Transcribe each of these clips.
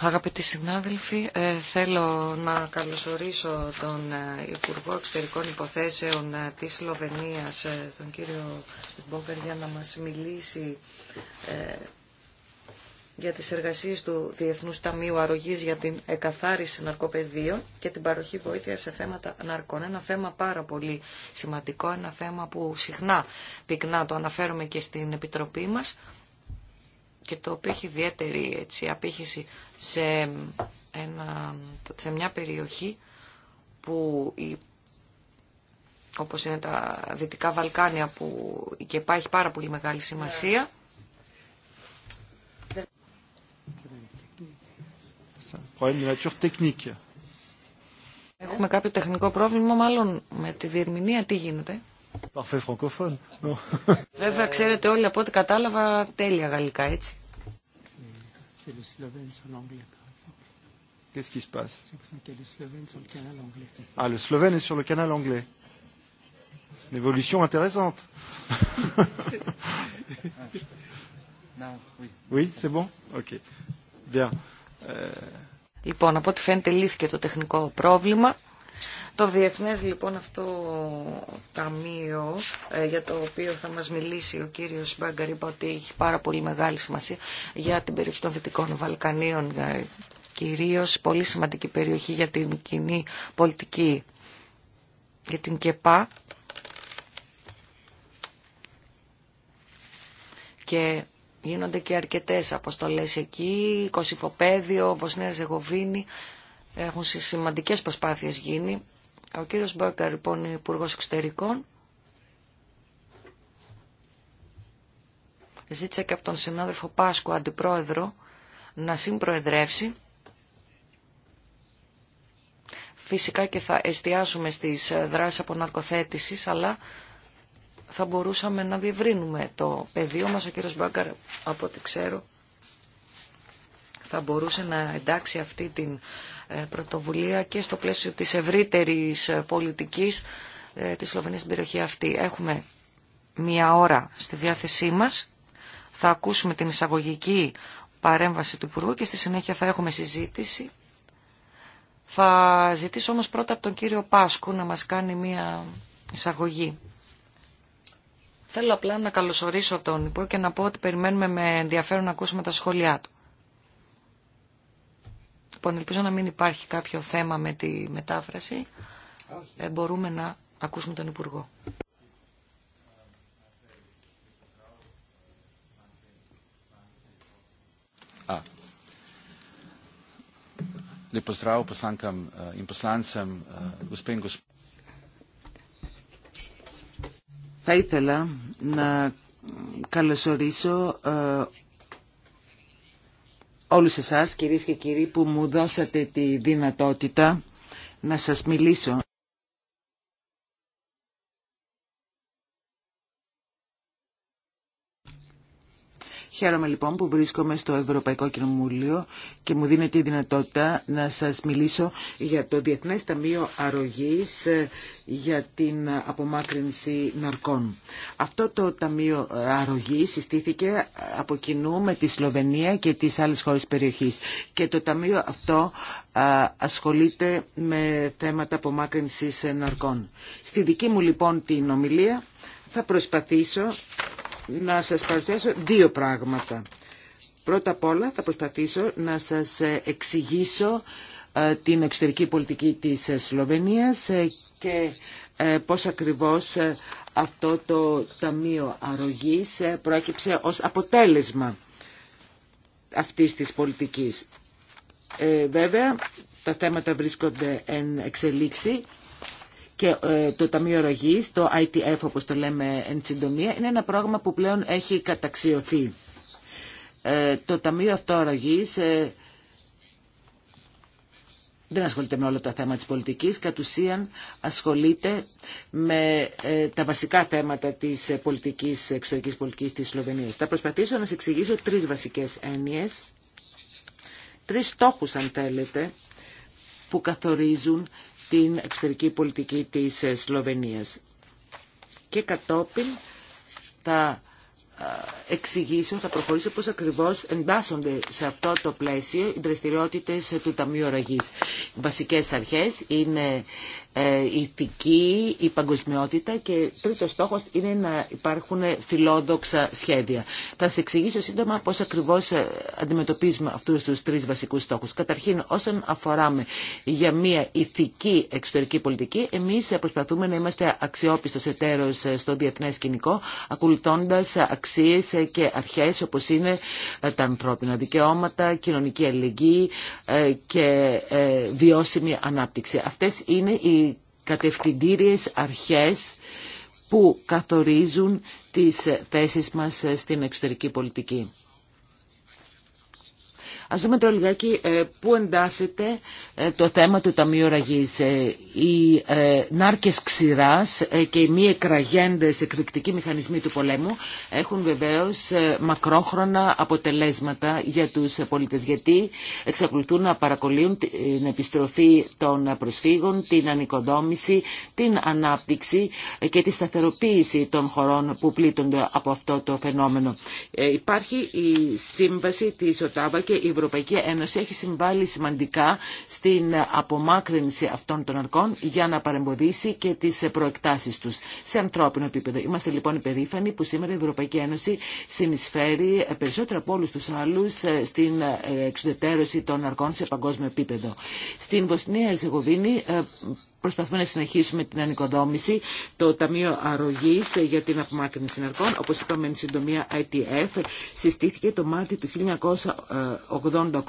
Αγαπητοί συνάδελφοι, ε, θέλω να καλωσορίσω τον ε, Υπουργό Εξωτερικών Υποθέσεων ε, της Σλοβενίας, τον κύριο Μπόμπερ, για να μας μιλήσει για τις εργασίες του Διεθνούς Ταμείου Αρρωγής για την εκαθάριση ναρκοπαιδείων και την παροχή βοήθεια σε θέματα ναρκών. Ένα θέμα πάρα πολύ σημαντικό, ένα θέμα που συχνά πυκνά το αναφέρουμε και στην Επιτροπή μας και το οποίο έχει ιδιαίτερη έτσι, απήχηση σε, ένα, σε μια περιοχή που η όπως είναι τα Δυτικά Βαλκάνια που και υπάρχει πάρα πολύ μεγάλη σημασία problème de nature technique. Έχουμε κάποιο τεχνικό πρόβλημα, μάλλον με τη διερμηνία τι γίνεται. Parfait francophone. No. Βέβαια, ξέρετε όλοι από ό,τι κατάλαβα τέλεια γαλλικά, έτσι. Qu'est-ce qui se passe Ah, le Slovène est sur le canal anglais. C'est une évolution intéressante. oui, oui c'est bon Ok. Bien. Λοιπόν, από ό,τι φαίνεται λύθηκε το τεχνικό πρόβλημα. Το διεθνές λοιπόν αυτό ταμείο ε, για το οποίο θα μας μιλήσει ο κύριος Μπαγκαρίμπα ότι έχει πάρα πολύ μεγάλη σημασία για την περιοχή των Δυτικών Βαλκανίων ε, κυρίως πολύ σημαντική περιοχή για την κοινή πολιτική για την ΚΕΠΑ και Γίνονται και αρκετές αποστολές εκεί, Κωσυφοπαίδιο, Βοσνία Ζεγοβίνη, έχουν σημαντικές προσπάθειες γίνει. Ο κύριος Μπόκα, λοιπόν, υπουργό Εξωτερικών, ζήτησε και από τον συνάδελφο Πάσκο, αντιπρόεδρο, να συμπροεδρεύσει. Φυσικά και θα εστιάσουμε στις ε, δράσεις ναρκοθέτησης, αλλά θα μπορούσαμε να διευρύνουμε το πεδίο μας. Ο κύριος Μπάγκαρ, από ό,τι ξέρω, θα μπορούσε να εντάξει αυτή την ε, πρωτοβουλία και στο πλαίσιο της ευρύτερης ε, πολιτικής ε, της Σλοβενίας στην περιοχή αυτή. Έχουμε μία ώρα στη διάθεσή μας. Θα ακούσουμε την εισαγωγική παρέμβαση του Υπουργού και στη συνέχεια θα έχουμε συζήτηση. Θα ζητήσω όμως πρώτα από τον κύριο Πάσκου να μας κάνει μία εισαγωγή. Θέλω απλά να καλωσορίσω τον Υπουργό και να πω ότι περιμένουμε με ενδιαφέρον να ακούσουμε τα σχόλιά του. Λοιπόν, ελπίζω να μην υπάρχει κάποιο θέμα με τη μετάφραση. Ε, μπορούμε να ακούσουμε τον Υπουργό. Lep pozdrav eh, eh, Θα ήθελα να καλωσορίσω ε, όλους εσάς, κυρίες και κύριοι, που μου δώσατε τη δυνατότητα να σας μιλήσω Χαίρομαι λοιπόν που βρίσκομαι στο Ευρωπαϊκό Κοινοβούλιο και μου δίνεται η δυνατότητα να σας μιλήσω για το Διεθνές Ταμείο Αρρωγής ε, για την απομάκρυνση ναρκών. Αυτό το Ταμείο Αρρωγής συστήθηκε από κοινού με τη Σλοβενία και τις άλλες χώρες περιοχής. Και το Ταμείο αυτό ασχολείται με θέματα απομάκρυνσης ναρκών. Στη δική μου λοιπόν την ομιλία θα προσπαθήσω να σας παρουσιάσω δύο πράγματα. Πρώτα απ' όλα θα προσπαθήσω να σας ε, εξηγήσω ε, την εξωτερική πολιτική της ε, Σλοβενίας και πώς ακριβώς αυτό το Ταμείο Αρρωγής προέκυψε ως αποτέλεσμα αυτής της πολιτικής. Ε, βέβαια, τα θέματα βρίσκονται εν εξελίξη και ε, το Ταμείο Ρογής, το ITF όπως το λέμε εν συντομία, είναι ένα πρόγραμμα που πλέον έχει καταξιωθεί. Ε, το Ταμείο αυτό Ρογής ε, δεν ασχολείται με όλα τα θέματα της πολιτικής, κατ' ουσίαν ασχολείται με τα βασικά θέματα της πολιτικής, εξωτερικής πολιτικής της Σλοβενίας. Θα προσπαθήσω να σας εξηγήσω τρεις βασικές έννοιες, τρεις στόχους αν θέλετε, που καθορίζουν την εξωτερική πολιτική της Σλοβενίας. Και κατόπιν θα εξηγήσω, θα προχωρήσω πώς ακριβώς εντάσσονται σε αυτό το πλαίσιο οι δραστηριότητες του Ταμείου Αραγής. Οι βασικές αρχές είναι ε, η ηθική, η παγκοσμιότητα και τρίτος στόχος είναι να υπάρχουν φιλόδοξα σχέδια. Θα σας εξηγήσω σύντομα πώς ακριβώς ε, αντιμετωπίζουμε αυτούς τους τρεις βασικούς στόχους. Καταρχήν, όσον αφοράμε για μια ηθική εξωτερική πολιτική, εμείς προσπαθούμε να είμαστε αξιόπιστος εταίρος ε, στο διεθνές σκηνικό, ακολουθώντας και αρχές όπως είναι ε, τα ανθρώπινα δικαιώματα, κοινωνική αλληλεγγύη ε, και ε, βιώσιμη ανάπτυξη. Αυτές είναι οι κατευθυντήριες αρχές που καθορίζουν τις θέσεις μας στην εξωτερική πολιτική. Ας δούμε τώρα λιγάκι ε, πού εντάσσεται ε, το θέμα του Ταμείου Ραγής. Ε, οι νάρκες ξηράς και οι μη εκραγέντες εκρηκτικοί μηχανισμοί του πολέμου έχουν βεβαίως μακρόχρονα αποτελέσματα για τους πολίτες γιατί εξακολουθούν να παρακολύουν την επιστροφή των προσφύγων, την ανοικοδόμηση, την ανάπτυξη και τη σταθεροποίηση των χωρών που πλήττονται από αυτό το φαινόμενο. Υπάρχει η σύμβαση της ΟΤΑΒΑ και η Ευρωπαϊκή Ένωση έχει συμβάλει σημαντικά στην απομάκρυνση αυτών των αρκών για να παρεμποδίσει και τι προεκτάσει του σε ανθρώπινο επίπεδο. Είμαστε λοιπόν υπερήφανοι που σήμερα η Ευρωπαϊκή Ένωση συνεισφέρει περισσότερο από όλου του άλλου ε, στην εξουδετερώση των αρκών σε παγκόσμιο επίπεδο. Στην Βοσνία Ερζεγοβίνη ε, Προσπαθούμε να συνεχίσουμε την ανοικοδόμηση, το Ταμείο Αρρωγή για την Απομάκρυνση Ναρκών. Όπω είπαμε, η συντομία ITF συστήθηκε το Μάρτιο του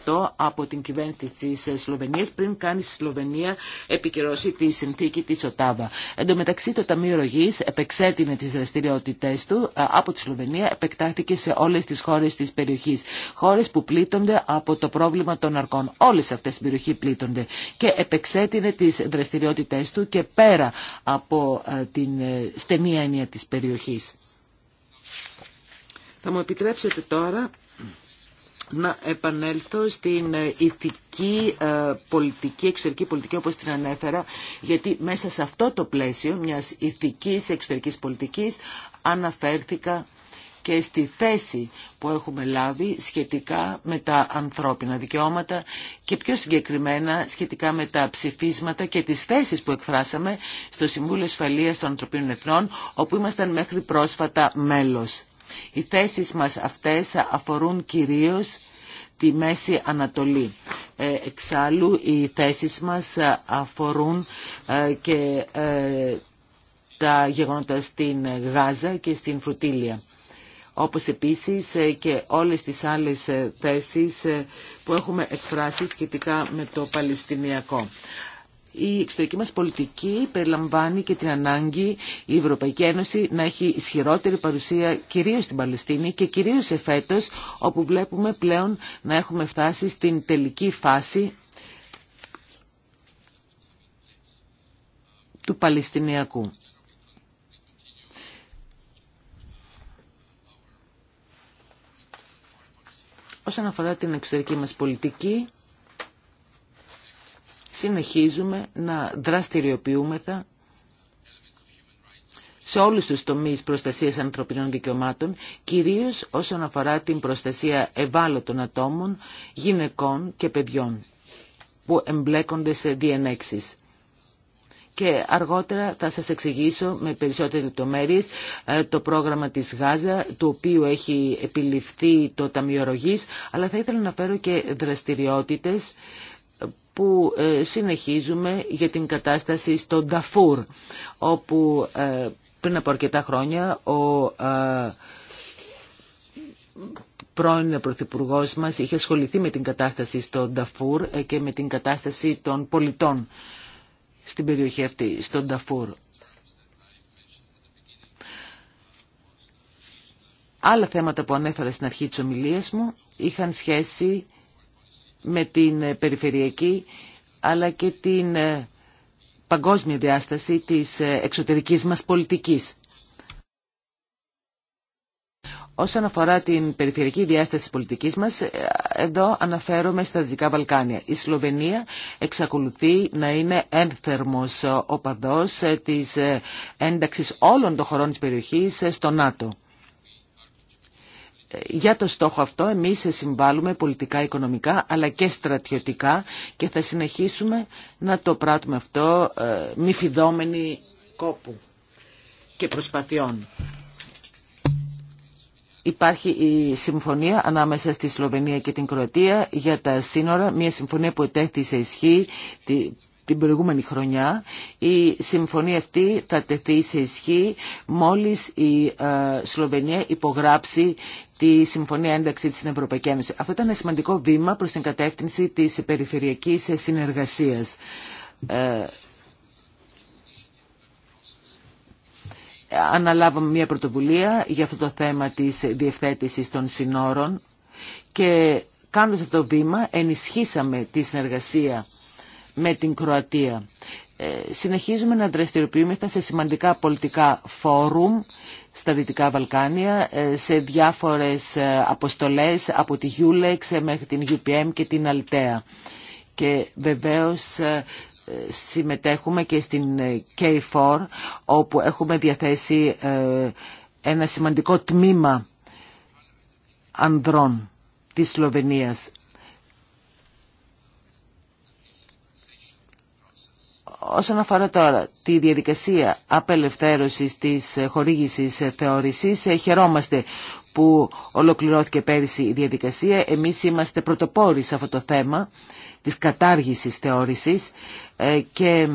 1988 από την κυβέρνηση τη Σλοβενία πριν κάνει στη Σλοβενία επικυρώσει τη συνθήκη τη Οτάβα. Εν τω μεταξύ, το Ταμείο Αρρωγή επεξέτεινε τι δραστηριότητέ του ε, από τη Σλοβενία, επεκτάθηκε σε όλε τι χώρε τη περιοχή. Χώρε που πλήττονται από το πρόβλημα των ναρκών. Όλε αυτέ την περιοχή πλήττονται και επεξέτεινε τι δραστηριότητε του και πέρα από ε, την ε, στενή έννοια της περιοχής. Θα μου επιτρέψετε τώρα να επανέλθω στην ε, ηθική πολιτική, εξωτερική πολιτική όπως την ανέφερα, γιατί μέσα σε αυτό το πλαίσιο μιας ηθικής εξωτερικής πολιτικής αναφέρθηκα και στη θέση που έχουμε λάβει σχετικά με τα ανθρώπινα δικαιώματα και πιο συγκεκριμένα σχετικά με τα ψηφίσματα και τις θέσεις που εκφράσαμε στο Συμβούλιο Ασφαλείας των Ανθρωπίνων Εθνών, όπου ήμασταν μέχρι πρόσφατα μέλος. Οι θέσεις μας αυτές αφορούν κυρίως τη Μέση Ανατολή. Ε, εξάλλου, οι θέσεις μας αφορούν ε, και ε, τα γεγονότα στην Γάζα και στην Φρουτίλια όπως επίσης ε, και όλες τις άλλες ε, θέσεις ε, που έχουμε εκφράσει σχετικά με το Παλαιστινιακό. Η εξωτερική μας πολιτική περιλαμβάνει και την ανάγκη η Ευρωπαϊκή Ένωση να έχει ισχυρότερη παρουσία κυρίως στην Παλαιστίνη και κυρίως φέτος, όπου βλέπουμε πλέον να έχουμε φτάσει στην τελική φάση του Παλαιστινιακού. Όσον αφορά την εξωτερική μας πολιτική, συνεχίζουμε να δραστηριοποιούμεθα σε όλους τους τομείς προστασίας ανθρωπινών δικαιωμάτων, κυρίως όσον αφορά την προστασία ευάλωτων ατόμων, γυναικών και παιδιών που εμπλέκονται σε διενέξεις και αργότερα θα σας εξηγήσω με περισσότερες λεπτομέρειες ε, το πρόγραμμα της Γάζα, το οποίο έχει επιληφθεί το Ταμείο αλλά θα ήθελα να φέρω και δραστηριότητες που ε, συνεχίζουμε για την κατάσταση στο Νταφούρ, όπου ε, πριν από αρκετά χρόνια ο πρώην Πρωθυπουργό μας είχε ασχοληθεί με την κατάσταση στο Νταφούρ και με την κατάσταση των πολιτών στην περιοχή αυτή, στον Ταφούρ. Άλλα θέματα που ανέφερα στην αρχή της ομιλίας μου είχαν σχέση με την ε, περιφερειακή αλλά και την ε, παγκόσμια διάσταση της ε, εξωτερικής μας πολιτικής. Όσον αφορά την περιφερειακή διάσταση της πολιτικής μας, ε, εδώ αναφέρομαι στα Δυτικά Βαλκάνια. Η Σλοβενία εξακολουθεί να είναι ένθερμος οπαδός ε, της ε, ένταξης όλων των χωρών της περιοχής στο ΝΑΤΟ. Για το στόχο αυτό εμείς συμβάλλουμε πολιτικά, οικονομικά αλλά και στρατιωτικά και θα συνεχίσουμε να το πράττουμε αυτό μη φιδόμενοι κόπου και προσπαθειών. Υπάρχει η συμφωνία ανάμεσα στη Σλοβενία και την Κροατία για τα σύνορα, μια συμφωνία που ετέχθη σε ισχύ την προηγούμενη χρονιά. Η συμφωνία αυτή θα τεθεί σε ισχύ μόλις η ε, Σλοβενία υπογράψει τη Συμφωνία Ένταξη στην Ευρωπαϊκή Ένωση. Αυτό ήταν ένα σημαντικό βήμα προς την κατεύθυνση της περιφερειακής συνεργασίας. Ε, αναλάβαμε μια πρωτοβουλία για αυτό το θέμα της διευθέτησης των συνόρων και κάνοντας αυτό το βήμα ενισχύσαμε τη συνεργασία με την Κροατία. Ε, συνεχίζουμε να δραστηριοποιούμεθα σε σημαντικά πολιτικά φόρουμ στα Δυτικά Βαλκάνια, ε, σε διάφορες ε, αποστολές από τη Γιούλεξ μέχρι την UPM και την Αλτέα. Και βεβαίως συμμετέχουμε και στην K4 όπου έχουμε διαθέσει ε, ένα σημαντικό τμήμα ανδρών της Σλοβενίας. Όσον αφορά τώρα τη διαδικασία απελευθέρωσης της χορήγησης θεώρησης, ε, χαιρόμαστε που ολοκληρώθηκε πέρυσι η διαδικασία. Εμείς είμαστε πρωτοπόροι σε αυτό το θέμα της κατάργησης θεώρησης ε, και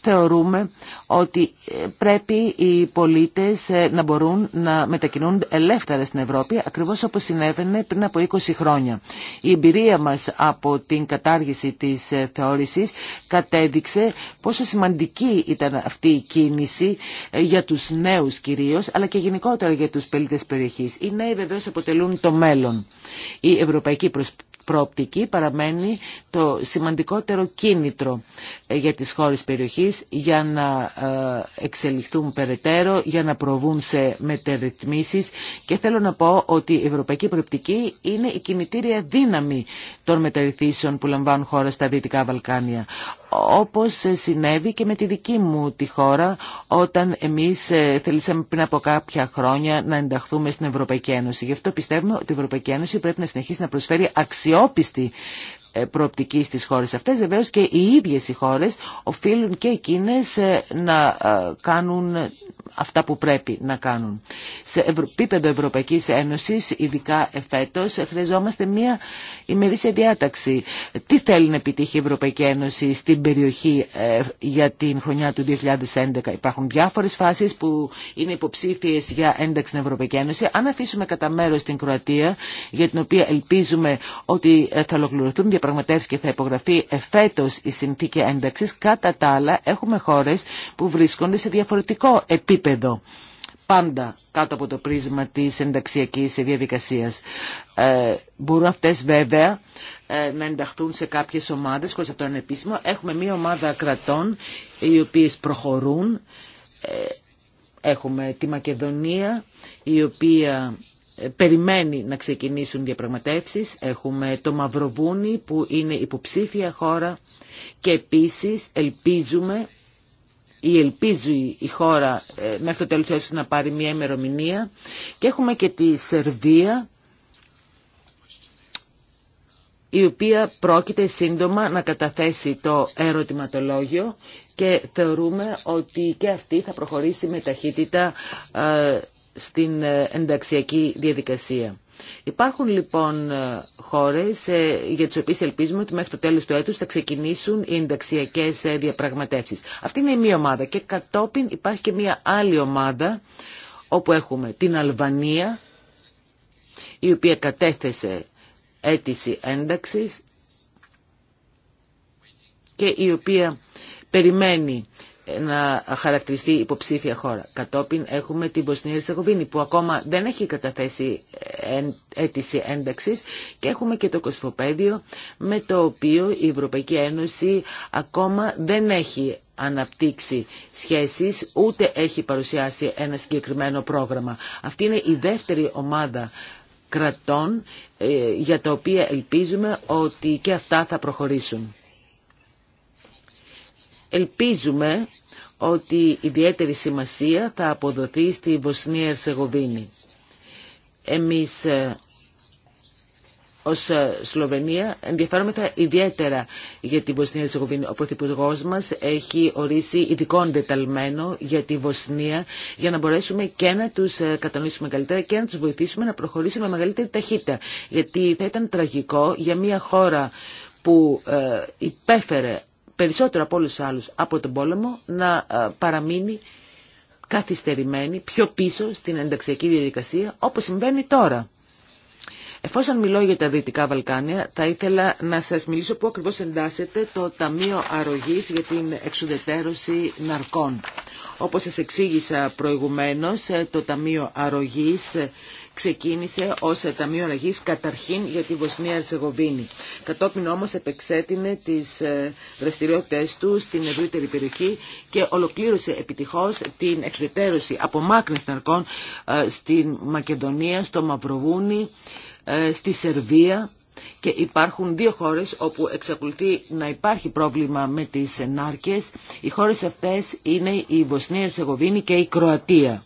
θεωρούμε ότι ε, πρέπει οι πολίτες ε, να μπορούν να μετακινούν ελεύθερα στην Ευρώπη, ακριβώς όπως συνέβαινε πριν από 20 χρόνια. Η εμπειρία μας από την κατάργηση της θεώρησης κατέδειξε πόσο σημαντική ήταν αυτή η κίνηση για τους νέους κυρίως, αλλά και γενικότερα για τους πολίτες περιοχής. Οι νέοι βεβαίως αποτελούν το μέλλον. Η ευρωπαϊκή προοπτική παραμένει το σημαντικότερο κίνητρο ε, για τις χώρες περιοχής για να ε, εξελιχθούν περαιτέρω, για να προβούν σε μετερρυθμίσεις και θέλω να πω ότι η ευρωπαϊκή προοπτική είναι η κινητήρια δύναμη των μεταρρυθμίσεων που λαμβάνουν χώρα στα Δυτικά Βαλκάνια όπως συνέβη και με τη δική μου τη χώρα όταν εμείς ε, θελήσαμε πριν από κάποια χρόνια να ενταχθούμε στην Ευρωπαϊκή Ένωση. Γι' αυτό πιστεύουμε ότι η Ευρωπαϊκή Ένωση πρέπει να συνεχίσει να προσφέρει αξιόπιστη ε, προοπτική στις χώρες αυτές. Βεβαίως και οι ίδιες οι χώρες οφείλουν και εκείνες ε, να κάνουν αυτά που πρέπει να κάνουν. Σε επίπεδο Ευρωπαϊκής Ένωσης, ειδικά εφέτος, χρειαζόμαστε μια ημερήσια διάταξη. Τι θέλει να επιτύχει η Ευρωπαϊκή Ένωση στην περιοχή ε, για την χρονιά του 2011. Υπάρχουν διάφορες φάσεις που είναι υποψήφιες για ένταξη στην Ευρωπαϊκή Ένωση. Αν αφήσουμε κατά μέρο την Κροατία, για την οποία ελπίζουμε ότι ε, θα ολοκληρωθούν διαπραγματεύσεις και θα υπογραφεί εφέτος η συνθήκη ένταξης, κατά τα άλλα έχουμε χώρες που βρίσκονται σε διαφορετικό επίπεδο επίπεδο πάντα κάτω από το πρίσμα της ενταξιακής διαδικασίας. Ε, μπορούν αυτές βέβαια ε, να ενταχθούν σε κάποιες ομάδες, χωρίς αυτό είναι επίσημο. Έχουμε μία ομάδα κρατών οι οποίες προχωρούν. Ε, έχουμε τη Μακεδονία η οποία ε, περιμένει να ξεκινήσουν διαπραγματεύσεις. Έχουμε το Μαυροβούνι που είναι υποψήφια χώρα και επίσης ελπίζουμε ή ελπίζει η χώρα ε, μέχρι το τέλος να πάρει μια ημερομηνία και έχουμε και τη Σερβία η οποία πρόκειται σύντομα να καταθέσει το ερωτηματολόγιο και θεωρούμε ότι και αυτή θα προχωρήσει με ταχύτητα ε, στην ε, ενταξιακή διαδικασία. Υπάρχουν λοιπόν ε, χώρες ε, για τις οποίες ελπίζουμε ότι μέχρι το τέλος του έτους θα ξεκινήσουν οι ενταξιακές ε, διαπραγματεύσεις. Αυτή είναι η μία ομάδα και κατόπιν υπάρχει και μία άλλη ομάδα όπου έχουμε την Αλβανία η οποία κατέθεσε αίτηση ένταξης και η οποία περιμένει να χαρακτηριστεί υποψήφια χώρα. Κατόπιν έχουμε την Βοσνία Ερσεγοβίνη που ακόμα δεν έχει καταθέσει αίτηση ένταξης και έχουμε και το κοσφοπέδιο με το οποίο η Ευρωπαϊκή Ένωση ακόμα δεν έχει αναπτύξει σχέσεις ούτε έχει παρουσιάσει ένα συγκεκριμένο πρόγραμμα. Αυτή είναι η δεύτερη ομάδα κρατών ε, για τα οποία ελπίζουμε ότι και αυτά θα προχωρήσουν. Ελπίζουμε ότι ιδιαίτερη σημασία θα αποδοθεί στη Βοσνία Ερσεγοβίνη. Εμείς ε, ως ε, Σλοβενία ενδιαφέρομαι ιδιαίτερα για τη Βοσνία Ερσεγοβίνη. Ο Πρωθυπουργό μας έχει ορίσει ειδικό εντεταλμένο για τη Βοσνία για να μπορέσουμε και να τους ε, κατανοήσουμε καλύτερα και να τους βοηθήσουμε να προχωρήσουμε με μεγαλύτερη ταχύτητα. Γιατί θα ήταν τραγικό για μια χώρα που υπέφερε περισσότερο από όλους τους άλλους από τον πόλεμο να ε, παραμείνει καθυστερημένη πιο πίσω στην ενταξιακή διαδικασία όπως συμβαίνει τώρα. Εφόσον μιλώ για τα Δυτικά Βαλκάνια, θα ήθελα να σας μιλήσω πού ακριβώς εντάσσεται το Ταμείο Αρρωγής για την εξουδετέρωση ναρκών. Όπως σας εξήγησα προηγουμένως, ε, το Ταμείο Αρρωγής ξεκίνησε ως Ταμείο Αλλαγής καταρχήν για τη Βοσνία Ερζεγοβίνη. Κατόπιν όμως επεξέτεινε τις ε, δραστηριότητες του στην ευρύτερη περιοχή και ολοκλήρωσε επιτυχώς την εξετέρωση απομάκρυνση ναρκών ε, στην Μακεδονία, στο Μαυροβούνι, ε, στη Σερβία και υπάρχουν δύο χώρες όπου εξακολουθεί να υπάρχει πρόβλημα με τις ενάρκειες. Οι χώρες αυτές είναι η Βοσνία, και η Κροατία.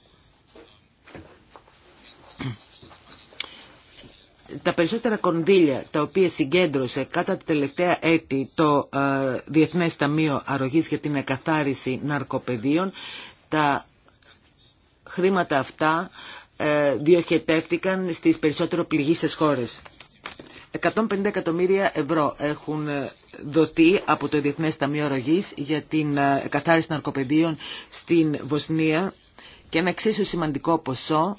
τα περισσότερα κονδύλια τα οποία συγκέντρωσε κατά τα τελευταία έτη το ε, Διεθνές Ταμείο Αρρωγής για την Εκαθάριση Ναρκοπαιδείων, τα χρήματα αυτά ε, διοχετεύτηκαν στις περισσότερο πληγήσεις χώρες. 150 εκατομμύρια ευρώ έχουν ε, δοθεί από το Διεθνές Ταμείο Αρρωγής για την Εκαθάριση Ναρκοπαιδείων στην Βοσνία και ένα εξίσου σημαντικό ποσό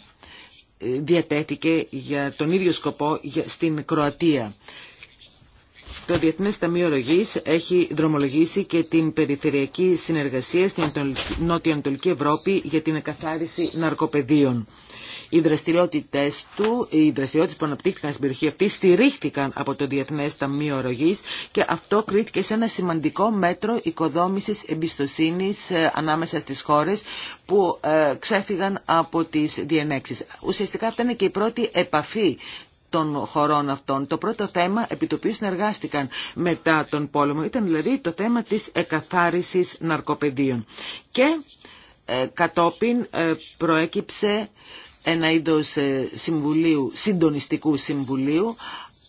διατέθηκε για τον ίδιο σκοπό στην Κροατία το Διεθνέ Ταμείο Ρογή έχει δρομολογήσει και την περιφερειακή συνεργασία στην Νότιο-Ανατολική Ευρώπη για την εκαθάριση ναρκοπεδίων. Οι δραστηριότητε του, οι δραστηριότητε που αναπτύχθηκαν στην περιοχή αυτή, στηρίχθηκαν από το Διεθνέ Ταμείο Ρογή και αυτό κρίθηκε σε ένα σημαντικό μέτρο οικοδόμηση εμπιστοσύνη ε, ανάμεσα στι χώρε που ε, ξέφυγαν από τι διενέξει. Ουσιαστικά αυτή είναι και η πρώτη επαφή των χωρών αυτών. Το πρώτο θέμα επί το οποίο συνεργάστηκαν μετά τον πόλεμο ήταν δηλαδή το θέμα της εκαθάρισης ναρκοπαιδίων. Και ε, κατόπιν ε, προέκυψε ένα είδος ε, συμβουλίου, συντονιστικού συμβουλίου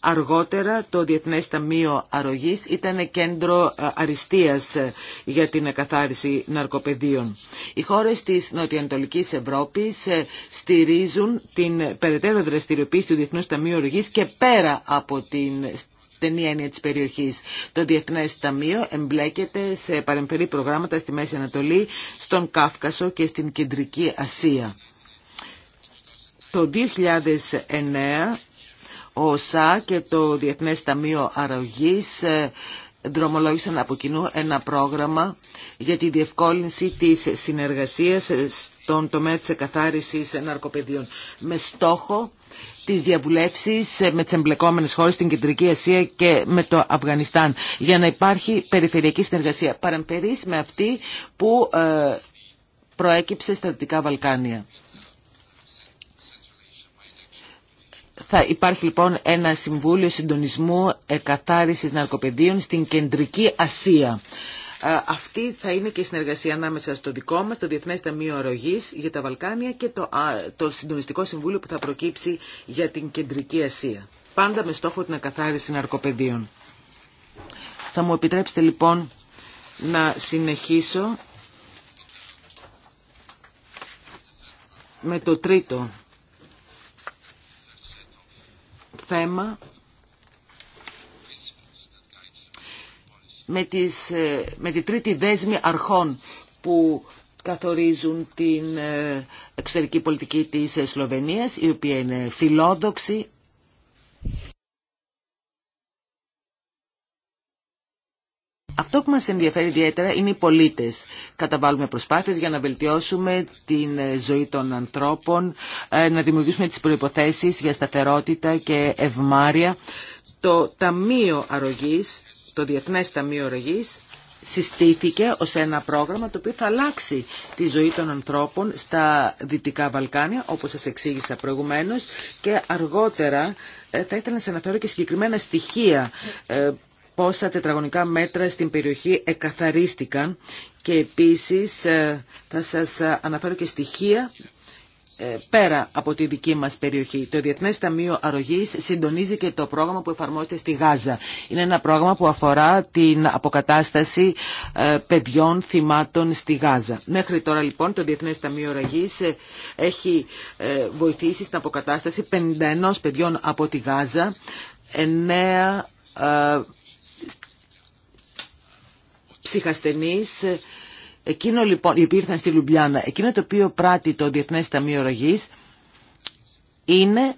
Αργότερα το Διεθνές Ταμείο Αρρωγής ήταν κέντρο ε, αριστείας ε, για την εκαθάριση ναρκωπεδίων Οι χώρες της Νοτιοανατολικής Ευρώπης ε, στηρίζουν την περαιτέρω δραστηριοποίηση του Διεθνούς Ταμείου Αρρωγής και πέρα από την στενή έννοια της περιοχής. Το Διεθνές Ταμείο εμπλέκεται σε παρεμφερή προγράμματα στη Μέση Ανατολή, στον Κάφκασο και στην Κεντρική Ασία. Το 2009 ο ΣΑ και το Διεθνές Ταμείο Αρρωγής ε, δρομολόγησαν από κοινού ένα πρόγραμμα για τη διευκόλυνση της συνεργασίας στον τομέα της εκαθάρισης ναρκοπαιδίων με στόχο τις διαβουλεύσεις με τις εμπλεκόμενες χώρες στην Κεντρική Ασία και με το Αφγανιστάν για να υπάρχει περιφερειακή συνεργασία παραμπερίς με αυτή που ε, προέκυψε στα Δυτικά Βαλκάνια. Θα υπάρχει λοιπόν ένα Συμβούλιο Συντονισμού Εκαθάρισης Ναρκοπαιδίων στην Κεντρική Ασία. Ε, αυτή θα είναι και η συνεργασία ανάμεσα στο δικό μας, το Διεθνές Ταμείο Αρρωγής για τα Βαλκάνια και το, το Συντονιστικό Συμβούλιο που θα προκύψει για την Κεντρική Ασία. Πάντα με στόχο την εκαθάριση ναρκοπαιδίων. Θα μου επιτρέψετε λοιπόν να συνεχίσω με το τρίτο θέμα με, τις, ε, με τη τρίτη δέσμη αρχών που καθορίζουν την ε, εξωτερική πολιτική της Σλοβενίας, η οποία είναι φιλόδοξη, Αυτό που μας ενδιαφέρει ιδιαίτερα είναι οι πολίτες. Καταβάλουμε προσπάθειες για να βελτιώσουμε την ε, ζωή των ανθρώπων, ε, να δημιουργήσουμε τις προϋποθέσεις για σταθερότητα και ευμάρεια. Το Ταμείο Αρρωγής, το Διεθνές Ταμείο Αρρωγής, συστήθηκε ως ένα πρόγραμμα το οποίο θα αλλάξει τη ζωή των ανθρώπων στα Δυτικά Βαλκάνια, όπως σας εξήγησα προηγουμένως, και αργότερα ε, θα ήθελα να σας αναφέρω και συγκεκριμένα στοιχεία πόσα τετραγωνικά μέτρα στην περιοχή εκαθαρίστηκαν και επίσης ε, θα σας ε, αναφέρω και στοιχεία ε, πέρα από τη δική μας περιοχή. Το Διεθνές Ταμείο Αρρωγής συντονίζει και το πρόγραμμα που εφαρμόζεται στη Γάζα. Είναι ένα πρόγραμμα που αφορά την αποκατάσταση παιδιών θυμάτων στη Γάζα. Μέχρι τώρα λοιπόν το Διεθνές Ταμείο Αρρωγής έχει βοηθήσει στην αποκατάσταση 51 παιδιών από τη Γάζα, 9 ψυχασθενείς, εκείνο λοιπόν, οι οποίοι ήρθαν στη Λουμπιάννα, εκείνο το οποίο πράττει το Διεθνές Ταμείο Ρογής είναι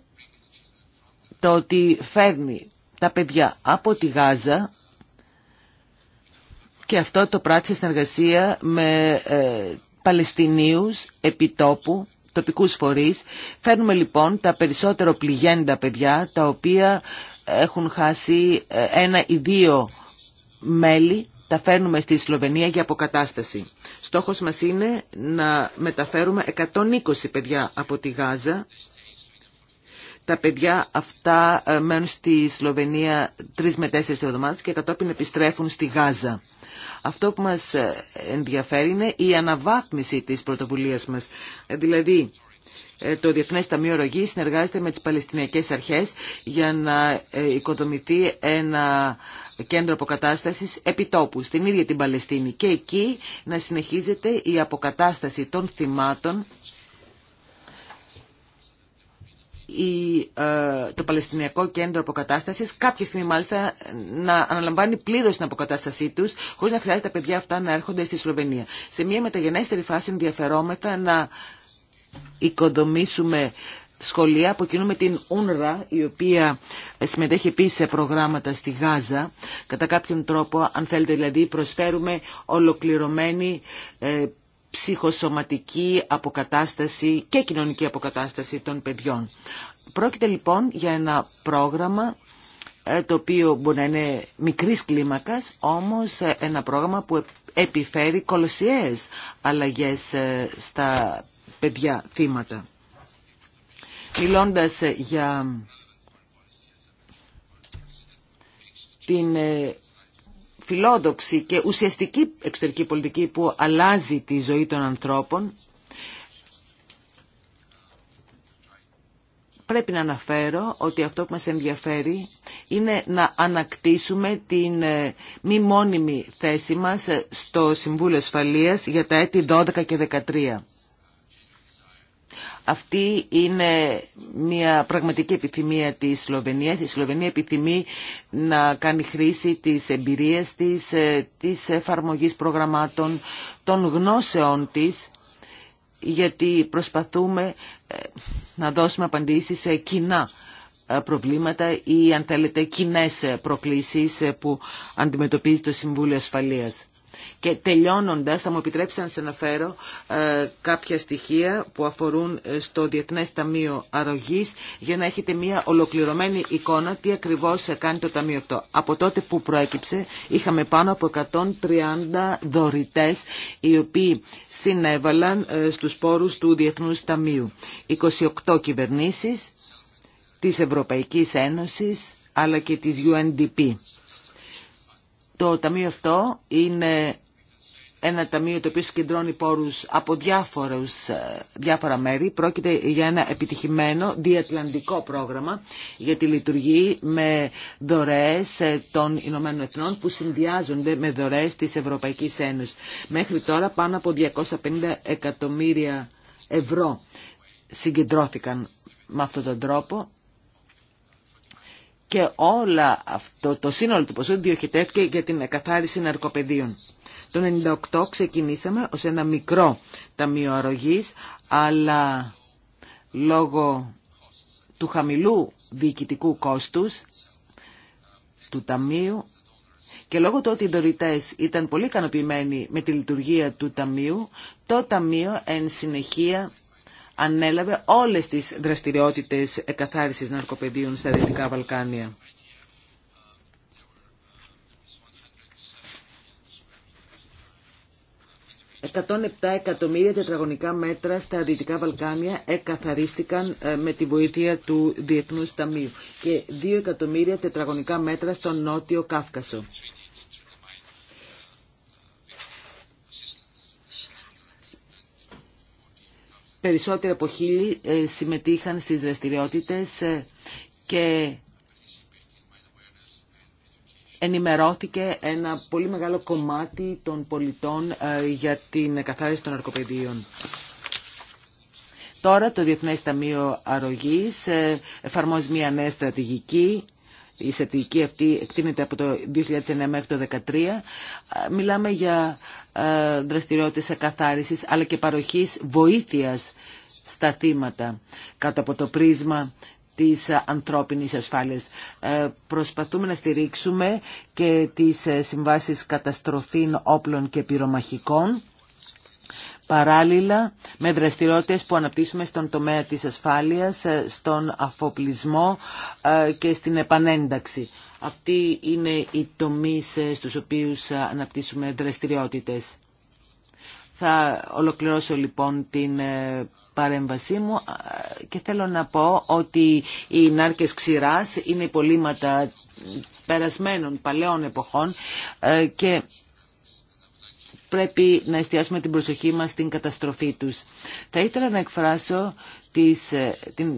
το ότι φέρνει τα παιδιά από τη Γάζα και αυτό το πράττει σε συνεργασία με ε, Παλαιστινίους επιτόπου, τοπικούς φορείς. Φέρνουμε λοιπόν τα περισσότερο πληγέντα παιδιά, τα οποία έχουν χάσει ε, ένα ή δύο μέλη τα φέρνουμε στη Σλοβενία για αποκατάσταση. Στόχος μας είναι να μεταφέρουμε 120 παιδιά από τη Γάζα. Τα παιδιά αυτά ε, μένουν στη Σλοβενία τρεις με τέσσερι εβδομάδες και κατόπιν επιστρέφουν στη Γάζα. Αυτό που μας ε, ενδιαφέρει είναι η αναβάθμιση της πρωτοβουλίας μας. Ε, δηλαδή, ε, το Διεθνέ Ταμείο Ρογή συνεργάζεται με τις παλαιστινιακέ Αρχές για να ε, οικοδομηθεί ένα κέντρο αποκατάστασης επιτόπου στην ίδια την Παλαιστίνη και εκεί να συνεχίζεται η αποκατάσταση των θυμάτων ε, το Παλαιστινιακό Κέντρο Αποκατάστασης κάποια στιγμή μάλιστα να αναλαμβάνει πλήρως την αποκατάστασή τους χωρίς να χρειάζεται τα παιδιά αυτά να έρχονται στη Σλοβενία. Σε μια μεταγενέστερη φάση ενδιαφερόμεθα να οικοδομήσουμε σχολεία. με την ΟΝΡΑ, η οποία συμμετέχει επίσης σε προγράμματα στη Γάζα. Κατά κάποιον τρόπο, αν θέλετε δηλαδή, προσφέρουμε ολοκληρωμένη ε, ψυχοσωματική αποκατάσταση και κοινωνική αποκατάσταση των παιδιών. Πρόκειται λοιπόν για ένα πρόγραμμα ε, το οποίο μπορεί να είναι μικρής κλίμακας, όμως ε, ένα πρόγραμμα που επιφέρει κολοσιαίες αλλαγές στα παιδιά θύματα. Μιλώντας για την ε, φιλόδοξη και ουσιαστική εξωτερική πολιτική που αλλάζει τη ζωή των ανθρώπων, πρέπει να αναφέρω ότι αυτό που μας ενδιαφέρει είναι να ανακτήσουμε την ε, μη μόνιμη θέση μας ε, στο Συμβούλιο Ασφαλείας για τα έτη 12 και 13. Αυτή είναι μια πραγματική επιθυμία της Σλοβενίας. Η Σλοβενία επιθυμεί να κάνει χρήση της εμπειρίας της, ε, της εφαρμογής προγραμμάτων, των γνώσεών της, γιατί προσπαθούμε ε, να δώσουμε απαντήσεις σε κοινά ε, προβλήματα ή αν θέλετε κοινέ προκλήσεις που αντιμετωπίζει το Συμβούλιο Ασφαλείας. Και τελειώνοντας, θα μου επιτρέψετε να σας αναφέρω ε, κάποια στοιχεία που αφορούν ε, στο Διεθνές Ταμείο Αρρωγής για να έχετε μια ολοκληρωμένη εικόνα τι ακριβώς κάνει το Ταμείο αυτό. Από τότε που προέκυψε είχαμε πάνω από 130 δωρητές οι οποίοι συνέβαλαν ε, στους πόρους του Διεθνούς Ταμείου. 28 κυβερνήσεις της Ευρωπαϊκής Ένωσης αλλά και της UNDP. Το ταμείο αυτό είναι ένα ταμείο το οποίο συγκεντρώνει πόρους από διάφορους, ε, διάφορα μέρη. Πρόκειται για ένα επιτυχημένο διατλαντικό πρόγραμμα για τη λειτουργή με δωρεές ε, των Ηνωμένων Εθνών που συνδυάζονται με δωρεές της Ευρωπαϊκής Ένωσης. Μέχρι τώρα πάνω από 250 εκατομμύρια ευρώ συγκεντρώθηκαν με αυτόν τον τρόπο και όλα αυτό, το σύνολο του ποσού διοχετεύτηκε για την εκαθάριση ναρκοπαιδίων. Το 1998 ξεκινήσαμε ως ένα μικρό ταμείο αρρωγής, αλλά λόγω του χαμηλού διοικητικού κόστους του ταμείου και λόγω του ότι οι δωρητές ήταν πολύ ικανοποιημένοι με τη λειτουργία του ταμείου, το ταμείο εν συνεχεία ανέλαβε όλες τις δραστηριότητες εκαθάρισης ναρκοπαιδίων στα Δυτικά Βαλκάνια. ...107 εκατομμύρια τετραγωνικά μέτρα στα Δυτικά Βαλκάνια εκαθαρίστηκαν ε, με τη βοήθεια του Διεθνούς Ταμείου... ...και 2 εκατομμύρια τετραγωνικά μέτρα στον Νότιο Κάφκασο. Περισσότεροι από χίλιοι ε, συμμετείχαν στις δραστηριότητες ε, και ενημερώθηκε ένα πολύ μεγάλο κομμάτι των πολιτών ε, για την καθάριση των αρκοπαιδίων. Τώρα το Διεθνές Ταμείο Αρρωγής εφαρμόζει μια νέα στρατηγική η στρατηγική αυτή εκτείνεται από το 2009 μέχρι το 2013. Μιλάμε για δραστηριότητες ακαθάρισης, αλλά και παροχής βοήθειας στα θύματα κάτω από το πρίσμα της ανθρώπινης ασφάλειας. Ε, προσπαθούμε να στηρίξουμε και τις ε, συμβάσεις καταστροφήν όπλων και πυρομαχικών παράλληλα με δραστηριότητες που αναπτύσσουμε στον τομέα της ασφάλειας, ε, στον αφοπλισμό ε, και στην επανένταξη. Αυτοί είναι οι τομείς ε, στους οποίους αναπτύσσουμε δραστηριότητες. Θα ολοκληρώσω λοιπόν την παρέμβασή μου και θέλω να πω ότι οι νάρκες ξηράς είναι υπολείμματα περασμένων παλαιών εποχών και πρέπει να εστιάσουμε την προσοχή μας στην καταστροφή τους. Θα ήθελα να εκφράσω τις, ε, την,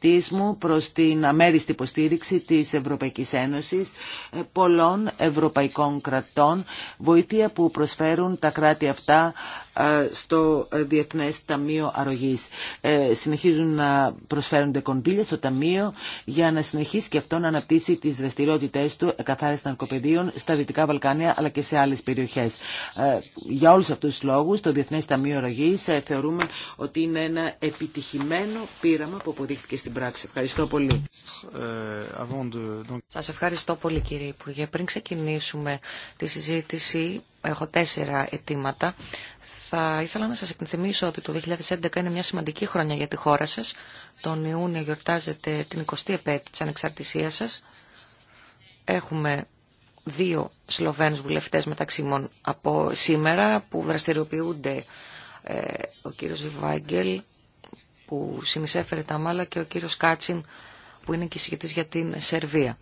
τις μου προς την αμέριστη υποστήριξη της Ευρωπαϊκής Ένωσης ε, πολλών ευρωπαϊκών κρατών, βοήθεια που προσφέρουν τα κράτη αυτά ε, στο Διεθνές Ταμείο Αρρωγής. Ε, συνεχίζουν να προσφέρονται κονδύλια στο Ταμείο για να συνεχίσει και αυτό να αναπτύσσει τις δραστηριότητε του καθάριστα ναρκοπαιδείων στα Δυτικά Βαλκάνια αλλά και σε άλλες περιοχές. Ε, για όλους αυτούς του λόγους το Διεθνές Ταμείο Αρρωγής θεωρούμε ότι είναι ένα επιτυχημένο πείραμα που αποδείχθηκε στην πράξη. Ευχαριστώ πολύ. Σα ευχαριστώ πολύ κύριε Υπουργέ. Πριν ξεκινήσουμε τη συζήτηση έχω τέσσερα αιτήματα. Θα ήθελα να σας εκτιμήσω ότι το 2011 είναι μια σημαντική χρονιά για τη χώρα σας. Τον Ιούνιο γιορτάζεται την 20η επέτειο της ανεξαρτησίας σας. Έχουμε δύο Σλοβαίνους βουλευτές μεταξύ μου από σήμερα που δραστηριοποιούνται ε, ο κύριος Βάγγελ που συνεισέφερε τα μάλα και ο κύριος Κάτσιν που είναι και για την Σερβία.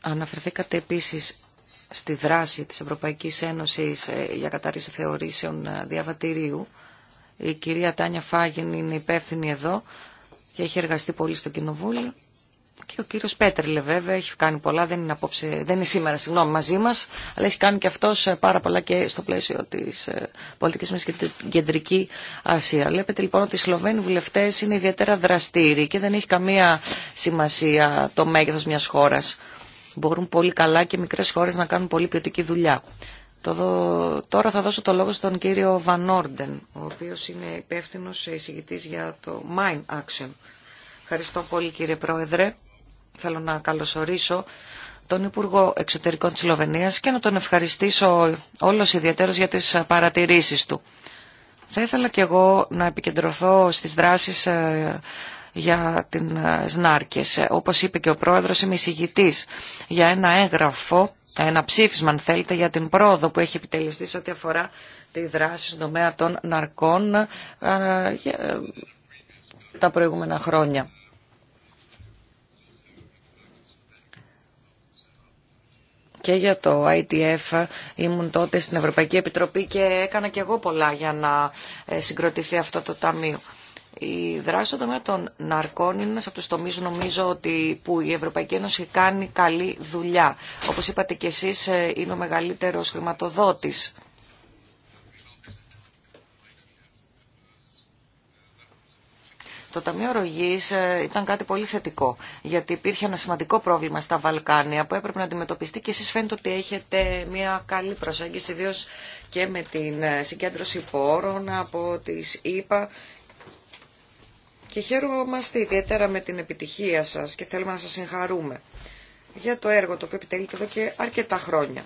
Αναφερθήκατε επίσης στη δράση της Ευρωπαϊκής Ένωσης ε, για κατάρριση θεωρήσεων ε, διαβατηρίου. Η κυρία Τάνια Φάγιν είναι υπεύθυνη εδώ και έχει εργαστεί πολύ στο Κοινοβούλιο. Και ο κύριος Πέτρελε βέβαια έχει κάνει πολλά, δεν είναι, απόψε, δεν είναι σήμερα συγγνώμη, μαζί μας, αλλά έχει κάνει και αυτός ε, πάρα πολλά και στο πλαίσιο της πολιτικής μας και την κεντρική Ασία. Βλέπετε λοιπόν ότι οι Σλοβαίνοι βουλευτές είναι ιδιαίτερα δραστήριοι και δεν έχει καμία σημασία το μέγεθος μιας χώρας. Μπορούν πολύ καλά και μικρές χώρες να κάνουν πολύ ποιοτική δουλειά. Τώρα θα δώσω το λόγο στον κύριο Βανόρντεν, ο οποίος είναι υπεύθυνο εισηγητής για το Mine Action. Ευχαριστώ πολύ κύριε Πρόεδρε. Θέλω να καλωσορίσω τον Υπουργό Εξωτερικών της Λοβενίας και να τον ευχαριστήσω όλος ιδιαίτερος για τις παρατηρήσεις του. Θα ήθελα και εγώ να επικεντρωθώ στις δράσεις ε, για την Σνάρκες. Ε, όπως είπε και ο πρόεδρος, είμαι εισηγητής για ένα έγγραφο, ένα ψήφισμα αν θέλετε, για την πρόοδο που έχει επιτελεστεί σε ό,τι αφορά τη δράση στον τομέα των ναρκών ε, ε, τα προηγούμενα χρόνια. και για το ITF ήμουν τότε στην Ευρωπαϊκή Επιτροπή και έκανα και εγώ πολλά για να συγκροτηθεί αυτό το ταμείο. Η δράση στον τομέα των ναρκών είναι ένα από του τομεί νομίζω ότι που η Ευρωπαϊκή Ένωση κάνει καλή δουλειά. Όπως είπατε και εσείς ε, είναι ο μεγαλύτερος χρηματοδότης. Το Ταμείο Ρογή ε, ήταν κάτι πολύ θετικό, γιατί υπήρχε ένα σημαντικό πρόβλημα στα Βαλκάνια που έπρεπε να αντιμετωπιστεί και εσεί φαίνεται ότι έχετε μια καλή προσέγγιση, ιδίω και με την ε, συγκέντρωση πόρων από τι ΗΠΑ και χαίρομαστε ιδιαίτερα με την επιτυχία σας και θέλουμε να σας συγχαρούμε για το έργο το οποίο επιτελείται εδώ και αρκετά χρόνια.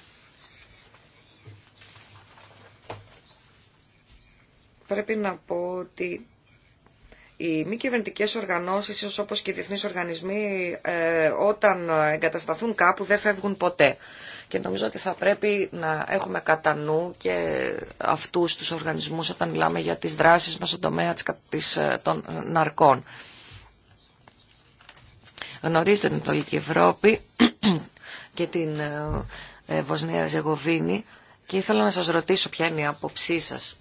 Πρέπει να πω ότι οι μη κυβερνητικέ οργανώσεις, όπω όπως και οι διεθνεί οργανισμοί, ε, όταν εγκατασταθούν κάπου δεν φεύγουν ποτέ. Και νομίζω ότι θα πρέπει να έχουμε κατά νου και αυτούς τους οργανισμούς όταν μιλάμε για τις δράσεις μας στον τομέα ε, των ναρκών. Γνωρίζετε την Ανατολική Ευρώπη και την ε, Βοσνία Ζεγοβίνη και ήθελα να σας ρωτήσω ποια είναι η άποψή σας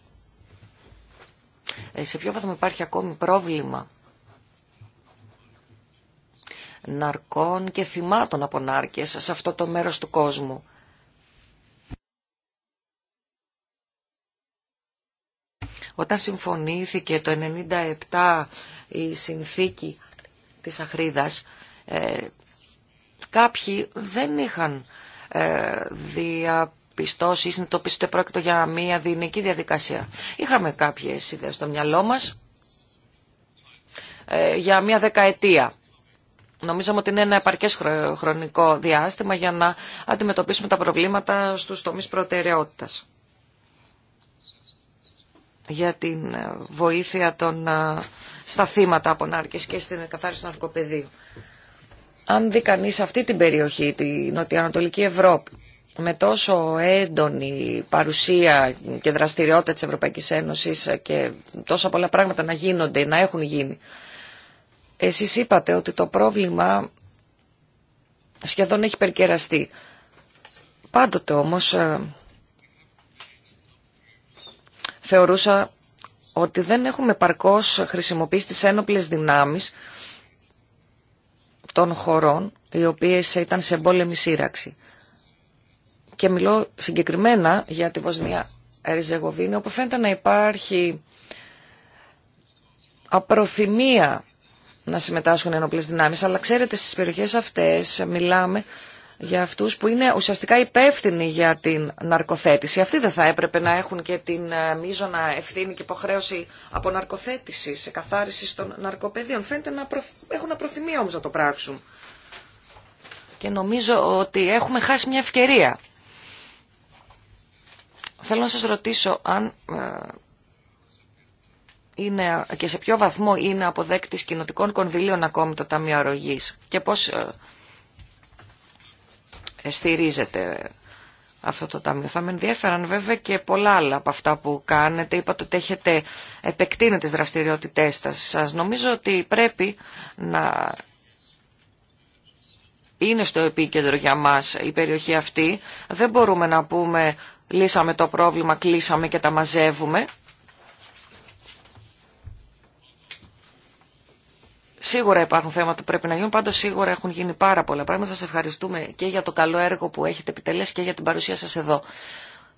ε, σε ποιο βαθμό υπάρχει ακόμη πρόβλημα ναρκών και θυμάτων από νάρκες σε αυτό το μέρος του κόσμου. Όταν συμφωνήθηκε το 1997 η συνθήκη της Αχρίδας, ε, κάποιοι δεν είχαν ε, δια πιστό ή συνειδητοποιήσετε πρόκειτο για μια διεινική διαδικασία. Είχαμε κάποιες ιδέες στο μυαλό μα ε, για μια δεκαετία. Νομίζαμε ότι είναι ένα επαρκέ χρονικό διάστημα για να αντιμετωπίσουμε τα προβλήματα στους τομεί προτεραιότητας για την ε, βοήθεια των, ε, στα θύματα από νάρκες και στην καθάριση του ναρκοπεδίου. Αν δει κανεί αυτή την περιοχή, τη νοτιοανατολική Ευρώπη, με τόσο έντονη παρουσία και δραστηριότητα της Ευρωπαϊκής Ένωσης και τόσα πολλά πράγματα να γίνονται, να έχουν γίνει. Εσείς είπατε ότι το πρόβλημα σχεδόν έχει περκεραστεί. Πάντοτε όμως ε, θεωρούσα ότι δεν έχουμε παρκώς χρησιμοποιήσει τις ένοπλες δυνάμεις των χωρών οι οποίες ήταν σε εμπόλεμη σύραξη και μιλώ συγκεκριμένα για τη Βοσνία Ριζεγοβίνη, όπου φαίνεται να υπάρχει απροθυμία να συμμετάσχουν ενόπλε δυνάμεις, αλλά ξέρετε στι περιοχέ αυτέ μιλάμε για αυτού που είναι ουσιαστικά υπεύθυνοι για την ναρκοθέτηση. Αυτοί δεν θα έπρεπε να έχουν και την ε, μείζωνα ευθύνη και υποχρέωση από ναρκοθέτηση, σε καθάριση των ναρκοπαιδίων. Φαίνεται να έχουν απροθυμία όμω να το πράξουν. Και νομίζω ότι έχουμε χάσει μια ευκαιρία Θέλω να σας ρωτήσω αν ε, είναι και σε ποιο βαθμό είναι αποδέκτης κοινοτικών κονδυλίων ακόμη το Ταμείο Αρρωγής και πώς ε, ε, στηρίζεται αυτό το ταμείο. Θα με ενδιαφέραν βέβαια και πολλά άλλα από αυτά που κάνετε. Είπατε ότι έχετε επεκτείνει τις δραστηριότητές σας. Νομίζω ότι πρέπει να είναι στο επίκεντρο για μας η περιοχή αυτή. Δεν μπορούμε να πούμε λύσαμε το πρόβλημα, κλείσαμε και τα μαζεύουμε. Σίγουρα υπάρχουν θέματα που πρέπει να γίνουν, πάντως σίγουρα έχουν γίνει πάρα πολλά πράγματα. Σας ευχαριστούμε και για το καλό έργο που έχετε επιτελέσει και για την παρουσία σας εδώ.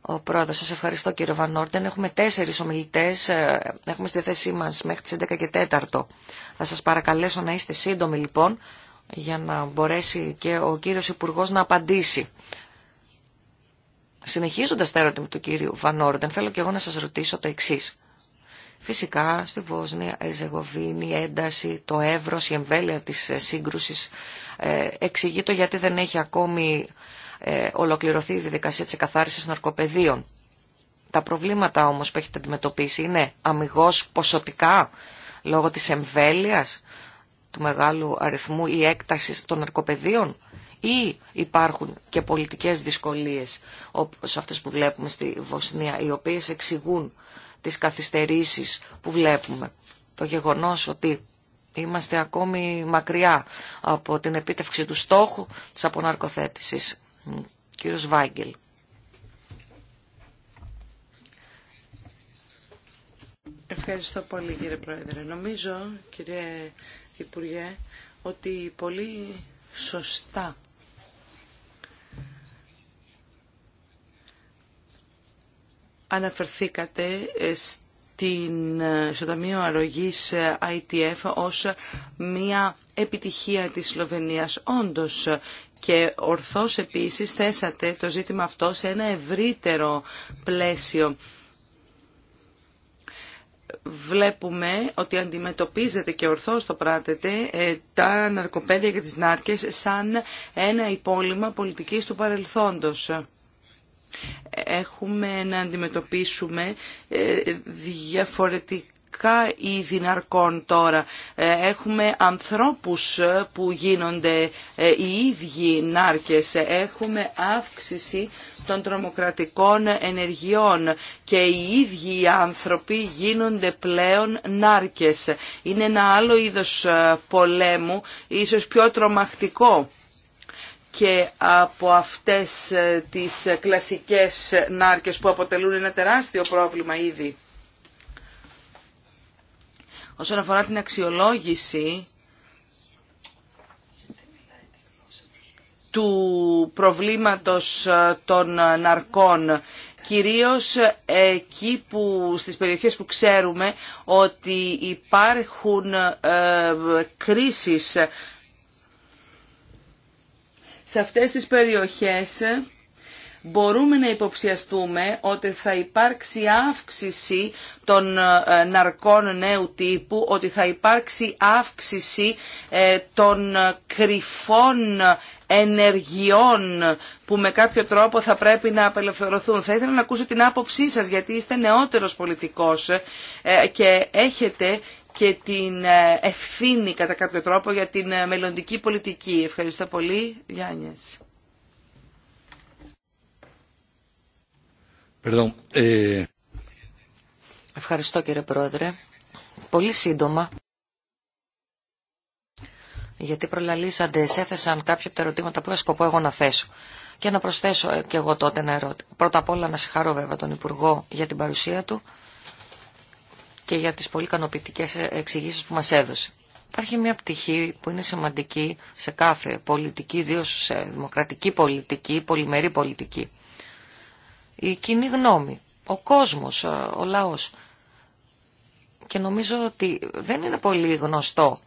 Ο πρόεδρος, σας ευχαριστώ κύριε Βανόρτεν. Έχουμε τέσσερις ομιλητές, ε, έχουμε στη θέσή μας μέχρι τις 11 και 4. Θα σας παρακαλέσω να είστε σύντομοι λοιπόν για να μπορέσει και ο κύριος Υπουργός να απαντήσει Συνεχίζοντας τα ερώτημα του κύριου Βανόρντεν, θέλω και εγώ να σας ρωτήσω το εξής. Φυσικά στη Βόσνια, Ζεγοβίνη, η ένταση, το εύρος, η εμβέλεια της ε, σύγκρουσης ε, εξηγεί το γιατί δεν έχει ακόμη ε, ολοκληρωθεί η διαδικασία της εκαθάρισης ναρκοπαιδείων. Τα προβλήματα όμως που έχετε αντιμετωπίσει είναι αμυγός ποσοτικά λόγω της εμβέλειας του μεγάλου αριθμού ή έκτασης των ναρκοπαιδείων ή υπάρχουν και πολιτικές δυσκολίες όπως αυτές που βλέπουμε στη Βοσνία οι οποίες εξηγούν τις καθυστερήσεις που βλέπουμε. Το γεγονός ότι είμαστε ακόμη μακριά από την επίτευξη του στόχου της αποναρκοθέτησης. Κύριος Βάγγελ. Ευχαριστώ πολύ κύριε Πρόεδρε. Νομίζω κύριε Υπουργέ ότι πολύ σωστά αναφερθήκατε ε, στην, ε, στο Ταμείο Αρρωγής ε, ITF ως μια επιτυχία της Σλοβενίας. Όντως και ορθώς επίσης θέσατε το ζήτημα αυτό σε ένα ευρύτερο πλαίσιο. Βλέπουμε ότι αντιμετωπίζετε και ορθώς το πράτετε τα ναρκοπέδια και τις νάρκες σαν ένα υπόλοιμα πολιτικής του παρελθόντος έχουμε να αντιμετωπίσουμε ε, διαφορετικά είδη ναρκών τώρα. Ε, έχουμε ανθρώπους ε, που γίνονται οι ίδιοι νάρκες. Έχουμε αύξηση των τρομοκρατικών ενεργειών και οι ίδιοι οι άνθρωποι γίνονται πλέον νάρκες. Είναι ένα άλλο είδος πολέμου, ίσως πιο τρομακτικό και από αυτές ε, τις ε, κλασικές νάρκες που αποτελούν ένα τεράστιο πρόβλημα ήδη. Όσον αφορά την αξιολόγηση του προβλήματος ε, των ναρκών, κυρίως εκεί που στις περιοχές που ξέρουμε ότι υπάρχουν ε, κρίσεις σε αυτές τις περιοχές μπορούμε να υποψιαστούμε ότι θα υπάρξει αύξηση των ε, ναρκών νέου τύπου, ότι θα υπάρξει αύξηση ε, των κρυφών ενεργειών που με κάποιο τρόπο θα πρέπει να απελευθερωθούν. Θα ήθελα να ακούσω την άποψή σας γιατί είστε νεότερος πολιτικός ε, και έχετε και την ε, ευθύνη κατά κάποιο τρόπο για την ε, μελλοντική πολιτική. Ευχαριστώ πολύ. Γιάννης. Ε, Ευχαριστώ κύριε Πρόεδρε. Πολύ σύντομα, γιατί προλαλήσατε, έθεσαν κάποια από τα ερωτήματα που είχα σκοπό εγώ να θέσω. Και να προσθέσω και εγώ τότε ένα ερώτημα. Πρώτα απ' όλα να συγχαρώ βέβαια τον Υπουργό για την παρουσία του και για τις πολύ ικανοποιητικές εξηγήσει που μας έδωσε. Υπάρχει μια πτυχή που είναι σημαντική σε κάθε πολιτική, ιδίω σε δημοκρατική πολιτική, πολυμερή πολιτική. Η κοινή γνώμη, ο κόσμος, ο λαός. Και νομίζω ότι δεν είναι πολύ γνωστό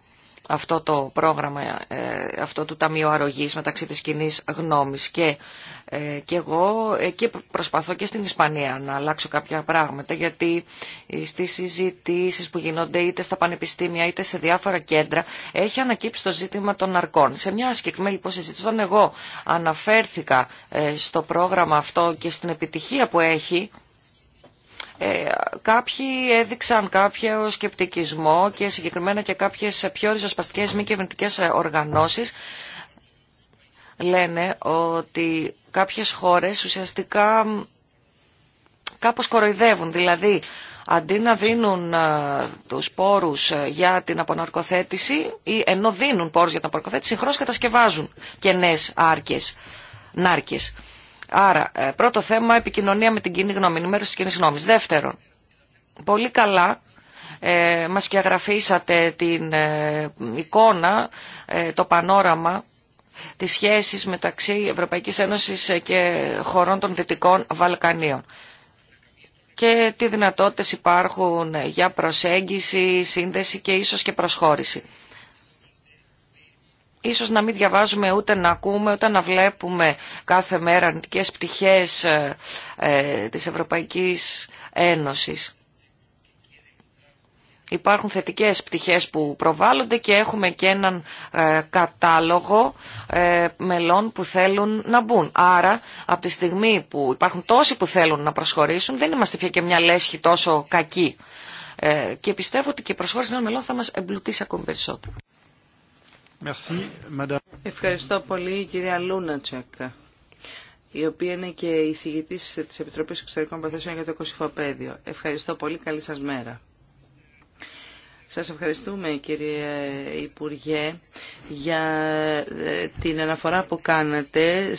αυτό το πρόγραμμα, ε, αυτό του Ταμείου Αρρωγής μεταξύ της κοινή γνώμης και, ε, και εγώ και προσπαθώ και στην Ισπανία να αλλάξω κάποια πράγματα γιατί ε, στις συζητήσει που γινόνται είτε στα πανεπιστήμια είτε σε διάφορα κέντρα έχει ανακύψει το ζήτημα των αρκών Σε μια συγκεκριμένη λοιπόν συζήτηση όταν εγώ αναφέρθηκα στο πρόγραμμα αυτό και στην επιτυχία που έχει ε, κάποιοι έδειξαν κάποιο σκεπτικισμό και συγκεκριμένα και κάποιες πιο ριζοσπαστικές μη κυβερνητικές ε, οργανώσεις λένε ότι κάποιες χώρες ουσιαστικά κάπως κοροϊδεύουν. Δηλαδή, αντί να δίνουν ε, τους πόρους για την αποναρκοθέτηση, ή ενώ δίνουν πόρους για την αποναρκοθέτηση, συγχρόνως κατασκευάζουν και νέε άρκες, νάρκες. Άρα, ε, πρώτο θέμα, επικοινωνία με την κοινή γνώμη, ενημέρωση της κοινή γνώμη. Δεύτερον, πολύ καλά ε, μας και αγραφήσατε την ε, εικόνα, το πανόραμα της σχέσης μεταξύ Ευρωπαϊκής Ένωσης και χωρών των Δυτικών Βαλκανίων και τι δυνατότητες υπάρχουν για προσέγγιση, σύνδεση και ίσως και προσχώρηση. Ίσως να μην διαβάζουμε ούτε να ακούμε ούτε να βλέπουμε κάθε μέρα αρνητικές πτυχές ε, ε, της Ευρωπαϊκής Ένωσης. Υπάρχουν θετικές πτυχές που προβάλλονται και έχουμε και έναν ε, κατάλογο μελών που θέλουν να μπουν. Άρα, από τη στιγμή που υπάρχουν τόσοι που θέλουν να προσχωρήσουν, δεν είμαστε πια και μια λέσχη τόσο κακή. Και πιστεύω ότι και η προσχώρηση των μελών θα μας εμπλουτίσει ακόμη περισσότερο. Ευχαριστώ πολύ, κυρία Λούνατσεκ, η οποία είναι και η συγητή της Επιτροπής Εξωτερικών Προθέσεων για το Κωσυφοπαίδιο. Ευχαριστώ πολύ. Καλή σας μέρα. Σας ευχαριστούμε κύριε Υπουργέ για ε, την αναφορά που κάνατε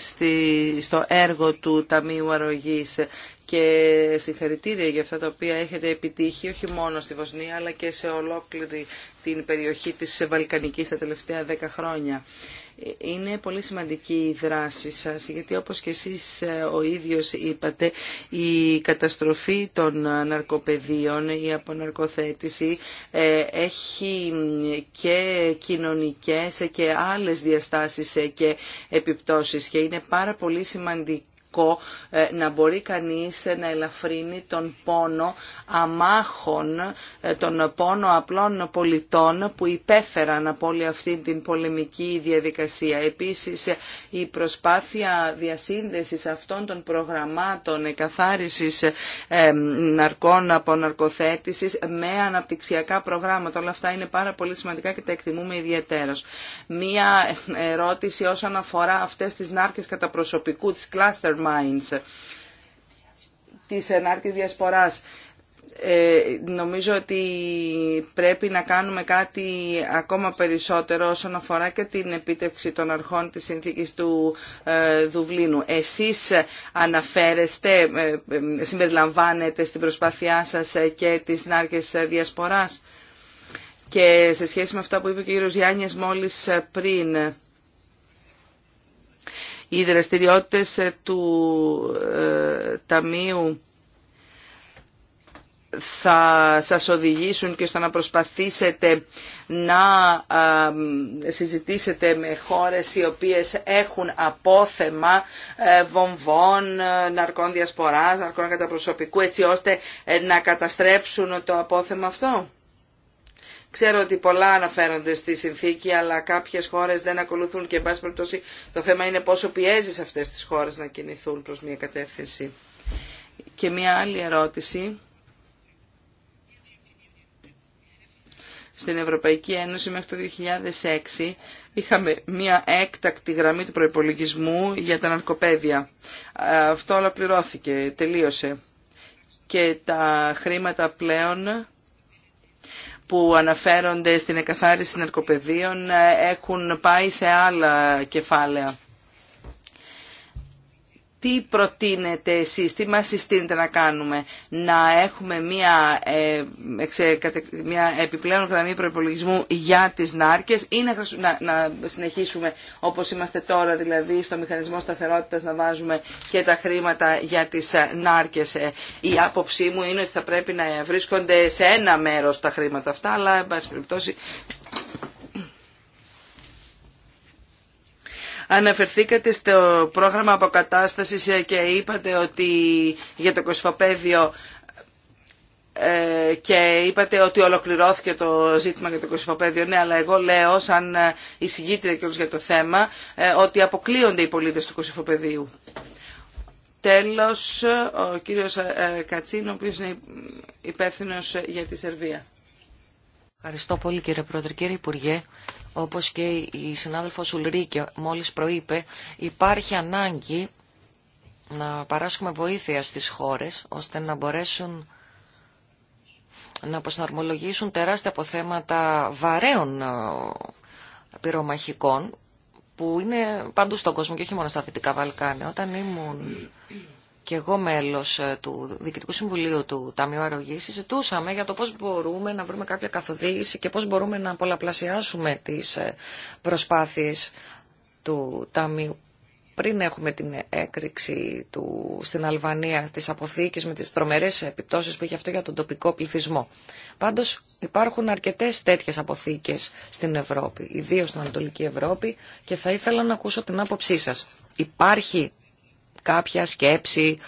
στο έργο του Ταμείου Αρρωγής και συγχαρητήρια για αυτά τα οποία έχετε επιτύχει όχι μόνο στη Βοσνία αλλά και σε ολόκληρη την περιοχή της Βαλκανικής τα τελευταία δέκα χρόνια. Είναι πολύ σημαντική η δράση σας, γιατί όπως και εσείς ε, ο ίδιος είπατε, η καταστροφή των ε, ναρκοπαιδείων, η αποναρκοθέτηση ε, έχει και κοινωνικές και άλλες διαστάσεις και επιπτώσεις και είναι πάρα πολύ σημαντικό ε, να μπορεί κανείς να ελαφρύνει τον πόνο αμάχων, ε, τον πόνο απλών πολιτών που υπέφεραν από όλη αυτή την πολεμική διαδικασία. Επίσης ε, η προσπάθεια διασύνδεσης αυτών των προγραμμάτων εκαθάρισης ναρκών από ναρκοθέτησης με αναπτυξιακά προγράμματα. Όλα αυτά είναι πάρα πολύ σημαντικά και τα εκτιμούμε ιδιαίτερα. Μία ερώτηση όσον αφορά αυτές τις νάρκες κατά προσωπικού, τις cluster Minds της ενάρκης διασποράς. Ε, νομίζω ότι πρέπει να κάνουμε κάτι ακόμα περισσότερο όσον αφορά και την επίτευξη των αρχών της συνθήκης του ε, Δουβλίνου. Εσείς αναφέρεστε, ε, ε, συμπεριλαμβάνετε στην προσπάθειά σας και της νάρκες διασποράς. Και σε σχέση με αυτά που είπε ο κύριος Γιάννης μόλις πριν, οι δραστηριότητες ε, του ε, Ταμείου θα σας οδηγήσουν και στο να προσπαθήσετε να συζητήσετε με χώρες οι οποίες έχουν απόθεμα ε, βομβών, ναρκών διασποράς, ναρκών καταπροσωπικού, έτσι ώστε να καταστρέψουν το απόθεμα αυτό. Ξέρω ότι πολλά αναφέρονται στη συνθήκη, αλλά κάποιες χώρες δεν ακολουθούν και, εν πάση περιπτώσει, το θέμα είναι πόσο πιέζεις αυτές τις χώρες να κινηθούν προς μια κατεύθυνση. Και μια άλλη ερώτηση. Στην Ευρωπαϊκή Ένωση μέχρι το 2006 είχαμε μια έκτακτη γραμμή του προϋπολογισμού για τα ναρκοπαίδια. Αυτό ολοκληρώθηκε, τελείωσε. Και τα χρήματα πλέον που αναφέρονται στην εκαθάριση ναρκοπαιδείων ε, έχουν πάει σε άλλα κεφάλαια τι προτείνετε εσείς, τι μας συστήνετε να κάνουμε. Να έχουμε μια, ε, μια επιπλέον γραμμή προπολογισμού για τις νάρκες ή να, να, συνεχίσουμε όπως είμαστε τώρα, δηλαδή στο μηχανισμό σταθερότητας να βάζουμε και τα χρήματα για τις ε, νάρκες. Ε, η άποψή μου είναι ότι θα πρέπει να βρίσκονται σε ένα μέρος τα χρήματα αυτά, αλλά εν πάση περιπτώσει Αναφερθήκατε στο πρόγραμμα αποκατάστασης και είπατε ότι για το κοσφοπέδιο ε, και είπατε ότι ολοκληρώθηκε το ζήτημα για το κοσφοπέδιο. Ναι, αλλά εγώ λέω, σαν εισηγήτρια και για το θέμα, ε, ότι αποκλείονται οι πολίτες του κοσφοπεδίου. Τέλος, ο κύριος ε, Κατσίνο, ο οποίος είναι υπεύθυνος για τη Σερβία. Ευχαριστώ πολύ κύριε Πρόεδρε. Κύριε Υπουργέ, όπως και η συνάδελφος Ουλρίκε μόλις προείπε, υπάρχει ανάγκη να παράσχουμε βοήθεια στις χώρες ώστε να μπορέσουν να αποσταρμολογήσουν τεράστια αποθέματα βαρέων ε, πυρομαχικών που είναι παντού στον κόσμο και όχι μόνο στα Δυτικά Βαλκάνια. Όταν ήμουν και εγώ μέλος ε, του Διοικητικού Συμβουλίου του Ταμείου Αρρωγής, συζητούσαμε για το πώς μπορούμε να βρούμε κάποια καθοδήγηση και πώς μπορούμε να πολλαπλασιάσουμε τις ε, προσπάθειες του Ταμείου πριν έχουμε την έκρηξη του, στην Αλβανία της αποθήκης με τις τρομερές επιπτώσεις που έχει αυτό για τον τοπικό πληθυσμό. Πάντως υπάρχουν αρκετές τέτοιες αποθήκες στην Ευρώπη, ιδίως στην Ανατολική Ευρώπη και θα ήθελα να ακούσω την άποψή σας. Υπάρχει κάποια σκέψη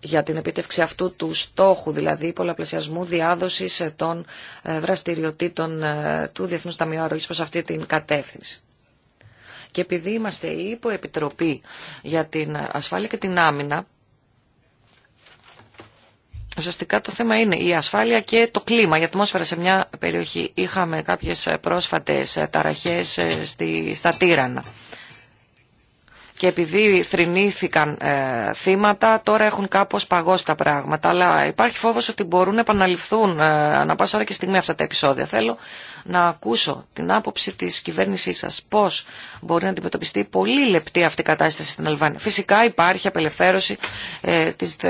για την επίτευξη αυτού του στόχου, δηλαδή πολλαπλασιασμού διάδοσης ε, των ε, δραστηριοτήτων ε, του Διεθνούς Ταμείου Αρρωγής προς αυτή την κατεύθυνση. Και επειδή είμαστε η υποεπιτροπή για την ασφάλεια και την άμυνα, Ουσιαστικά το θέμα είναι η ασφάλεια και το κλίμα, η ατμόσφαιρα σε μια περιοχή. Είχαμε κάποιες πρόσφατες ταραχές στα Τύρανα και επειδή θρηνήθηκαν ε, θύματα τώρα έχουν κάπως παγώσει τα πράγματα αλλά υπάρχει φόβος ότι μπορούν να επαναληφθούν ε, ανά πάσα ώρα και στιγμή αυτά τα επεισόδια. Θέλω να ακούσω την άποψη της κυβέρνησής σας πώς μπορεί να αντιμετωπιστεί πολύ λεπτή αυτή η κατάσταση στην Αλβάνια. Φυσικά υπάρχει απελευθέρωση ε, ε,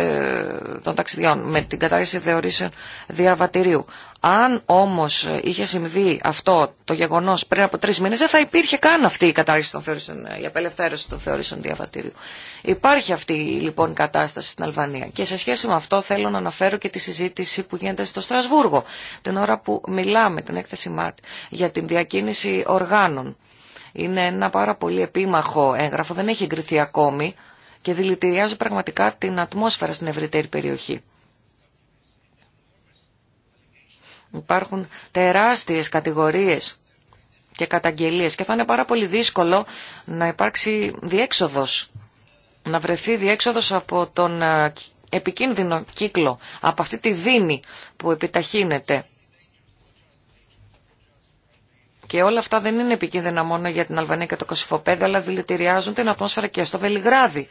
των ταξιδιών με την κατάρρευση θεωρήσεων διαβατηρίου αν όμως είχε συμβεί αυτό το γεγονός πριν από τρεις μήνες, δεν θα υπήρχε καν αυτή η των θεωρήσεων, η απελευθέρωση των θεωρήσεων διαβατήριου. Υπάρχει αυτή λοιπόν η κατάσταση στην Αλβανία. Και σε σχέση με αυτό θέλω να αναφέρω και τη συζήτηση που γίνεται στο Στρασβούργο, την ώρα που μιλάμε, την έκθεση ΜΑΤ, για την διακίνηση οργάνων. Είναι ένα πάρα πολύ επίμαχο έγγραφο, δεν έχει εγκριθεί ακόμη και δηλητηριάζει πραγματικά την ατμόσφαιρα στην ευρύτερη περιοχή. Υπάρχουν τεράστιες κατηγορίες και καταγγελίες και θα είναι πάρα πολύ δύσκολο να υπάρξει διέξοδος, να βρεθεί διέξοδος από τον ε, επικίνδυνο κύκλο, από αυτή τη δίνη που επιταχύνεται. Και όλα αυτά δεν είναι επικίνδυνα μόνο για την Αλβανία και το Κωσυφοπέδιο, αλλά δηλητηριάζουν την ατμόσφαιρα και στο Βελιγράδι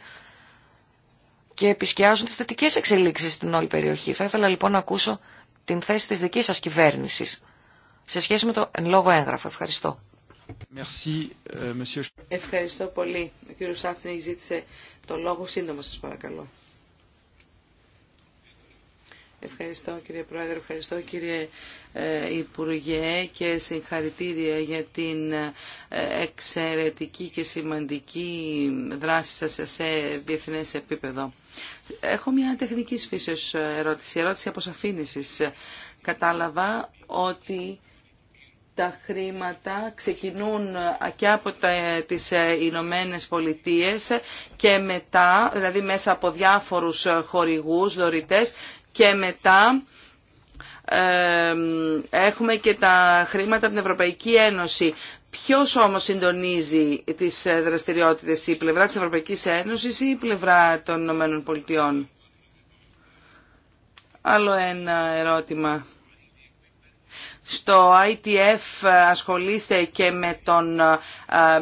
και επισκιάζουν τις θετικές εξελίξεις στην όλη περιοχή. Θα ήθελα λοιπόν να ακούσω την θέση της δικής σας κυβέρνησης σε σχέση με το εν λόγω έγγραφο. Ευχαριστώ. Ε, Ευχαριστώ πολύ. Ο κύριος Σάφτιν ζήτησε το λόγο σύντομα σας παρακαλώ. Ευχαριστώ κύριε Πρόεδρε, ευχαριστώ κύριε ε, Υπουργέ και συγχαρητήρια για την ε, εξαιρετική και σημαντική δράση σας σε διεθνές επίπεδο. Έχω μια τεχνική φύσεως ερώτηση, ερώτηση αποσαφήνισης. Κατάλαβα ότι τα χρήματα ξεκινούν και από τις ε, Ηνωμένε Πολιτείες και μετά, δηλαδή μέσα από διάφορους χορηγούς, δωρητές και μετά έχουμε και τα χρήματα από την Ευρωπαϊκή Ένωση. Ποιος όμως συντονίζει τις ε, δραστηριότητες, η πλευρά της Ευρωπαϊκής Ένωσης ή η πλευρά των Ηνωμένων Πολιτειών. Άλλο ένα ερώτημα. Στο ITF ε, ασχολείστε και με, τον, ε,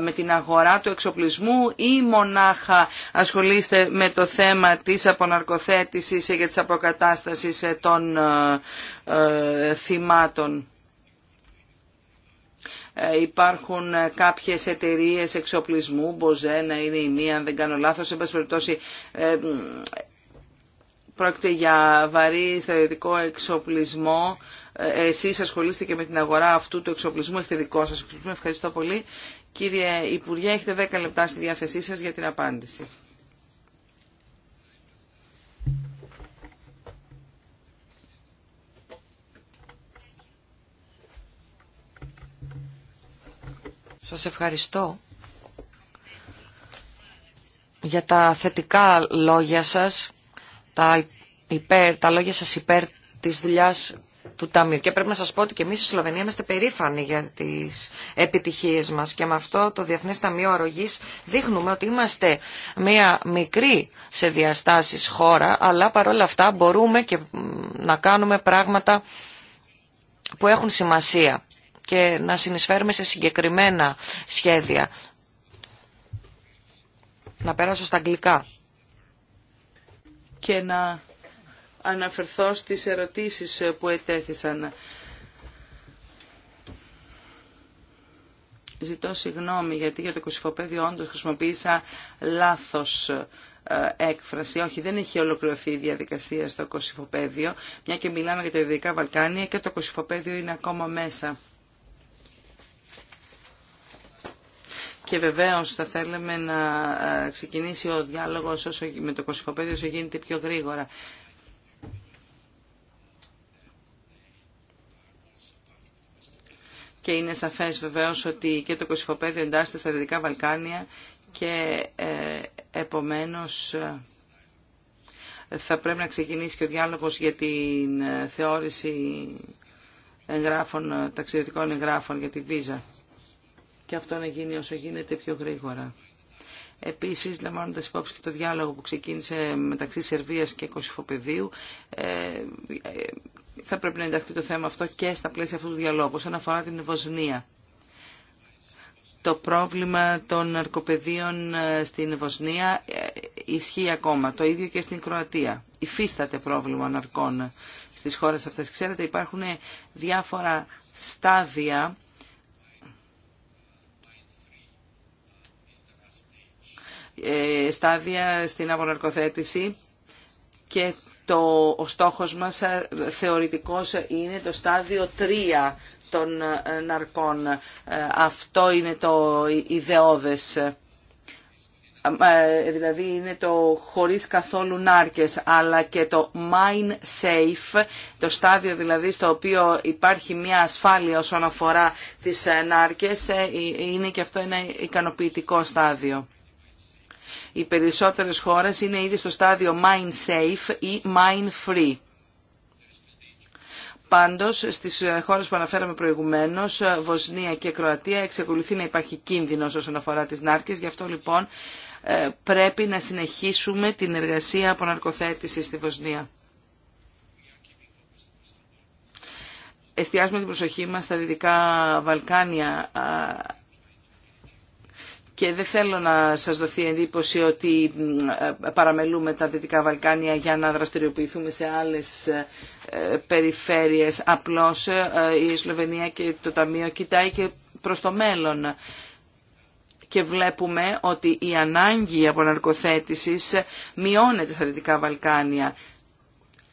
με την αγορά του εξοπλισμού ή μονάχα ασχολείστε με το θέμα της αποναρκοθέτησης και της αποκατάστασης ε, των ε, θυμάτων. Υπάρχουν κάποιες εταιρείες εξοπλισμού, Μποζένα είναι η μία, αν δεν κάνω λάθος, σε Πρόκειται για βαρύ στρατιωτικό εξοπλισμό. Ε, εσείς ασχολείστε και με την αγορά αυτού του εξοπλισμού. Έχετε δικό σας εξοπλισμό. Ευχαριστώ πολύ. Κύριε Υπουργέ, έχετε 10 λεπτά στη διάθεσή σας για την απάντηση. Σας ευχαριστώ για τα θετικά λόγια σας τα, υπέρ, τα λόγια σας υπέρ της δουλειά του Ταμείου. Και πρέπει να σας πω ότι και εμείς στη Σλοβενία είμαστε περήφανοι για τις επιτυχίες μας και με αυτό το Διεθνές Ταμείο Αρρωγής δείχνουμε ότι είμαστε μια μικρή σε διαστάσεις χώρα, αλλά παρόλα αυτά μπορούμε και να κάνουμε πράγματα που έχουν σημασία και να συνεισφέρουμε σε συγκεκριμένα σχέδια. Να περάσω στα αγγλικά και να αναφερθώ στις ερωτήσεις που ετέθησαν. Ζητώ συγγνώμη γιατί για το κοσυφοπέδιο όντως χρησιμοποίησα λάθος ε, έκφραση. Όχι, δεν έχει ολοκληρωθεί η διαδικασία στο κοσυφοπέδιο, μια και μιλάμε για τα Δυτικά Βαλκάνια και το κοσυφοπέδιο είναι ακόμα μέσα. και βεβαίως θα θέλαμε να ε, ξεκινήσει ο διάλογος με το Κωσυφοπέδιο όσο γίνεται πιο γρήγορα. Και είναι σαφές βεβαίως ότι και το Κωσυφοπέδιο εντάσσεται στα Δυτικά Βαλκάνια και ε, επομένως ε, θα πρέπει να ξεκινήσει και ο διάλογος για την θεώρηση εγγράφων, ταξιδιωτικών εγγράφων για τη Βίζα και αυτό να γίνει όσο γίνεται πιο γρήγορα. Επίσης, λαμβάνοντας υπόψη και το διάλογο που ξεκίνησε μεταξύ Σερβίας και Κωσυφοπεδίου, ε, ε, θα πρέπει να ενταχθεί το θέμα αυτό και στα πλαίσια αυτού του διαλόγου, όσον αφορά την Βοσνία. Το πρόβλημα των ναρκοπαιδίων ε, στην Βοσνία ισχύει ακόμα, το ίδιο και στην Κροατία. Υφίσταται πρόβλημα ναρκών στις χώρες αυτές. Ξέρετε, υπάρχουν διάφορα στάδια Ε, στάδια στην αποναρκοθέτηση και το, ο στόχος μας ε, θεωρητικός είναι το στάδιο 3 των ε, ναρκών. Αυτό είναι το ιδεώδες. Δηλαδή είναι το χωρίς καθόλου νάρκες, αλλά και το mine safe, το στάδιο δηλαδή στο οποίο υπάρχει μια ασφάλεια όσον αφορά τις νάρκες, είναι και αυτό ένα ικανοποιητικό στάδιο. Οι περισσότερες χώρες είναι ήδη στο στάδιο mine safe ή mine free. Πάντως, στις χώρες που αναφέραμε προηγουμένως, Βοσνία και Κροατία, εξακολουθεί να υπάρχει κίνδυνος όσον αφορά τις νάρκες. Γι' αυτό λοιπόν ε, πρέπει να συνεχίσουμε την εργασία από ναρκοθέτηση στη Βοσνία. Εστιάζουμε την προσοχή μας στα Δυτικά Βαλκάνια και δεν θέλω να σας δοθεί εντύπωση ότι ε, παραμελούμε τα Δυτικά Βαλκάνια για να δραστηριοποιηθούμε σε άλλες ε, περιφέρειες. Απλώς ε, η Σλοβενία και το Ταμείο κοιτάει και προς το μέλλον και βλέπουμε ότι η ανάγκη αποναρκοθέτησης μειώνεται στα Δυτικά Βαλκάνια.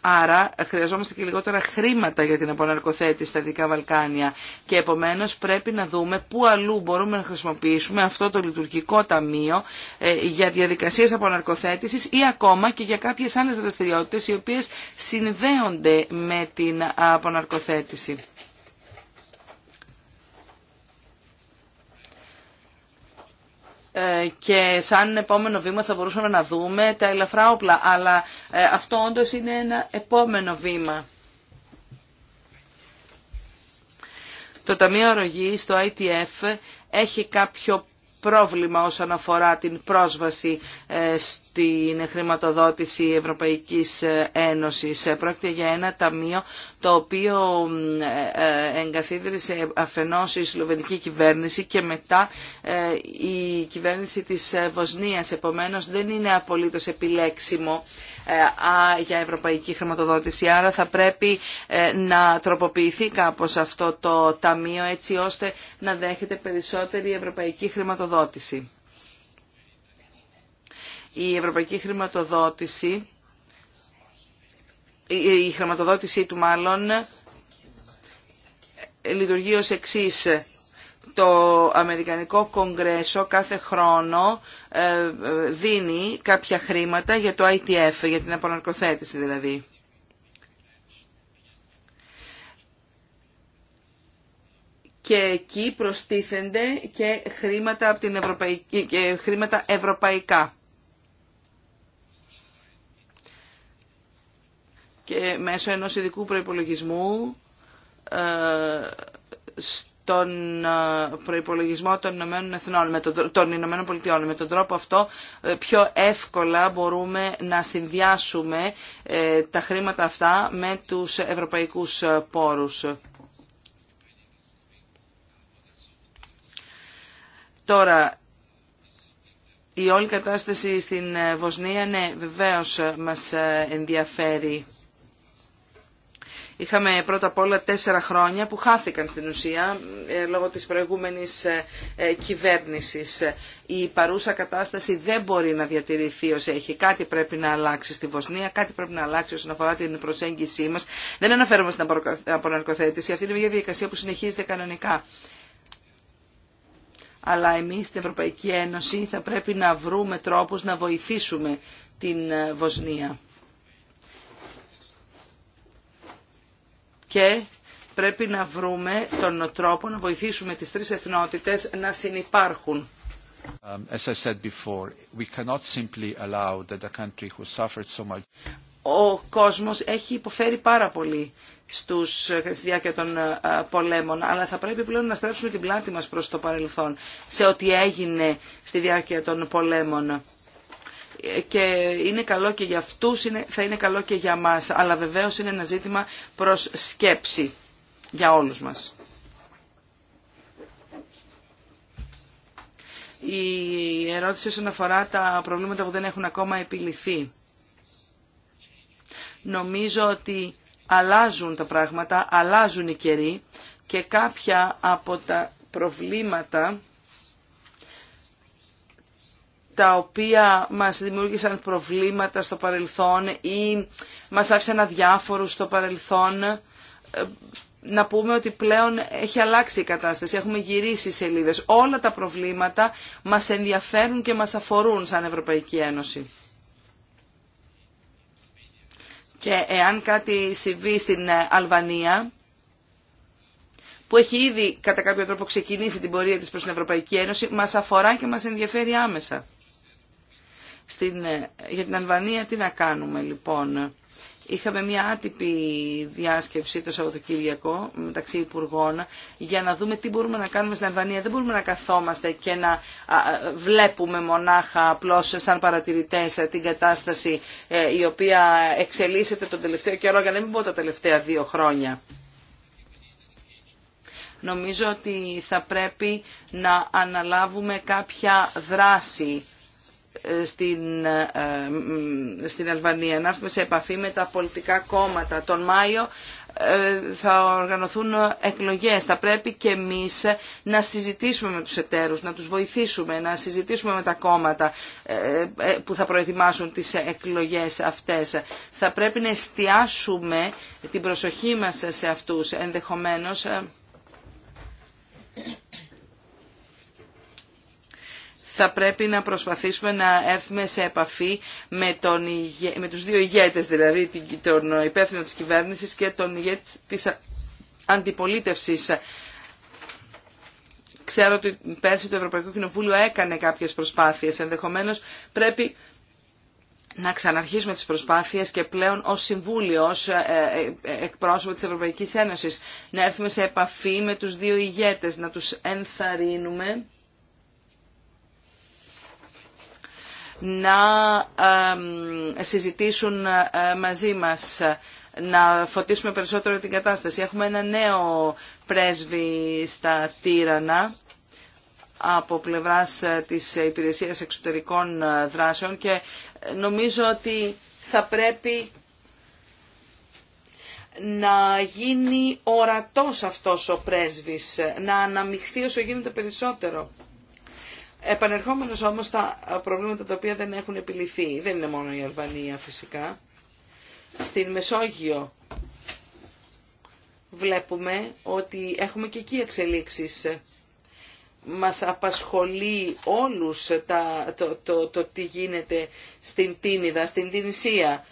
Άρα χρειαζόμαστε και λιγότερα χρήματα για την αποναρκοθέτηση στα Δυτικά Βαλκάνια και επομένως πρέπει να δούμε πού αλλού μπορούμε να χρησιμοποιήσουμε αυτό το λειτουργικό ταμείο ε, για διαδικασίες επαναρκοθέτησης ή ακόμα και για κάποιες άλλες δραστηριότητες οι οποίες συνδέονται με την αποναρκοθέτηση. Ε, και σαν επόμενο βήμα θα μπορούσαμε να δούμε τα ελαφρά όπλα, αλλά ε, αυτό όντω είναι ένα επόμενο βήμα. Το Ταμείο Αρρωγής, το ITF, έχει κάποιο πρόβλημα όσον αφορά την πρόσβαση ε, στην χρηματοδότηση Ευρωπαϊκής ε, Ένωσης. Πρόκειται για ένα ταμείο το οποίο ε, εγκαθίδρυσε αφενός η Σλοβενική κυβέρνηση και μετά η κυβέρνηση της Βοσνίας. Επομένως δεν είναι απολύτως επιλέξιμο ε, για ευρωπαϊκή χρηματοδότηση. Άρα θα πρέπει ε, να τροποποιηθεί κάπως αυτό το ταμείο έτσι ώστε να δέχεται περισσότερη ευρωπαϊκή χρηματοδότηση. Η ευρωπαϊκή χρηματοδότηση, η χρηματοδότησή του μάλλον, ε, λειτουργεί ως εξής το Αμερικανικό Κογκρέσο κάθε χρόνο ε, δίνει κάποια χρήματα για το ITF, για την αποναρκωθέτηση δηλαδή. Και εκεί προστίθενται και χρήματα, από την Ευρωπαϊκή, και χρήματα ευρωπαϊκά. Και μέσω ενός ειδικού προϋπολογισμού ε, τον ε, προϋπολογισμό των Ηνωμένων, Εθνών, με τον, των Ηνωμένων Πολιτειών. Με τον τρόπο αυτό ε, πιο εύκολα μπορούμε να συνδυάσουμε ε, τα χρήματα αυτά με τους ευρωπαϊκούς πόρους. Τώρα, η όλη κατάσταση στην Βοσνία, ναι, βεβαίως μας ενδιαφέρει. Είχαμε πρώτα απ' όλα τέσσερα χρόνια που χάθηκαν στην ουσία ε, λόγω της προηγούμενης ε, ε, κυβέρνησης. Η παρούσα κατάσταση δεν μπορεί να διατηρηθεί ως έχει. Κάτι πρέπει να αλλάξει στη Βοσνία, κάτι πρέπει να αλλάξει όσον αφορά την προσέγγιση μας. Δεν αναφέρομαι στην αποναρκωθέτηση. Αυτή είναι μια διαδικασία που συνεχίζεται κανονικά αλλά εμείς στην Ευρωπαϊκή Ένωση θα πρέπει να βρούμε τρόπους να βοηθήσουμε την Βοσνία. και πρέπει να βρούμε τον τρόπο να βοηθήσουμε τις τρεις εθνότητες να συνυπάρχουν. Um, Ο κόσμος έχει υποφέρει πάρα πολύ στους, ε, στη διάρκεια των ε, ε, πολέμων, αλλά θα πρέπει πλέον να στρέψουμε την πλάτη μας προς το παρελθόν, σε ό,τι έγινε στη διάρκεια των πολέμων και είναι καλό και για αυτούς, θα είναι καλό και για μας. Αλλά βεβαίως είναι ένα ζήτημα προς σκέψη για όλους μας. Η ερώτηση όσον αφορά τα προβλήματα που δεν έχουν ακόμα επιληθεί. Νομίζω ότι αλλάζουν τα πράγματα, αλλάζουν οι καιροί και κάποια από τα προβλήματα τα οποία μας δημιούργησαν προβλήματα στο παρελθόν ή μας άφησαν αδιάφορους στο παρελθόν, ε, να πούμε ότι πλέον έχει αλλάξει η κατάσταση, έχουμε γυρίσει σελίδες. Όλα τα προβλήματα μας ενδιαφέρουν και μας αφορούν σαν Ευρωπαϊκή Ένωση. Και εάν κάτι συμβεί στην ε, Αλβανία, που έχει ήδη κατά κάποιο τρόπο ξεκινήσει την πορεία της προς την Ευρωπαϊκή Ένωση, μας αφορά και μας ενδιαφέρει άμεσα. Στην, ε, για την Αλβανία τι να κάνουμε λοιπόν. Είχαμε μια άτυπη διάσκεψη το Σαββατοκύριακο μεταξύ Υπουργών για να δούμε τι μπορούμε να κάνουμε στην Αλβανία. Δεν μπορούμε να καθόμαστε και να βλέπουμε μονάχα απλώ σαν παρατηρητές την κατάσταση ε, η οποία εξελίσσεται τον τελευταίο καιρό, για να μην πω τα τελευταία δύο χρόνια. Νομίζω ότι θα πρέπει να αναλάβουμε κάποια δράση στην, ε, ε, στην Αλβανία, να έρθουμε σε επαφή με τα πολιτικά κόμματα. Τον Μάιο ε, θα οργανωθούν εκλογές. Θα πρέπει και εμείς να συζητήσουμε με τους εταίρους, να τους βοηθήσουμε, να συζητήσουμε με τα κόμματα που θα προετοιμάσουν τις εκλογές αυτές. Θα πρέπει να εστιάσουμε την προσοχή μας σε αυτούς. Ενδεχομένως θα πρέπει να προσπαθήσουμε να έρθουμε σε επαφή με, τον, με τους δύο ηγέτες, δηλαδή τον υπεύθυνο της κυβέρνησης και τον ηγέτη της αντιπολίτευσης. Ξέρω ότι πέρσι το Ευρωπαϊκό Κοινοβούλιο έκανε κάποιες προσπάθειες. Ενδεχομένως πρέπει να ξαναρχίσουμε τις προσπάθειες και πλέον ως Συμβούλιο, ως ε, ε, ε, εκπρόσωπο της Ευρωπαϊκής Ένωσης, να έρθουμε σε επαφή με τους δύο ηγέτες, να τους ενθαρρύνουμε να συζητήσουν ε, μαζί μας να φωτίσουμε περισσότερο την κατάσταση. Έχουμε ένα νέο πρέσβη στα Τύρανα από πλευράς ε, της Υπηρεσίας Εξωτερικών ε, Δράσεων και νομίζω ότι θα πρέπει να γίνει ορατός αυτός ο πρέσβης, να αναμειχθεί όσο γίνεται περισσότερο. Επανερχόμενο όμως στα προβλήματα τα οποία δεν έχουν επιληθεί, δεν είναι μόνο η Αλβανία φυσικά, στην Μεσόγειο βλέπουμε ότι έχουμε και εκεί εξελίξεις. Μας απασχολεί όλους τα, το, τι γίνεται στην Τίνιδα, στην Τινησία,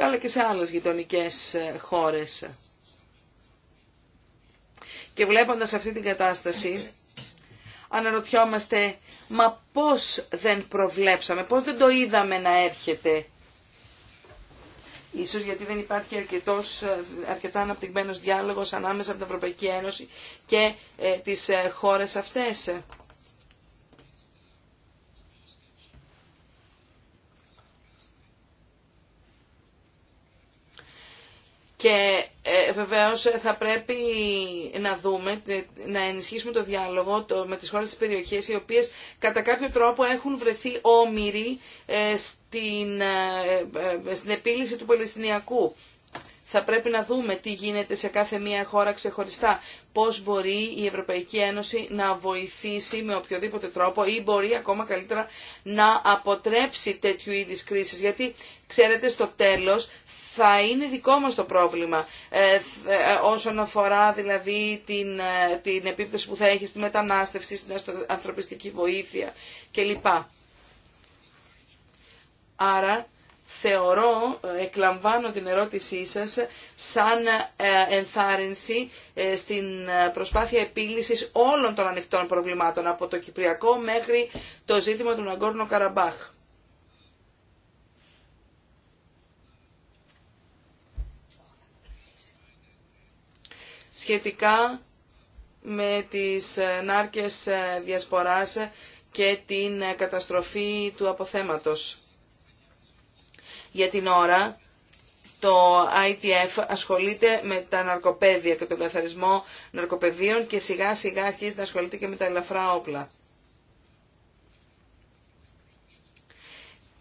αλλά και σε άλλες γειτονικές χώρες. Και βλέποντας αυτή την κατάσταση, αναρωτιόμαστε, μα πώς δεν προβλέψαμε, πώς δεν το είδαμε να έρχεται. Ίσως γιατί δεν υπάρχει αρκετός, ε, αρκετά αναπτυγμένος διάλογος ανάμεσα από την Ευρωπαϊκή Ένωση και ε, τις ε, χώρες αυτές. Και ε, βεβαίως θα πρέπει να δούμε, να ενισχύσουμε το διάλογο το, με τις χώρες της περιοχής, οι οποίες κατά κάποιο τρόπο έχουν βρεθεί όμοιροι ε, ε, ε, στην, επίλυση του Παλαιστινιακού. Θα πρέπει να δούμε τι γίνεται σε κάθε μία χώρα ξεχωριστά. Πώς μπορεί η Ευρωπαϊκή Ένωση να βοηθήσει με οποιοδήποτε τρόπο ή μπορεί ακόμα καλύτερα να αποτρέψει τέτοιου είδης κρίσεις. Γιατί, ξέρετε, στο τέλος θα είναι δικό μας το πρόβλημα ε, ε, όσον αφορά δηλαδή την, ε, την επίπτωση που θα έχει στη μετανάστευση, στην ανθρωπιστική βοήθεια κλπ. Άρα θεωρώ, εκλαμβάνω την ερώτησή σας σαν ενθάρρυνση στην προσπάθεια επίλυσης όλων των ανοιχτών προβλημάτων από το Κυπριακό μέχρι το ζήτημα του Ναγκόρνο Καραμπάχ. σχετικά με τις ε, νάρκες ε, διασποράς ε, και την καταστροφή του αποθέματος. Για την ώρα το ITF ασχολείται με τα ναρκοπαίδια και τον καθαρισμό ναρκοπαιδίων και σιγά σιγά αρχίζει να ασχολείται και με τα ελαφρά όπλα.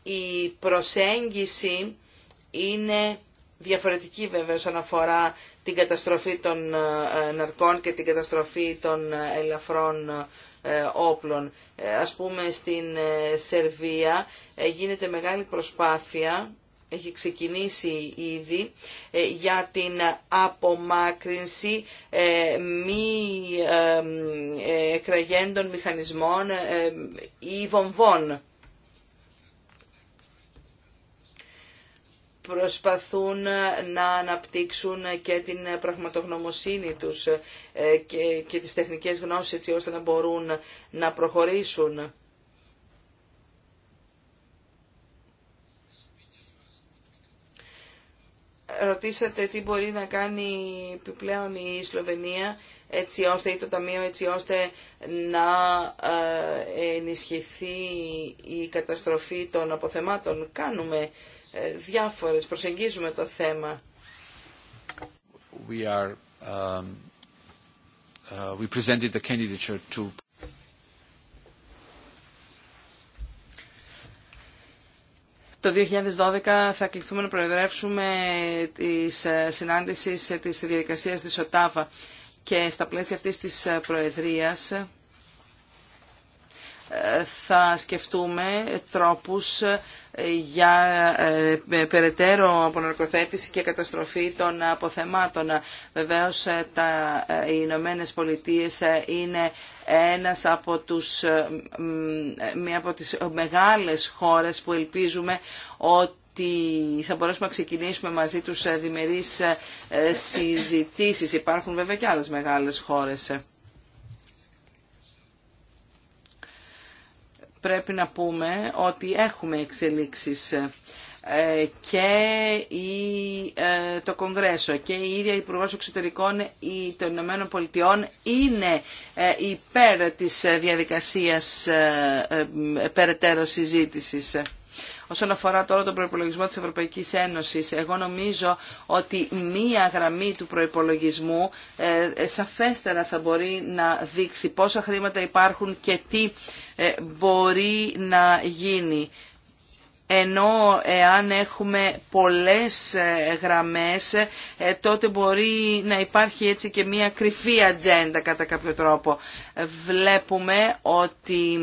Η προσέγγιση είναι διαφορετική βέβαια όσον αφορά την καταστροφή των ε, ναρκών και την καταστροφή των ε, ελαφρών ε, όπλων. Ας πούμε στην Σερβία γίνεται μεγάλη προσπάθεια έχει ξεκινήσει ήδη για την απομάκρυνση μη εκραγέντων μηχανισμών ή βομβών. προσπαθούν να αναπτύξουν και την πραγματογνωμοσύνη τους ε, και τις τεχνικές γνώσεις έτσι ώστε να μπορούν να προχωρήσουν. Ρωτήσατε τι μπορεί να κάνει επιπλέον η Σλοβενία έτσι ώστε ή το Ταμείο έτσι ώστε να ε, ενισχυθεί η καταστροφή των αποθεμάτων. Κάνουμε ε, διάφορες, προσεγγίζουμε το θέμα. We are, um, uh, we presented the Το 2012 θα κληθούμε να προεδρεύσουμε τις ε, συνάντηση ε, της διαδικασίας της ΟΤΑΒΑ και στα πλαίσια αυτής της προεδρίας θα σκεφτούμε τρόπους ε, για ε, περαιτέρω απονορκοθέτηση και καταστροφή των αποθεμάτων. Βεβαίως ε, τα Ηνωμένε Πολιτείε είναι ένας από τους, μία από τις μεγάλες χώρες που ελπίζουμε ότι ότι θα μπορέσουμε να ξεκινήσουμε μαζί τους διμερείς συζητήσεις. Υπάρχουν βέβαια και άλλες μεγάλες χώρες. πρέπει να πούμε ότι έχουμε εξελίξεις ε, και ε, το Κογκρέσο και η ίδια η Υπουργός Εξωτερικών των Ηνωμένων Πολιτειών είναι ε, υπέρ της διαδικασίας περαιτέρω συζήτησης. Όσον αφορά τώρα τον προϋπολογισμό της Ευρωπαϊκής Ένωσης, εγώ νομίζω ότι μία γραμμή του προϋπολογισμού σαφέστερα θα μπορεί να δείξει πόσα χρήματα υπάρχουν και τι ε, μπορεί να γίνει. Ενώ εάν έχουμε πολλές ε, γραμμές, ε, τότε μπορεί να υπάρχει έτσι και μια κρυφή ατζέντα κατά κάποιο τρόπο. Βλέπουμε ότι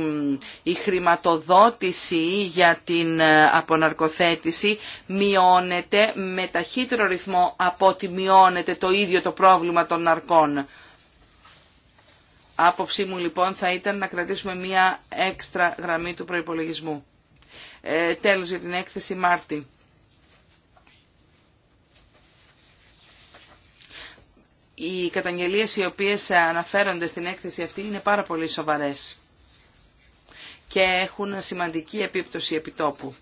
η χρηματοδότηση για την αποναρκοθέτηση μειώνεται με ταχύτερο ρυθμό από ότι μειώνεται το ίδιο το πρόβλημα των ναρκών. Άποψή μου λοιπόν θα ήταν να κρατήσουμε μία έξτρα γραμμή του προϋπολογισμού. Ε, τέλος για την έκθεση Μάρτη. Οι καταγγελίες οι οποίες αναφέρονται στην έκθεση αυτή είναι πάρα πολύ σοβαρές και έχουν σημαντική επίπτωση επιτόπου.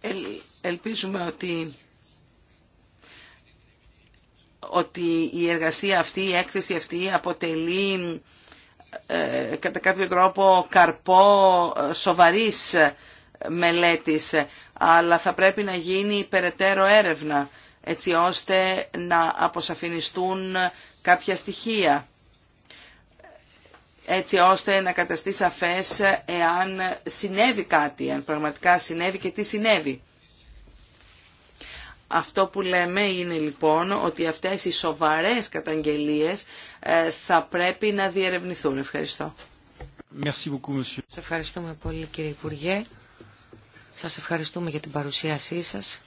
Ε, ελπίζουμε ότι ότι η εργασία αυτή, η έκθεση αυτή αποτελεί ε, κατά κάποιο τρόπο καρπό ε, σοβαρής μελέτης, αλλά θα πρέπει να γίνει περαιτέρω έρευνα έτσι ώστε να αποσαφινιστούν κάποια στοιχεία έτσι ώστε να καταστεί σαφές εάν συνέβη κάτι, αν πραγματικά συνέβη και τι συνέβη. Αυτό που λέμε είναι λοιπόν ότι αυτές οι σοβαρές καταγγελίες ε, θα πρέπει να διερευνηθούν. Ευχαριστώ. Merci beaucoup, monsieur. Σας ευχαριστούμε πολύ κύριε Υπουργέ. Σας ευχαριστούμε για την παρουσίασή σας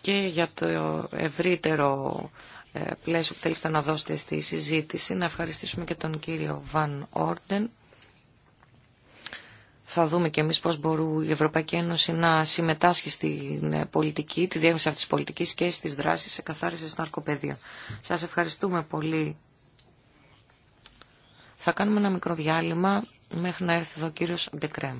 και για το ευρύτερο ε, πλαίσιο που θέλετε να δώσετε στη συζήτηση. Να ευχαριστήσουμε και τον κύριο Βαν Όρντεν θα δούμε και εμείς πώς μπορούν η Ευρωπαϊκή Ένωση να συμμετάσχει στην ε, πολιτική, τη διεύθυνση αυτής της πολιτικής και στις δράσεις σε καθάριση ναρκοπαιδεία. Σας ευχαριστούμε πολύ. Θα κάνουμε ένα μικρό διάλειμμα μέχρι να έρθει εδώ ο κύριος Ντεκρέμ.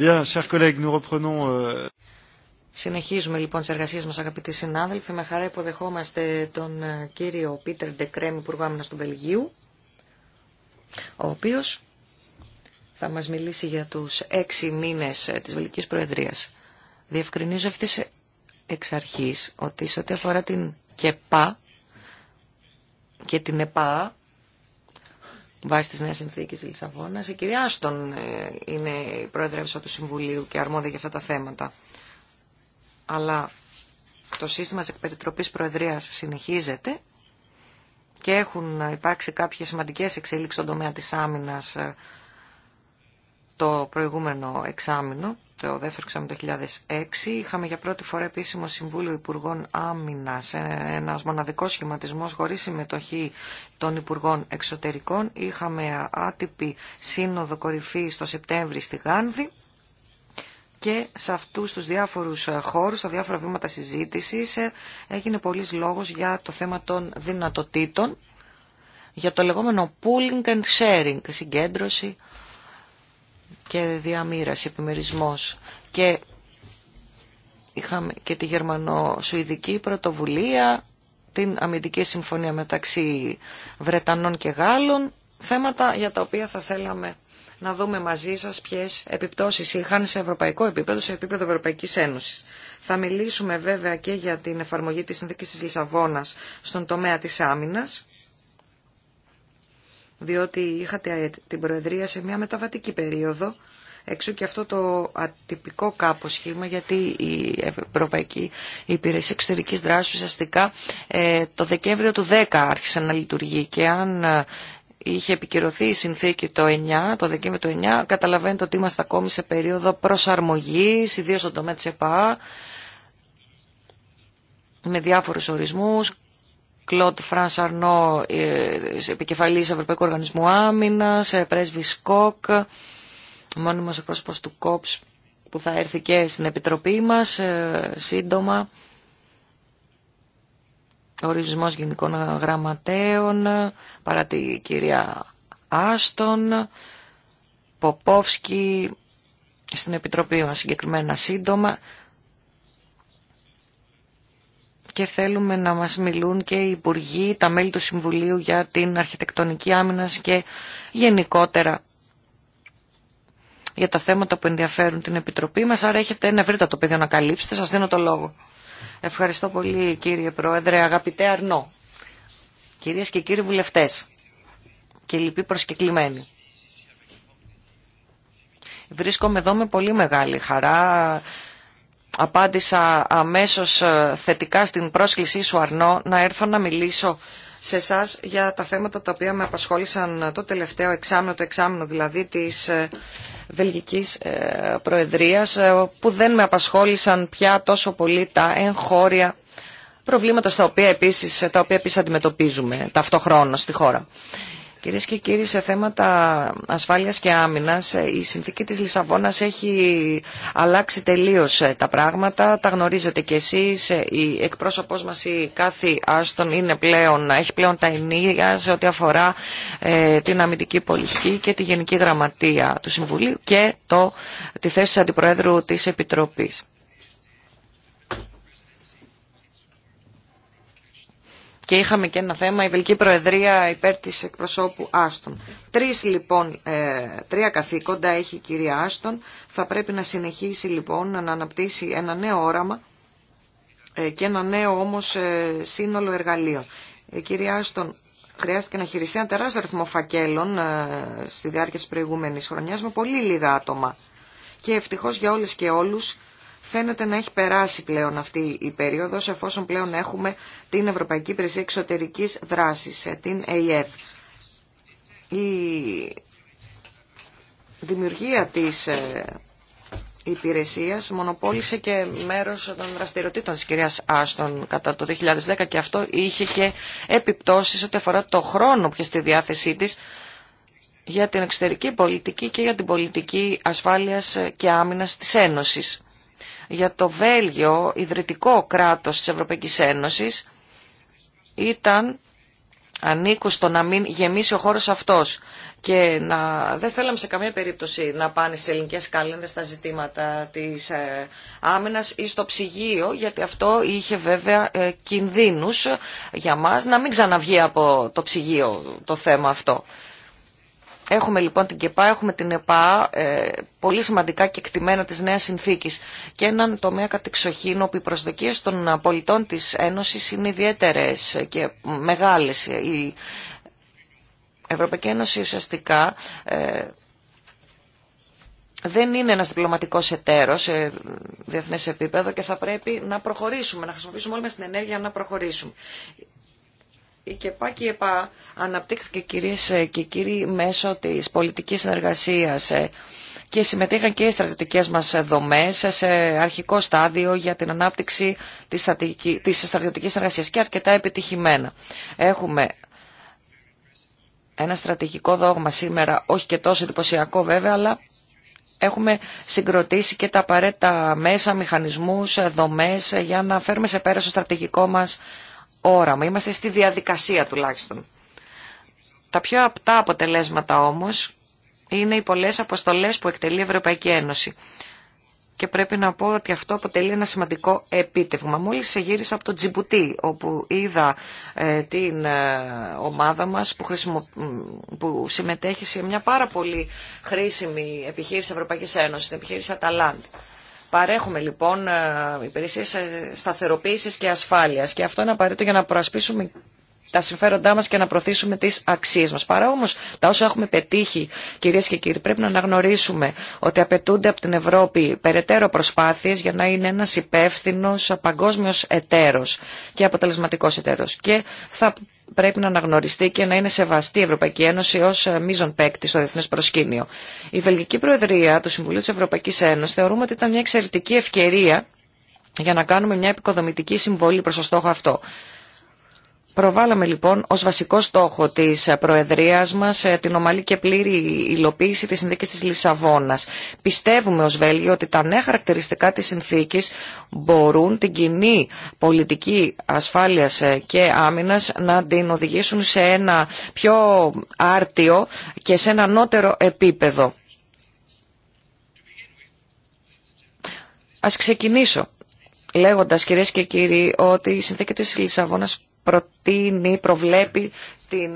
Euh, Συνεχίζουμε λοιπόν τι εργασίε μα, αγαπητοί συνάδελφοι. Με χαρά υποδεχόμαστε τον ε, κύριο Πίτερ Ντεκρέμ, Υπουργό Άμυνα του Βελγίου, ο οποίο θα μα μιλήσει για του έξι μήνε ε, τη Βελγική Προεδρία. Διευκρινίζω αυτή ε, εξ αρχή ότι σε ό,τι αφορά την ΚΕΠΑ και την ΕΠΑ, βάσει τη Νέα συνθήκη τη Λισαβόνας. Η κυρία Άστον ε, είναι η πρόεδρευσα του Συμβουλίου και αρμόδια για αυτά τα θέματα. Αλλά το σύστημα της εκπεριτροπή προεδρίας συνεχίζεται και έχουν υπάρξει κάποιες σημαντικές εξελίξεις στον τομέα τη άμυνας ε, το προηγούμενο εξάμεινο το δεύτερο εξάμεινο 2006. Είχαμε για πρώτη φορά επίσημο Συμβούλιο Υπουργών Άμυνα, ε, ένα μοναδικό σχηματισμό χωρί συμμετοχή των Υπουργών Εξωτερικών. Είχαμε άτυπη σύνοδο κορυφή το Σεπτέμβρη στη Γάνδη και σε αυτούς τους διάφορους ε, χώρους, στα διάφορα βήματα συζήτησης, ε, έγινε πολλής λόγος για το θέμα των δυνατοτήτων, για το λεγόμενο pooling and sharing, συγκέντρωση και διαμήραση, επιμερισμός. Και είχαμε και τη γερμανο-σουηδική πρωτοβουλία, την αμυντική συμφωνία μεταξύ Βρετανών και Γάλλων, θέματα για τα οποία θα θέλαμε να δούμε μαζί σας ποιες επιπτώσεις είχαν σε ευρωπαϊκό επίπεδο, σε επίπεδο Ευρωπαϊκής Ένωσης. Θα μιλήσουμε βέβαια και για την εφαρμογή της συνθήκης της Λισαβόνας στον τομέα της άμυνας διότι είχατε την Προεδρία σε μια μεταβατική περίοδο, έξω και αυτό το ατυπικό κάπο σχήμα, γιατί η Ευρωπαϊκή Υπηρεσία Εξωτερικής Δράσης ουσιαστικά ε, το Δεκέμβριο του 10 άρχισε να λειτουργεί και αν ε, είχε επικυρωθεί η συνθήκη το 9, το Δεκέμβριο του 9, καταλαβαίνετε ότι είμαστε ακόμη σε περίοδο προσαρμογής, ιδίως στον τομέα της ΕΠΑ, με διάφορους ορισμούς, Κλοντ Φρανς Αρνό, ε, επικεφαλής Ευρωπαϊκού Οργανισμού Άμυνας, ε, Πρέσβη ΚΟΚ, μόνιμος εκπρόσωπος του ΚΟΠΣ που θα έρθει και στην Επιτροπή μας ε, σύντομα. Ορισμός Γενικών Γραμματέων, παρά τη κυρία Άστον, Ποπόφσκι, στην Επιτροπή μας συγκεκριμένα σύντομα και θέλουμε να μας μιλούν και οι υπουργοί, τα μέλη του Συμβουλίου για την αρχιτεκτονική άμυνας και γενικότερα για τα θέματα που ενδιαφέρουν την Επιτροπή μας. Άρα έχετε ένα ευρύτατο πεδίο να καλύψετε. Σας δίνω το λόγο. Ευχαριστώ πολύ κύριε Πρόεδρε, αγαπητέ Αρνό. Κυρίες και κύριοι βουλευτές και λοιποί προσκεκλημένοι. Βρίσκομαι εδώ με πολύ μεγάλη χαρά Απάντησα αμέσως ε, θετικά στην πρόσκλησή σου Αρνό να έρθω να μιλήσω σε εσά για τα θέματα τα οποία με απασχόλησαν το τελευταίο εξάμεινο, το εξάμεινο δηλαδή της ε, Βελγικής ε, Προεδρίας που δεν με απασχόλησαν πια τόσο πολύ τα εγχώρια προβλήματα στα οποία επίσης, τα οποία επίσης αντιμετωπίζουμε ταυτόχρονα στη χώρα. Κυρίε και κύριοι, σε θέματα ασφάλειας και άμυνας, ε, η συνθήκη της Λισαβόνας έχει αλλάξει τελείως ε, τα πράγματα. Τα γνωρίζετε κι εσείς, ε, η εκπρόσωπός μας η κάθε Άστον είναι πλέον, έχει πλέον τα ενία σε ό,τι αφορά την αμυντική πολιτική και τη Γενική Γραμματεία του Συμβουλίου και το, τη θέση τη Αντιπροέδρου της Επιτροπής. και είχαμε και ένα θέμα η Βελική Προεδρία υπέρ της εκπροσώπου Άστον. Τρεις λοιπόν, ε, τρία καθήκοντα έχει η κυρία Άστον. Θα πρέπει να συνεχίσει λοιπόν να αναπτύσσει ένα νέο όραμα ε, και ένα νέο όμως ε, σύνολο εργαλείο. Η κυρία Άστον χρειάστηκε να χειριστεί ένα τεράστιο αριθμό φακέλων στη διάρκεια της προηγούμενης χρονιάς με πολύ λίγα άτομα. Και ευτυχώς για όλες και όλους φαίνεται να έχει περάσει πλέον αυτή η περίοδος εφόσον πλέον έχουμε την Ευρωπαϊκή Υπηρεσία Εξωτερικής Δράσης, ε, την ΕΙΕΔ. Η δημιουργία της ε, υπηρεσίας μονοπόλησε και μέρος των δραστηριοτήτων της κυρίας Άστον κατά το 2010 και αυτό είχε και επιπτώσεις ό,τι αφορά το χρόνο που στη διάθεσή της για την εξωτερική πολιτική και για την πολιτική ασφάλειας και άμυνας της Ένωσης για το Βέλγιο, ιδρυτικό κράτος της Ευρωπαϊκής Ένωσης, ήταν ανήκουστο στο να μην γεμίσει ο χώρος αυτός και να, δεν θέλαμε σε καμία περίπτωση να πάνε στις ελληνικές κάλενδες τα ζητήματα της ε, άμενας ή στο ψυγείο γιατί αυτό είχε βέβαια ε, κινδύνους για μας να μην ξαναβγεί από το ψυγείο το θέμα αυτό. Έχουμε λοιπόν την ΚΕΠΑ, έχουμε την ΕΠΑ, ε, πολύ σημαντικά και εκτιμένα της νέας συνθήκης και έναν τομέα κατεξοχήν όπου οι προσδοκίες των πολιτών της Ένωσης είναι ιδιαίτερε και μεγάλες. Η Ευρωπαϊκή Ένωση ουσιαστικά ε, δεν είναι ένας διπλωματικός εταίρος σε διεθνές επίπεδο και θα πρέπει να προχωρήσουμε, να χρησιμοποιήσουμε όλη μας την ενέργεια να προχωρήσουμε η ΚΕΠΑ και η ΕΠΑ αναπτύχθηκε κυρίες ε, και κύριοι μέσω της πολιτικής συνεργασίας ε. και συμμετείχαν και οι στρατιωτικές μας δομές σε αρχικό στάδιο για την ανάπτυξη της στρατιωτικής συνεργασίας και αρκετά επιτυχημένα. Έχουμε ένα στρατηγικό δόγμα σήμερα, όχι και τόσο εντυπωσιακό βέβαια, αλλά έχουμε συγκροτήσει και τα απαραίτητα μέσα, μηχανισμούς, δομές για να φέρουμε σε πέρα στο στρατηγικό μας όραμα, είμαστε στη διαδικασία τουλάχιστον. Τα πιο απτά αποτελέσματα όμως είναι οι πολλές αποστολές που εκτελεί η Ευρωπαϊκή Ένωση. Και πρέπει να πω ότι αυτό αποτελεί ένα σημαντικό επίτευγμα. Μόλις σε γύρισα από το Τζιμπουτί, όπου είδα ε, την ε, ομάδα μας που, χρησιμο... που συμμετέχει σε μια πάρα πολύ χρήσιμη επιχείρηση Ευρωπαϊκής Ένωσης, την επιχείρηση Αταλάντη. Παρέχουμε λοιπόν ε, υπηρεσίες ε, σταθεροποίησης και ασφάλειας και αυτό είναι απαραίτητο για να προασπίσουμε τα συμφέροντά μας και να προωθήσουμε τις αξίες μας. Παρά όμως, τα όσα έχουμε πετύχει, κυρίες και κύριοι, πρέπει να αναγνωρίσουμε ότι απαιτούνται από την Ευρώπη περαιτέρω προσπάθειε για να είναι ένας υπεύθυνος παγκόσμιος εταίρος και αποτελεσματικό εταίρος. Και θα πρέπει να αναγνωριστεί και να είναι σεβαστή η Ευρωπαϊκή Ένωση ω ε, μείζον παίκτη στο διεθνέ προσκήνιο. Η Βελγική Προεδρία του Συμβουλίου τη Ευρωπαϊκή Ένωση θεωρούμε ότι ήταν μια εξαιρετική ευκαιρία για να κάνουμε μια επικοδομητική συμβολή προ το στόχο αυτό. Προβάλαμε λοιπόν ως βασικό στόχο της Προεδρίας μας ε, την ομαλή και πλήρη υλοποίηση της συνθήκης της Λισαβόνας. Πιστεύουμε ως Βέλγιο ότι τα νέα χαρακτηριστικά της συνθήκης μπορούν την κοινή πολιτική ασφάλειας ε, και άμυνας να την οδηγήσουν σε ένα πιο άρτιο και σε ένα ανώτερο επίπεδο. Ας ξεκινήσω λέγοντας κυρίες και κύριοι ότι η συνθήκη της Λισαβόνας προτείνει, προβλέπει την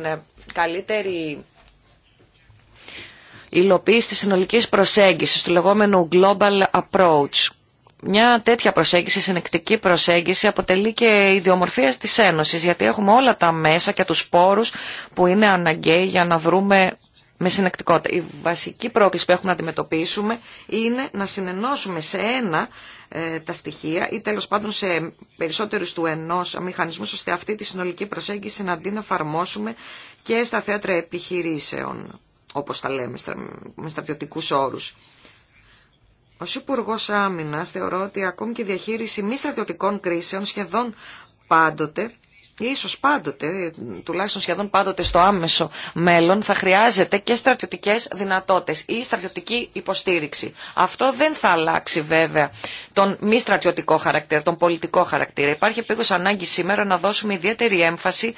καλύτερη υλοποίηση της συνολικής προσέγγισης, του λεγόμενου Global Approach. Μια τέτοια προσέγγιση, συνεκτική προσέγγιση, αποτελεί και ιδιομορφία της Ένωσης, γιατί έχουμε όλα τα μέσα και τους πόρους που είναι αναγκαίοι για να βρούμε με συνεκτικότητα. Η βασική πρόκληση που έχουμε να αντιμετωπίσουμε είναι να συνενώσουμε σε ένα ε, τα στοιχεία ή τέλος πάντων σε περισσότερους του ενός μηχανισμούς ώστε αυτή τη συνολική προσέγγιση να την εφαρμόσουμε και στα θέατρα επιχειρήσεων, όπως τα λέμε, με στρατιωτικούς όρους. Ω Υπουργό Άμυνα θεωρώ ότι ακόμη και η διαχείριση μη στρατιωτικών κρίσεων σχεδόν πάντοτε ίσως πάντοτε, τουλάχιστον σχεδόν πάντοτε στο άμεσο μέλλον, θα χρειάζεται και στρατιωτικές δυνατότητες ή στρατιωτική υποστήριξη. Αυτό δεν θα αλλάξει βέβαια τον μη στρατιωτικό χαρακτήρα, τον πολιτικό χαρακτήρα. Υπάρχει επίγουσα ανάγκη σήμερα να δώσουμε ιδιαίτερη έμφαση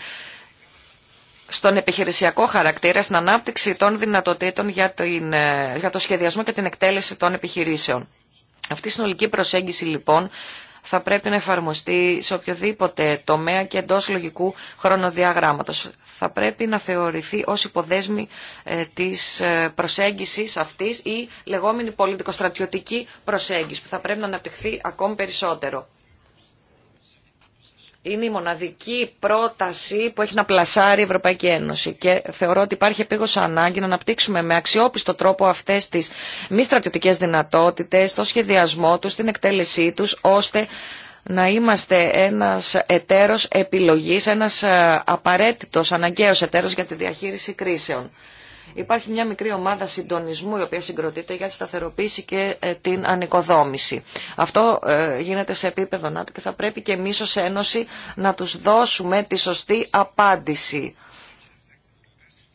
στον επιχειρησιακό χαρακτήρα, στην ανάπτυξη των δυνατοτήτων για, την, ε, για το σχεδιασμό και την εκτέλεση των επιχειρήσεων. Αυτή η συνολική προσέγγιση λοιπόν θα πρέπει να εφαρμοστεί σε οποιοδήποτε τομέα και εντό λογικού χρονοδιαγράμματος. Θα πρέπει να θεωρηθεί ως υποδέσμη ε, της ε, προσέγγισης αυτής η λεγόμενη πολιτικοστρατιωτική προσέγγιση που θα πρέπει να αναπτυχθεί ακόμη περισσότερο είναι η μοναδική πρόταση που έχει να πλασάρει η Ευρωπαϊκή Ένωση και θεωρώ ότι υπάρχει επίγουσα ανάγκη να αναπτύξουμε με αξιόπιστο τρόπο αυτές τις μη στρατιωτικέ δυνατότητες, το σχεδιασμό του, την εκτέλεσή τους, ώστε να είμαστε ένας εταίρος επιλογής, ένας ε, απαραίτητος, αναγκαίος εταίρος για τη διαχείριση κρίσεων. Υπάρχει μια μικρή ομάδα συντονισμού η οποία συγκροτείται για τη σταθεροποίηση και ε, την ανοικοδόμηση. Αυτό ε, γίνεται σε επίπεδο ΝΑΤΟ και θα πρέπει και εμείς ως Ένωση να τους δώσουμε τη σωστή απάντηση.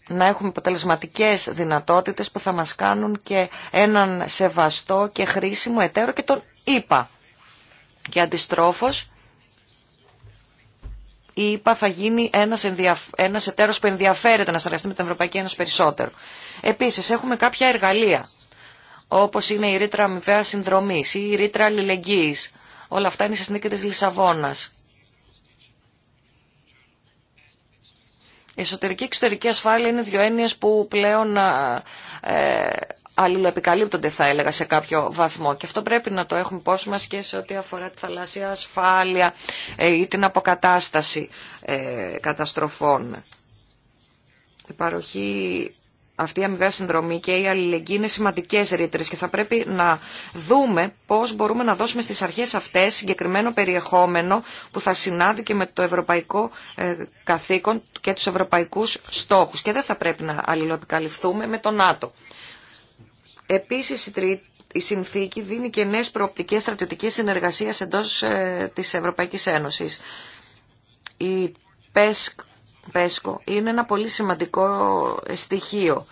Να έχουμε αποτελεσματικέ δυνατότητες που θα μας κάνουν και έναν σεβαστό και χρήσιμο εταίρο και τον είπα. Και αντιστρόφως η ΕΠΑ θα γίνει ένας, ενδιαφ... που ενδιαφέρεται να συνεργαστεί με την Ευρωπαϊκή Ένωση περισσότερο. Επίσης, έχουμε κάποια εργαλεία, όπως είναι η ρήτρα αμοιβαία συνδρομής ή η ρήτρα αλληλεγγύης. Όλα αυτά είναι στη συνθήκη της Λισαβόνας. Η ρητρα αλληλεγγυης ολα αυτα ειναι στη συνέχεια της λισαβονας η εσωτερικη και εξωτερική ασφάλεια είναι δύο έννοιες που πλέον ε, αλληλοεπικαλύπτονται θα έλεγα σε κάποιο βαθμό και αυτό πρέπει να το έχουμε υπόψη μας και σε ό,τι αφορά τη θαλάσσια ασφάλεια ε, ή την αποκατάσταση ε, καταστροφών. Η παροχή αυτή η αμοιβαία συνδρομή και η αλληλεγγύη είναι σημαντικέ ρήτρε και θα πρέπει να δούμε πώ μπορούμε να δώσουμε στι αρχέ αυτέ συγκεκριμένο περιεχόμενο που θα συνάδει και με το ευρωπαϊκό ε, καθήκον και του ευρωπαϊκού στόχου. Και δεν θα πρέπει να αλληλοεπικαλυφθούμε με τον ΝΑΤΟ. Επίσης, η συνθήκη δίνει και νέες προοπτικές στρατιωτικής συνεργασίας εντός ε, της Ευρωπαϊκής Ένωσης. Η ΠΕΣΚΟ είναι ένα πολύ σημαντικό ε, στοιχείο.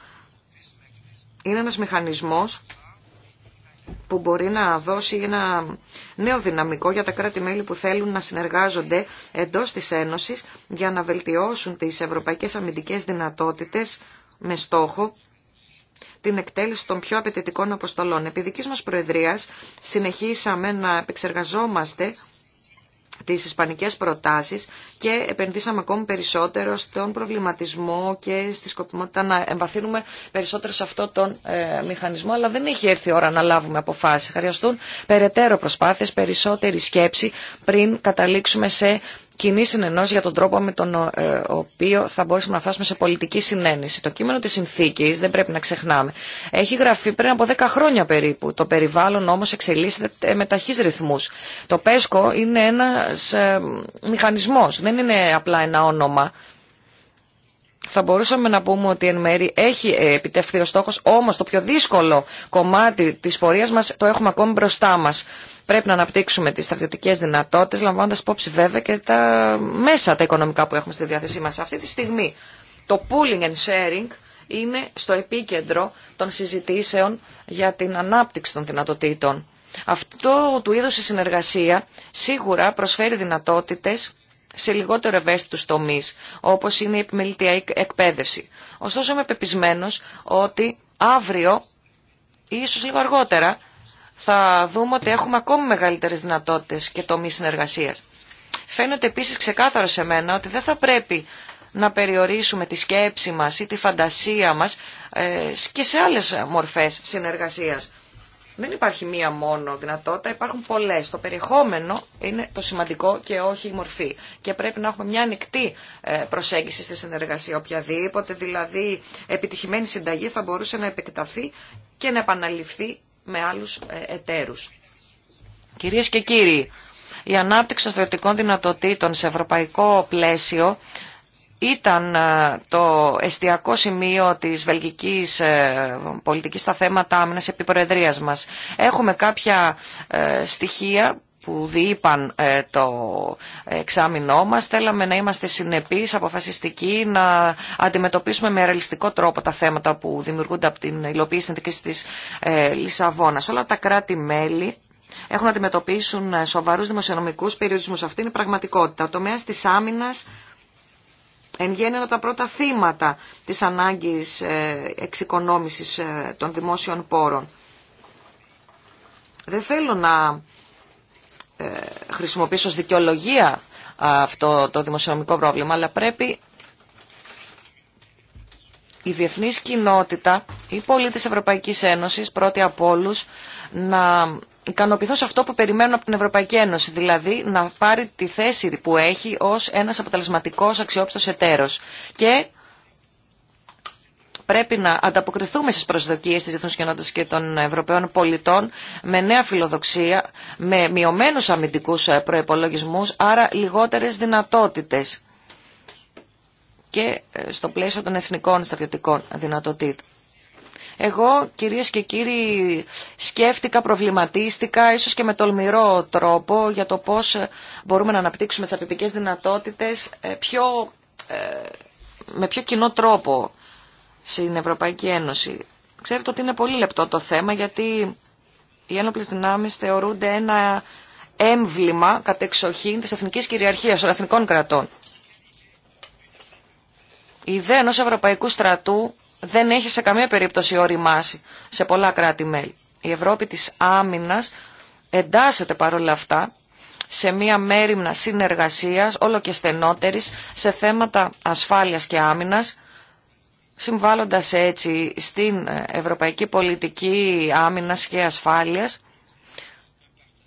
Είναι ένας μηχανισμός που μπορεί να δώσει ένα νέο δυναμικό για τα κράτη-μέλη που θέλουν να συνεργάζονται εντός της Ένωσης για να βελτιώσουν τις ευρωπαϊκές αμυντικές δυνατότητες με στόχο την εκτέλεση των πιο απαιτητικών αποστολών. Επί δικής μας Προεδρίας συνεχίσαμε να επεξεργαζόμαστε τις ισπανικές προτάσεις και επενδύσαμε ακόμη περισσότερο στον προβληματισμό και στη σκοπιμότητα να εμβαθύνουμε περισσότερο σε αυτό τον ε, μηχανισμό, αλλά δεν έχει έρθει η ώρα να λάβουμε αποφάσεις. Χρειαστούν περαιτέρω προσπάθειες, περισσότερη σκέψη πριν καταλήξουμε σε κοινή συνενός για τον τρόπο με τον ε, οποίο θα μπορέσουμε να φτάσουμε σε πολιτική συνένεση. Το κείμενο της συνθήκης, δεν πρέπει να ξεχνάμε, έχει γραφεί πριν από 10 χρόνια περίπου. Το περιβάλλον όμως εξελίσσεται με ταχύς ρυθμούς. Το ΠΕΣΚΟ είναι ένας ε, μηχανισμός, δεν είναι απλά ένα όνομα θα μπορούσαμε να πούμε ότι εν μέρη έχει ε, επιτευχθεί ο στόχος, όμως το πιο δύσκολο κομμάτι της πορείας μας το έχουμε ακόμη μπροστά μας. Πρέπει να αναπτύξουμε τις στρατιωτικές δυνατότητες, λαμβάνοντας υπόψη βέβαια και τα μέσα τα οικονομικά που έχουμε στη διάθεσή μας. Αυτή τη στιγμή το pooling and sharing είναι στο επίκεντρο των συζητήσεων για την ανάπτυξη των δυνατοτήτων. Αυτό του είδους η συνεργασία σίγουρα προσφέρει δυνατότητες σε λιγότερο ευαίσθητου τομεί, όπω είναι η επιμελητή εκπαίδευση. Ωστόσο, είμαι πεπισμένο ότι αύριο ή ίσω λίγο αργότερα θα δούμε ότι έχουμε ακόμη μεγαλύτερε δυνατότητε και τομεί συνεργασία. Φαίνεται επίση ξεκάθαρο σε μένα ότι δεν θα πρέπει να περιορίσουμε τη σκέψη μας ή τη φαντασία μας ε, και σε άλλες μορφές συνεργασίας δεν υπάρχει μία μόνο δυνατότητα, υπάρχουν πολλέ. Το περιεχόμενο είναι το σημαντικό και όχι η μορφή. Και πρέπει να έχουμε μια ανοιχτή ε, προσέγγιση στη συνεργασία. Οποιαδήποτε δηλαδή επιτυχημένη συνταγή θα μπορούσε να επεκταθεί και να επαναληφθεί με άλλου ε, εταίρου. Κυρίε και κύριοι, η ανάπτυξη των στρατιωτικών δυνατοτήτων σε ευρωπαϊκό πλαίσιο ήταν ε, το εστιακό σημείο της βελγικής ε, πολιτικής στα θέματα άμυνας επί προεδρίας μας. Έχουμε κάποια ε, στοιχεία που διείπαν το εξάμεινό μας. Θέλαμε να είμαστε συνεπείς, αποφασιστικοί, να αντιμετωπίσουμε με ρεαλιστικό τρόπο τα θέματα που δημιουργούνται από την υλοποίηση συνθήκης της Λισαβόνας. Όλα τα κράτη-μέλη έχουν να αντιμετωπίσουν σοβαρούς δημοσιονομικούς περιορισμούς. Αυτή είναι η πραγματικότητα. Το τομέας της άμυνας εν γέννη από τα πρώτα θύματα της ανάγκης ε, εξοικονόμησης ε, των δημόσιων πόρων. Δεν θέλω να ε, χρησιμοποιήσω ως δικαιολογία αυτό το δημοσιονομικό πρόβλημα, αλλά πρέπει η διεθνής κοινότητα, οι πολίτες Ευρωπαϊκής Ένωσης, πρώτοι από όλους, να ικανοποιηθώ σε αυτό που περιμένουν από την Ευρωπαϊκή Ένωση, δηλαδή να πάρει τη θέση που έχει ως ένας αποτελεσματικός αξιόπιστος εταίρος. Και πρέπει να ανταποκριθούμε στις προσδοκίες της διεθνούς κοινότητας και των Ευρωπαίων πολιτών με νέα φιλοδοξία, με μειωμένους αμυντικούς προϋπολογισμούς, άρα λιγότερες δυνατότητες και ε, στο πλαίσιο των εθνικών στρατιωτικών δυνατοτήτων. Εγώ, κυρίες και κύριοι, σκέφτηκα, προβληματίστηκα, ίσως και με τολμηρό τρόπο, για το πώς ε, μπορούμε να αναπτύξουμε στρατιωτικές δυνατότητες ε, πιο, ε, με πιο κοινό τρόπο στην Ευρωπαϊκή Ένωση. Ξέρετε ότι είναι πολύ λεπτό το θέμα, γιατί οι ένοπλες δυνάμεις θεωρούνται ένα έμβλημα εξοχήν της εθνικής κυριαρχίας των εθνικών κρατών. Η ιδέα ενός ευρωπαϊκού στρατού δεν έχει σε καμία περίπτωση οριμάσει σε πολλά κράτη-μέλη. Η Ευρώπη της άμυνας εντάσσεται παρόλα αυτά σε μια μέρημνα συνεργασίας όλο και στενότερης σε θέματα ασφάλειας και άμυνας, συμβάλλοντας έτσι στην ευρωπαϊκή πολιτική άμυνας και ασφάλειας,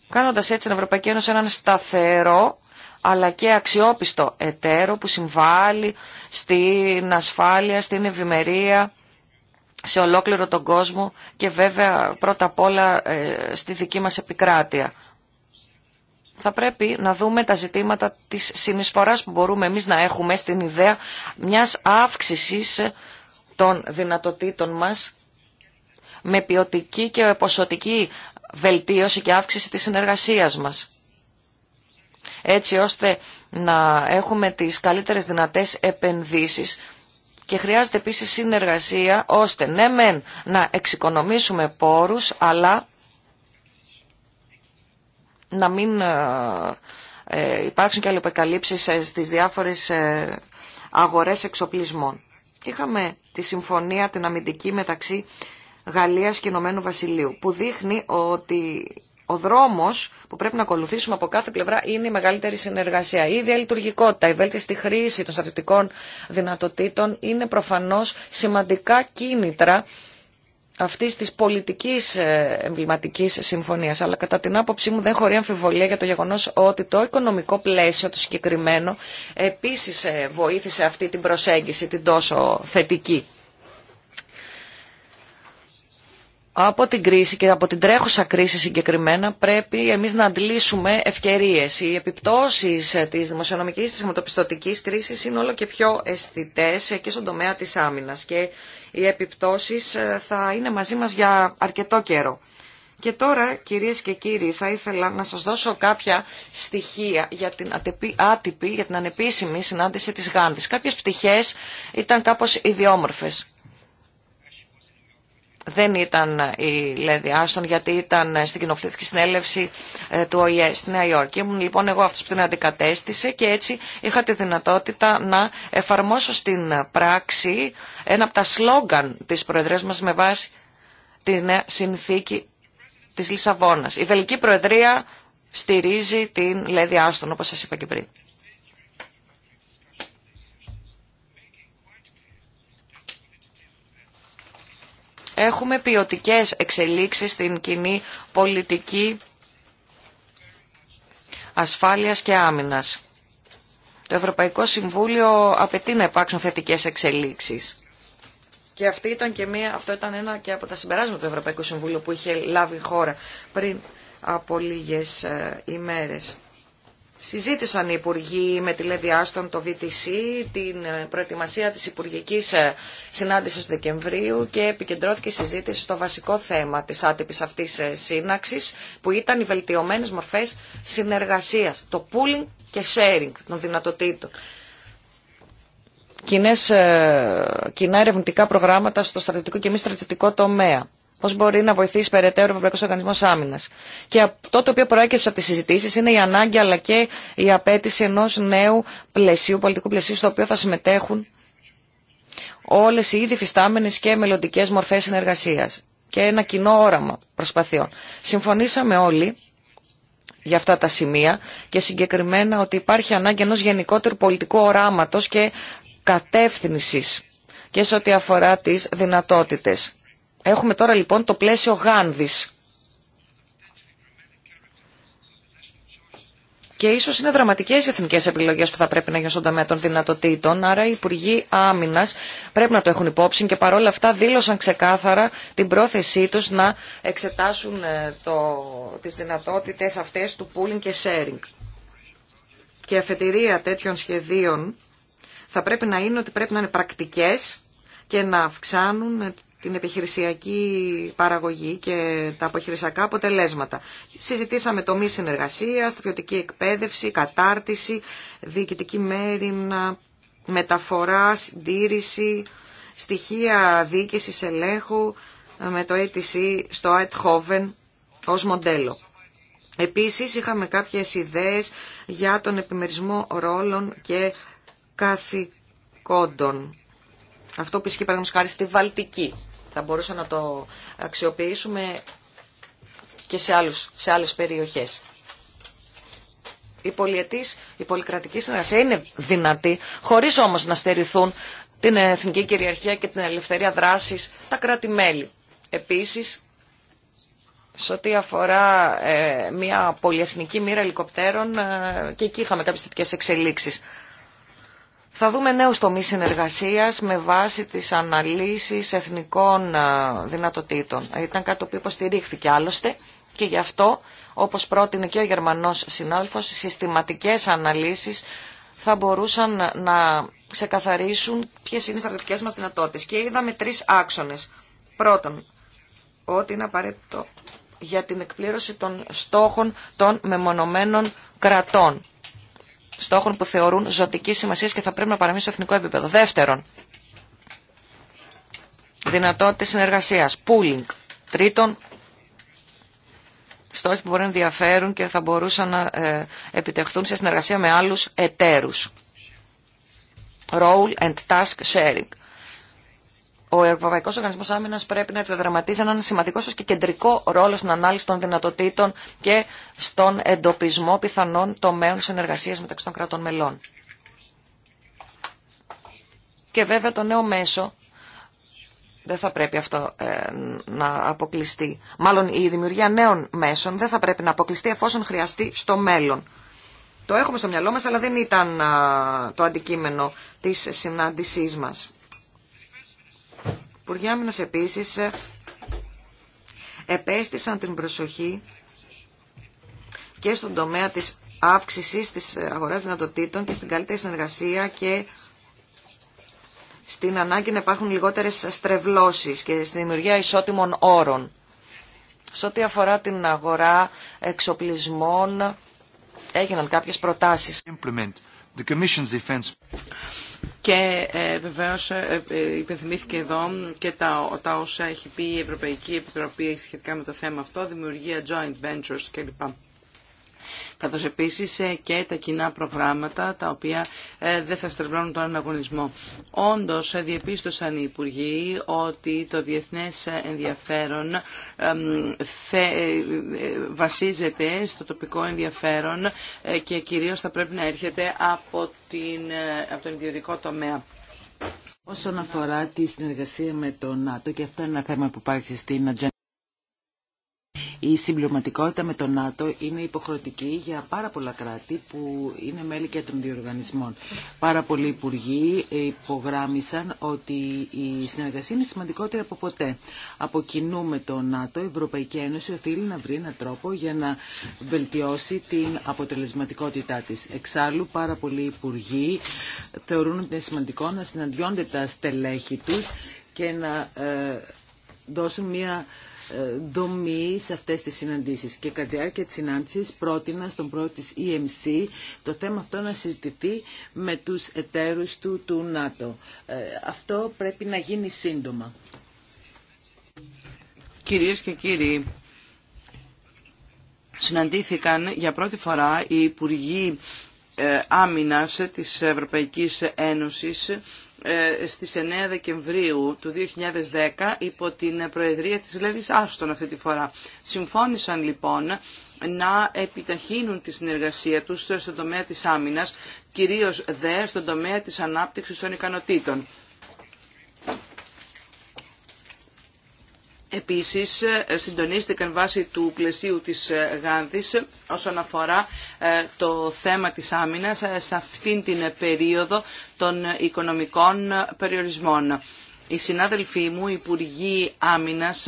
κάνοντας έτσι την Ευρωπαϊκή Ένωση έναν σταθερό αλλά και αξιόπιστο εταίρο που συμβάλλει στην ασφάλεια, στην ευημερία σε ολόκληρο τον κόσμο και βέβαια πρώτα απ' όλα ε, στη δική μας επικράτεια. Θα πρέπει να δούμε τα ζητήματα της συνεισφοράς που μπορούμε εμείς να έχουμε στην ιδέα μιας αύξησης των δυνατοτήτων μας με ποιοτική και ποσοτική βελτίωση και αύξηση της συνεργασίας μας έτσι ώστε να έχουμε τις καλύτερες δυνατές επενδύσεις. Και χρειάζεται επίσης συνεργασία ώστε ναι μεν να εξοικονομήσουμε πόρους αλλά να μην ε, ε, υπάρξουν και αλλοπεκαλύψεις ε, στις διάφορες αγορές εξοπλισμών. Είχαμε τη συμφωνία την αμυντική μεταξύ Γαλλίας και Ηνωμένου Βασιλείου που δείχνει ότι ο δρόμος που πρέπει να ακολουθήσουμε από κάθε πλευρά είναι η μεγαλύτερη συνεργασία. Η λειτουργικότητα, η βέλτιστη χρήση των στρατιωτικών δυνατοτήτων είναι προφανώς σημαντικά κίνητρα αυτής της πολιτικής ε, εμβληματικής συμφωνίας. Αλλά κατά την άποψή μου δεν χωρεί αμφιβολία για το γεγονός ότι το οικονομικό πλαίσιο το συγκεκριμένο επίσης ε, βοήθησε αυτή την προσέγγιση την τόσο θετική. από την κρίση και από την τρέχουσα κρίση συγκεκριμένα πρέπει εμείς να αντλήσουμε ευκαιρίες. Οι επιπτώσεις της δημοσιονομικής, της χρηματοπιστωτικής κρίσης είναι όλο και πιο αισθητέ και στον τομέα της άμυνας και οι επιπτώσεις ε, θα είναι μαζί μας για αρκετό καιρό. Και τώρα, κυρίες και κύριοι, θα ήθελα να σας δώσω κάποια στοιχεία για την άτυπη, για την ανεπίσημη συνάντηση της ΓΑΝΤΗΣ. Κάποιες πτυχές ήταν κάπως ιδιόμορφες δεν ήταν η Λέδη Άστον γιατί ήταν στην κοινοβουλευτική συνέλευση ε, του ΟΗΕ στη Νέα Υόρκη. Ήμουν λοιπόν εγώ αυτός που την αντικατέστησε και έτσι είχα τη δυνατότητα να εφαρμόσω στην πράξη ένα από τα σλόγγαν της Προεδρίας μας με βάση τη νέα συνθήκη της Λισαβόνας. Η Βελική Προεδρία στηρίζει την Λέδη Άστον όπως σας είπα και πριν. έχουμε ποιοτικέ εξελίξεις στην κοινή πολιτική ασφάλειας και άμυνας. Το Ευρωπαϊκό Συμβούλιο απαιτεί να υπάρξουν θετικές εξελίξεις. Και αυτή ήταν και μία, αυτό ήταν ένα και από τα συμπεράσματα του Ευρωπαϊκού Συμβούλου που είχε λάβει η χώρα πριν από λίγες ε, ημέρες. Συζήτησαν οι Υπουργοί με τη Λέδη Άστον, το VTC, την ε, προετοιμασία της Υπουργικής ε, Συνάντησης του Δεκεμβρίου και επικεντρώθηκε η συζήτηση στο βασικό θέμα της άτυπης αυτής ε, σύναξης που ήταν οι βελτιωμένες μορφές συνεργασίας, το pooling και sharing των δυνατοτήτων. Κοινές, κοινά ερευνητικά προγράμματα στο στρατιωτικό και μη στρατιωτικό τομέα. Πώ μπορεί να βοηθήσει περαιτέρω ο Ευρωπαϊκό Οργανισμό Άμυνα. Και αυτό το οποίο προέκυψε από τι συζητήσει είναι η ανάγκη αλλά και η απέτηση ενό νέου πλαισίου, πολιτικού πλαισίου, στο οποίο θα συμμετέχουν όλε οι ήδη φυστάμενε και μελλοντικέ μορφέ συνεργασία. Και ένα κοινό όραμα προσπαθειών. Συμφωνήσαμε όλοι για αυτά τα σημεία και συγκεκριμένα ότι υπάρχει ανάγκη ενός γενικότερου πολιτικού οράματος και κατεύθυνσης και σε ό,τι αφορά τις δυνατότητες Έχουμε τώρα λοιπόν το πλαίσιο Γάνδης. Και ίσω είναι δραματικέ οι εθνικέ επιλογέ που θα πρέπει να γίνουν στον τομέα των δυνατοτήτων. Άρα οι Υπουργοί Άμυνα πρέπει να το έχουν υπόψη και παρόλα αυτά δήλωσαν ξεκάθαρα την πρόθεσή του να εξετάσουν ε, το, τις δυνατότητες αυτές του pooling και sharing. Και αφετηρία τέτοιων σχεδίων θα πρέπει να είναι ότι πρέπει να είναι πρακτικέ και να αυξάνουν την επιχειρησιακή παραγωγή και τα αποχειρησιακά αποτελέσματα. Συζητήσαμε τομεί συνεργασία, στρατιωτική εκπαίδευση, κατάρτιση, διοικητική μέρημνα, μεταφορά, συντήρηση, στοιχεία διοίκηση ελέγχου με το ATC στο Eindhoven ως μοντέλο. Επίσης είχαμε κάποιες ιδέες για τον επιμερισμό ρόλων και καθηκόντων. Αυτό που ισχύει παραδείγματος χάρη στη Βαλτική. Θα μπορούσαμε να το αξιοποιήσουμε και σε, άλλους, σε άλλες περιοχές. Η, πολιετής, η πολυκρατική συνεργασία είναι δυνατή, χωρίς όμως να στερηθούν την εθνική κυριαρχία και την ελευθερία δράσης τα κράτη-μέλη. Επίσης, σε ό,τι αφορά ε, μια πολυεθνική μοίρα ελικοπτέρων, ε, και εκεί είχαμε κάποιες θετικές εξελίξεις. Θα δούμε νέους τομείς συνεργασίας με βάση τις αναλύσεις εθνικών ε, δυνατοτήτων. Ήταν κάτι το υποστηρίχθηκε άλλωστε και γι' αυτό, όπως πρότεινε και ο Γερμανός συνάλφος, συστηματικές αναλύσεις θα μπορούσαν να ξεκαθαρίσουν ποιες είναι οι στρατιωτικές μας δυνατότητες. Και είδαμε τρεις άξονες. Πρώτον, ότι είναι απαραίτητο για την εκπλήρωση των στόχων των μεμονωμένων κρατών στόχων που θεωρούν ζωτική σημασία και θα πρέπει να παραμείνει στο εθνικό επίπεδο. Δεύτερον, δυνατότητε συνεργασία, pooling. Τρίτον, στόχοι που μπορεί να ενδιαφέρουν και θα μπορούσαν να ε, επιτευχθούν σε συνεργασία με άλλους εταίρους. Role and task sharing ο Ευρωπαϊκό Οργανισμό Άμυνα πρέπει να διαδραματίζει έναν σημαντικό και κεντρικό ρόλο στην ανάλυση των δυνατοτήτων και στον εντοπισμό πιθανών τομέων συνεργασία μεταξύ των κρατών μελών. Και βέβαια το νέο μέσο δεν θα πρέπει αυτό ε, να αποκλειστεί. Μάλλον η δημιουργία νέων μέσων δεν θα πρέπει να αποκλειστεί εφόσον χρειαστεί στο μέλλον. Το έχουμε στο μυαλό μας, αλλά δεν ήταν το αντικείμενο της συνάντησής μας. Υπουργοί Άμυνα επίση ε, επέστησαν την προσοχή και στον τομέα της αύξησης της αγορά δυνατοτήτων και στην καλύτερη συνεργασία και στην ανάγκη να υπάρχουν λιγότερες στρεβλώσεις και στη δημιουργία ισότιμων όρων. Σε ό,τι αφορά την αγορά εξοπλισμών έγιναν κάποιες προτάσεις και ε, βεβαίως ε, ε, υπενθυμίθηκε εδώ και τα, τα όσα έχει πει η Ευρωπαϊκή Επιτροπή σχετικά με το θέμα αυτό, δημιουργία joint ventures κλπ καθώς επίσης ε, και τα κοινά προγράμματα τα οποία ε, δεν θα στρεβλώνουν τον αναγωνισμό. Όντως ε, διεπίστωσαν οι Υπουργοί ότι το διεθνές ενδιαφέρον βασίζεται στο τοπικό ενδιαφέρον και κυρίως θα πρέπει να έρχεται από, την, από τον ιδιωτικό τομέα. Όσον αφορά τη συνεργασία με το ΝΑΤΟ, και αυτό είναι ένα θέμα που υπάρχει στην ατζέντα η συμπληρωματικότητα με το ΝΑΤΟ είναι υποχρεωτική για πάρα πολλά κράτη που είναι μέλη και των διοργανισμών. Πάρα πολλοί υπουργοί υπογράμμισαν ότι η συνεργασία είναι σημαντικότερη από ποτέ. Από κοινού με το ΝΑΤΟ η Ευρωπαϊκή Ένωση οφείλει να βρει έναν τρόπο για να βελτιώσει την αποτελεσματικότητά τη. Εξάλλου πάρα πολλοί υπουργοί θεωρούν ότι είναι σημαντικό να συναντιόνται τα στελέχη του και να ε, δώσουν μια ε, δομή σε αυτές τις συναντήσεις και κατά τη διάρκεια της συνάντησης πρότεινα στον πρόεδρο της EMC το θέμα αυτό να συζητηθεί με τους εταίρους του του ΝΑΤΟ. Ε, αυτό πρέπει να γίνει σύντομα. Κυρίες και κύριοι, συναντήθηκαν για πρώτη φορά οι Υπουργοί ε, Άμυνας της Ευρωπαϊκής Ένωσης ε, στις 9 Δεκεμβρίου του 2010 υπό την Προεδρία της Λέδης Άστον αυτή τη φορά. Συμφώνησαν λοιπόν να επιταχύνουν τη συνεργασία τους στον τομέα της άμυνας, κυρίως δε στον τομέα της ανάπτυξης των ικανοτήτων. Επίσης ε, συντονίστηκαν βάσει του πλαισίου της ε, Γάνδης ε, όσον αφορά το θέμα της άμυνας σε αυτήν την περίοδο των οικονομικών περιορισμών. Οι συνάδελφοί μου, οι Υπουργοί Άμυνας,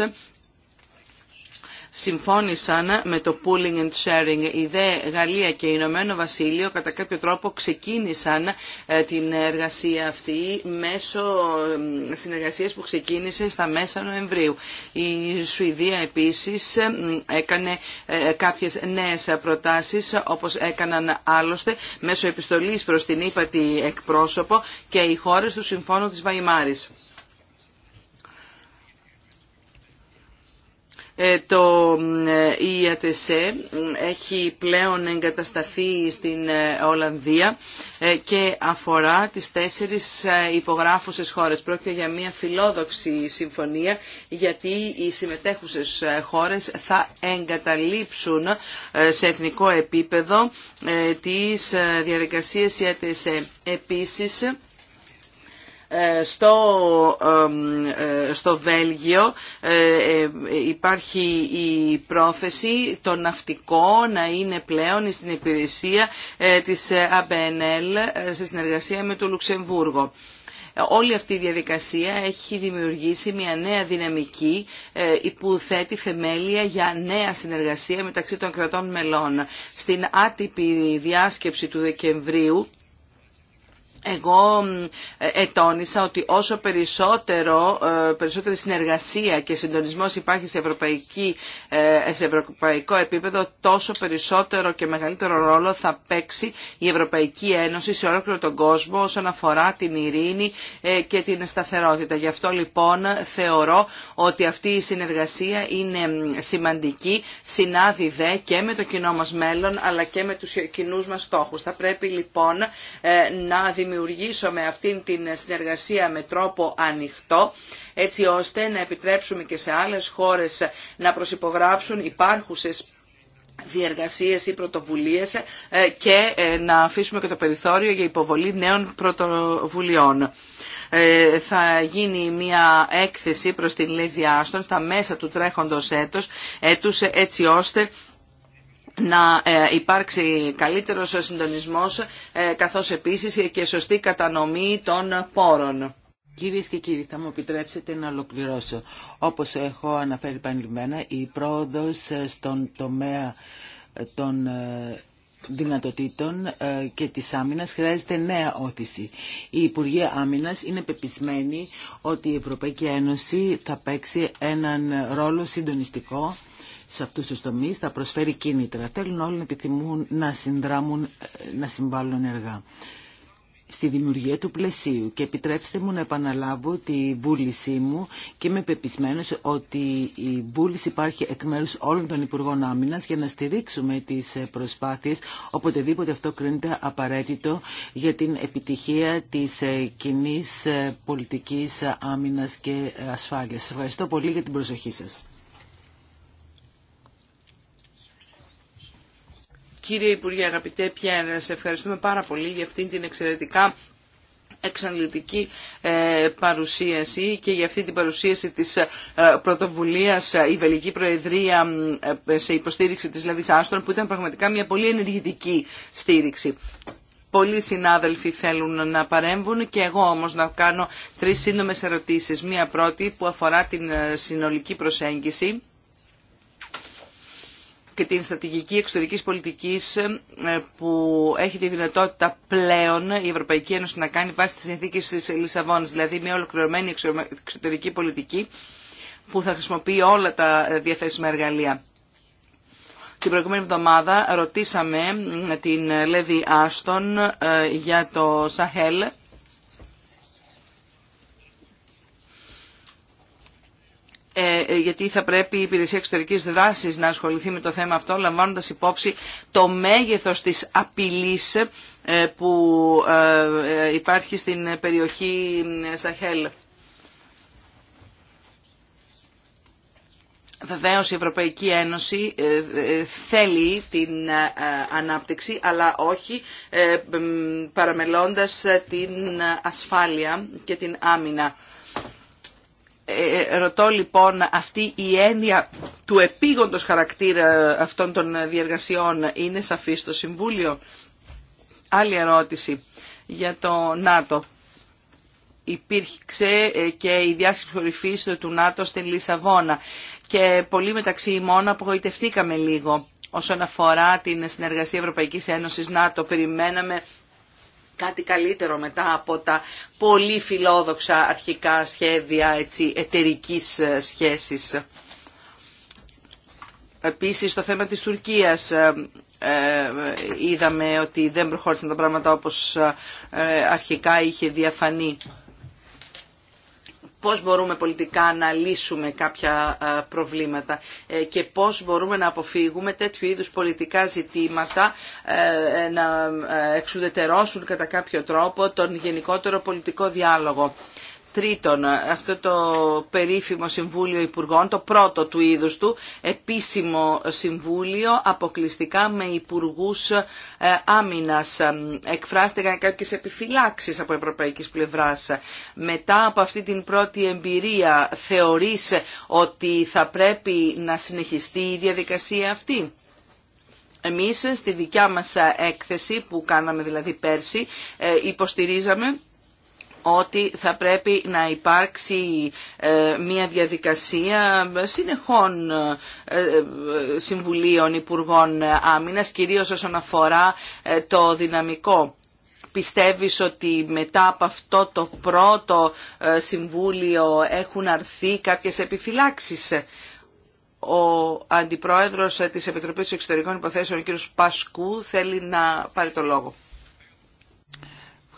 συμφώνησαν με το pooling and sharing. Η ΔΕ Γαλλία και η Ηνωμένο Βασίλειο κατά κάποιο τρόπο ξεκίνησαν ε, την εργασία αυτή μέσω ε, συνεργασίας που ξεκίνησε στα μέσα Νοεμβρίου. Η Σουηδία επίσης ε, έκανε κάποιες νέες προτάσεις όπως έκαναν άλλωστε μέσω επιστολής προς την ύπατη εκπρόσωπο και οι χώρες του Συμφώνου της Βαϊμάρης. Ε, το ε, ΙΑΤΕΣΕ ε, έχει πλέον εγκατασταθεί στην Ολλανδία και αφορά τις τέσσερις υπογράφουσες χώρες. Πρόκειται για μια φιλόδοξη συμφωνία γιατί οι συμμετέχουσες χώρες θα εγκαταλείψουν σε εθνικό επίπεδο τις διαδικασίες ΙΑΤΕΣΕ. Επίσης, ε, στο, ε, στο Βέλγιο ε, υπάρχει η πρόθεση το ναυτικό να είναι πλέον στην υπηρεσία της ΑΠΕΝΕΛ σε συνεργασία με το Λουξεμβούργο. Όλη αυτή η διαδικασία έχει δημιουργήσει μια νέα δυναμική που θέτει θεμέλια για νέα συνεργασία μεταξύ των κρατών μελών. Στην άτυπη διάσκεψη του Δεκεμβρίου εγώ ε, ετώνησα ότι όσο περισσότερο, ε, περισσότερη συνεργασία και συντονισμός υπάρχει σε, ευρωπαϊκή, ε, σε ευρωπαϊκό επίπεδο, τόσο περισσότερο και μεγαλύτερο ρόλο θα παίξει η Ευρωπαϊκή Ένωση σε όλο τον κόσμο όσον αφορά την ειρήνη και την σταθερότητα. Γι' αυτό λοιπόν θεωρώ ότι αυτή η συνεργασία είναι σημαντική, συνάδει δε και με το κοινό μας μέλλον αλλά και με τους κοινούς μας στόχους. Θα πρέπει λοιπόν να δημιουργήσουμε δημιουργήσουμε αυτήν την συνεργασία με τρόπο ανοιχτό, έτσι ώστε να επιτρέψουμε και σε άλλες χώρες να προσυπογράψουν υπάρχουσες διεργασίες ή πρωτοβουλίες ε, και ε, να αφήσουμε και το περιθώριο για υποβολή νέων πρωτοβουλειών ε, θα γίνει μια έκθεση προς την Λίδια Άστον στα μέσα του τρέχοντος έτους, έτους έτσι ώστε να ε, υπάρξει καλύτερος συντονισμός ε, καθώς επίσης και σωστή κατανομή των πόρων. Κυρίε και κύριοι, θα μου επιτρέψετε να ολοκληρώσω. Όπως έχω αναφέρει επανειλημμένα, η πρόοδος ε, στον τομέα των δυνατοτήτων και της άμυνας χρειάζεται νέα όθηση. Η Υπουργή Άμυνας είναι πεπισμένη ότι η Ευρωπαϊκή Ένωση θα παίξει έναν ρόλο συντονιστικό σε αυτούς τους τομείς, θα προσφέρει κίνητρα. Θέλουν όλοι να επιθυμούν να συνδράμουν, ε, να συμβάλλουν εργά στη δημιουργία του πλαισίου και επιτρέψτε μου να επαναλάβω τη βούλησή μου και είμαι πεπισμένος ότι η βούληση υπάρχει εκ μέρους όλων των Υπουργών Άμυνας για να στηρίξουμε τις ε, προσπάθειες οποτεδήποτε αυτό κρίνεται απαραίτητο για την επιτυχία της ε, κοινή πολιτικής άμυνας και ασφάλειας. Σας ευχαριστώ πολύ για την προσοχή σας. Κύριε Υπουργέ, αγαπητέ Πιέρα, σε ευχαριστούμε πάρα πολύ για αυτήν την εξαιρετικά εξαντλητική ε, παρουσίαση και για αυτή την παρουσίαση της ε, πρωτοβουλίας ε, η Βελική Προεδρία σε υποστήριξη της Λαδής Άστρον που ήταν πραγματικά μια πολύ ενεργητική στήριξη. Πολλοί συνάδελφοι θέλουν να παρέμβουν και εγώ όμως να κάνω τρεις σύντομες ερωτήσεις. Μία πρώτη που αφορά την συνολική προσέγγιση και την στρατηγική εξωτερικής πολιτικής ε, που έχει τη δυνατότητα πλέον η Ευρωπαϊκή Ένωση να κάνει βάσει της συνθήκης της Λισαβόνας, δηλαδή μια ολοκληρωμένη εξωτερική πολιτική που θα χρησιμοποιεί όλα τα διαθέσιμα εργαλεία. Την προηγούμενη εβδομάδα ρωτήσαμε την Λέβη Άστον ε, για το Σαχέλ Ε, ε, γιατί θα πρέπει η Υπηρεσία εξωτερική δράση να ασχοληθεί με το θέμα αυτό, λαμβάνοντας υπόψη το μέγεθος της απειλής ε, που υπάρχει στην περιοχή Σαχέλ. Βεβαίω η Ευρωπαϊκή Ένωση θέλει την ανάπτυξη, αλλά όχι παραμελώντας την ασφάλεια και την άμυνα. Ε, ρωτώ λοιπόν αυτή η έννοια του επίγοντος χαρακτήρα αυτών των διεργασιών είναι σαφή στο Συμβούλιο. Άλλη ερώτηση για το ΝΑΤΟ. Υπήρξε ε, και η διάσκεψη κορυφή του ΝΑΤΟ στην Λισαβόνα και πολύ μεταξύ ημών απογοητευτήκαμε λίγο όσον αφορά την συνεργασία Ευρωπαϊκής Ένωσης ΝΑΤΟ. Περιμέναμε κάτι καλύτερο μετά από τα πολύ φιλόδοξα αρχικά σχέδια έτσι, εταιρικής ε, σχέσης. Επίσης, το θέμα της Τουρκίας ε, ε, είδαμε ότι δεν προχώρησαν τα πράγματα όπως αρχικά είχε διαφανεί πώς μπορούμε πολιτικά να λύσουμε κάποια προβλήματα ε, και πώς μπορούμε να αποφύγουμε τέτοιου είδους πολιτικά ζητήματα ε, ε, να εξουδετερώσουν κατά κάποιο τρόπο τον γενικότερο πολιτικό διάλογο. Τρίτον, αυτό το περίφημο Συμβούλιο Υπουργών, το πρώτο του είδους του, επίσημο Συμβούλιο αποκλειστικά με Υπουργούς ε, Άμυνας. Ε, εκφράστηκαν κάποιες επιφυλάξεις από ευρωπαϊκής πλευράς. Μετά από αυτή την πρώτη εμπειρία θεωρείς ότι θα πρέπει να συνεχιστεί η διαδικασία αυτή. Εμείς στη δικιά μας ε, έκθεση που κάναμε δηλαδή πέρσι υποστηρίζαμε ότι θα πρέπει να υπάρξει ε, μια διαδικασία συνεχών ε, ε, συμβουλίων Υπουργών Άμυνας, κυρίως όσον αφορά το δυναμικό. Πιστεύεις ότι μετά από αυτό το πρώτο συμβούλιο έχουν αρθεί κάποιες επιφυλάξεις. Ο Αντιπρόεδρος της Επιτροπής Εξωτερικών Υποθέσεων, ο κ. Πασκού, θέλει να πάρει το λόγο.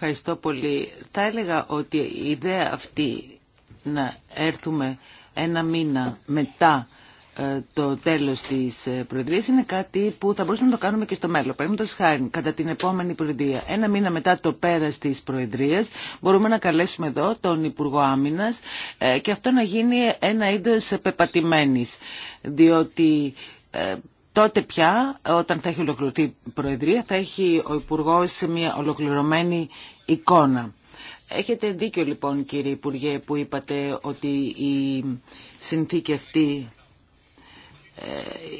Ευχαριστώ πολύ. Θα έλεγα ότι η ιδέα αυτή να έρθουμε ένα μήνα μετά ε, το τέλος της ε, Προεδρίας είναι κάτι που θα μπορούσαμε να το κάνουμε και στο μέλλον. Παραδείγματο χάρη, κατά την επόμενη Προεδρία, ένα μήνα μετά το πέρας της Προεδρίας, μπορούμε να καλέσουμε εδώ τον Υπουργό Άμυνα ε, και αυτό να γίνει ένα είδος πεπατημένης, διότι Τότε πια, όταν θα έχει ολοκληρωθεί η Προεδρία, θα έχει ο υπουργό μια ολοκληρωμένη εικόνα. Έχετε δίκιο λοιπόν κύριε Υπουργέ που είπατε ότι η συνθήκη αυτή ε,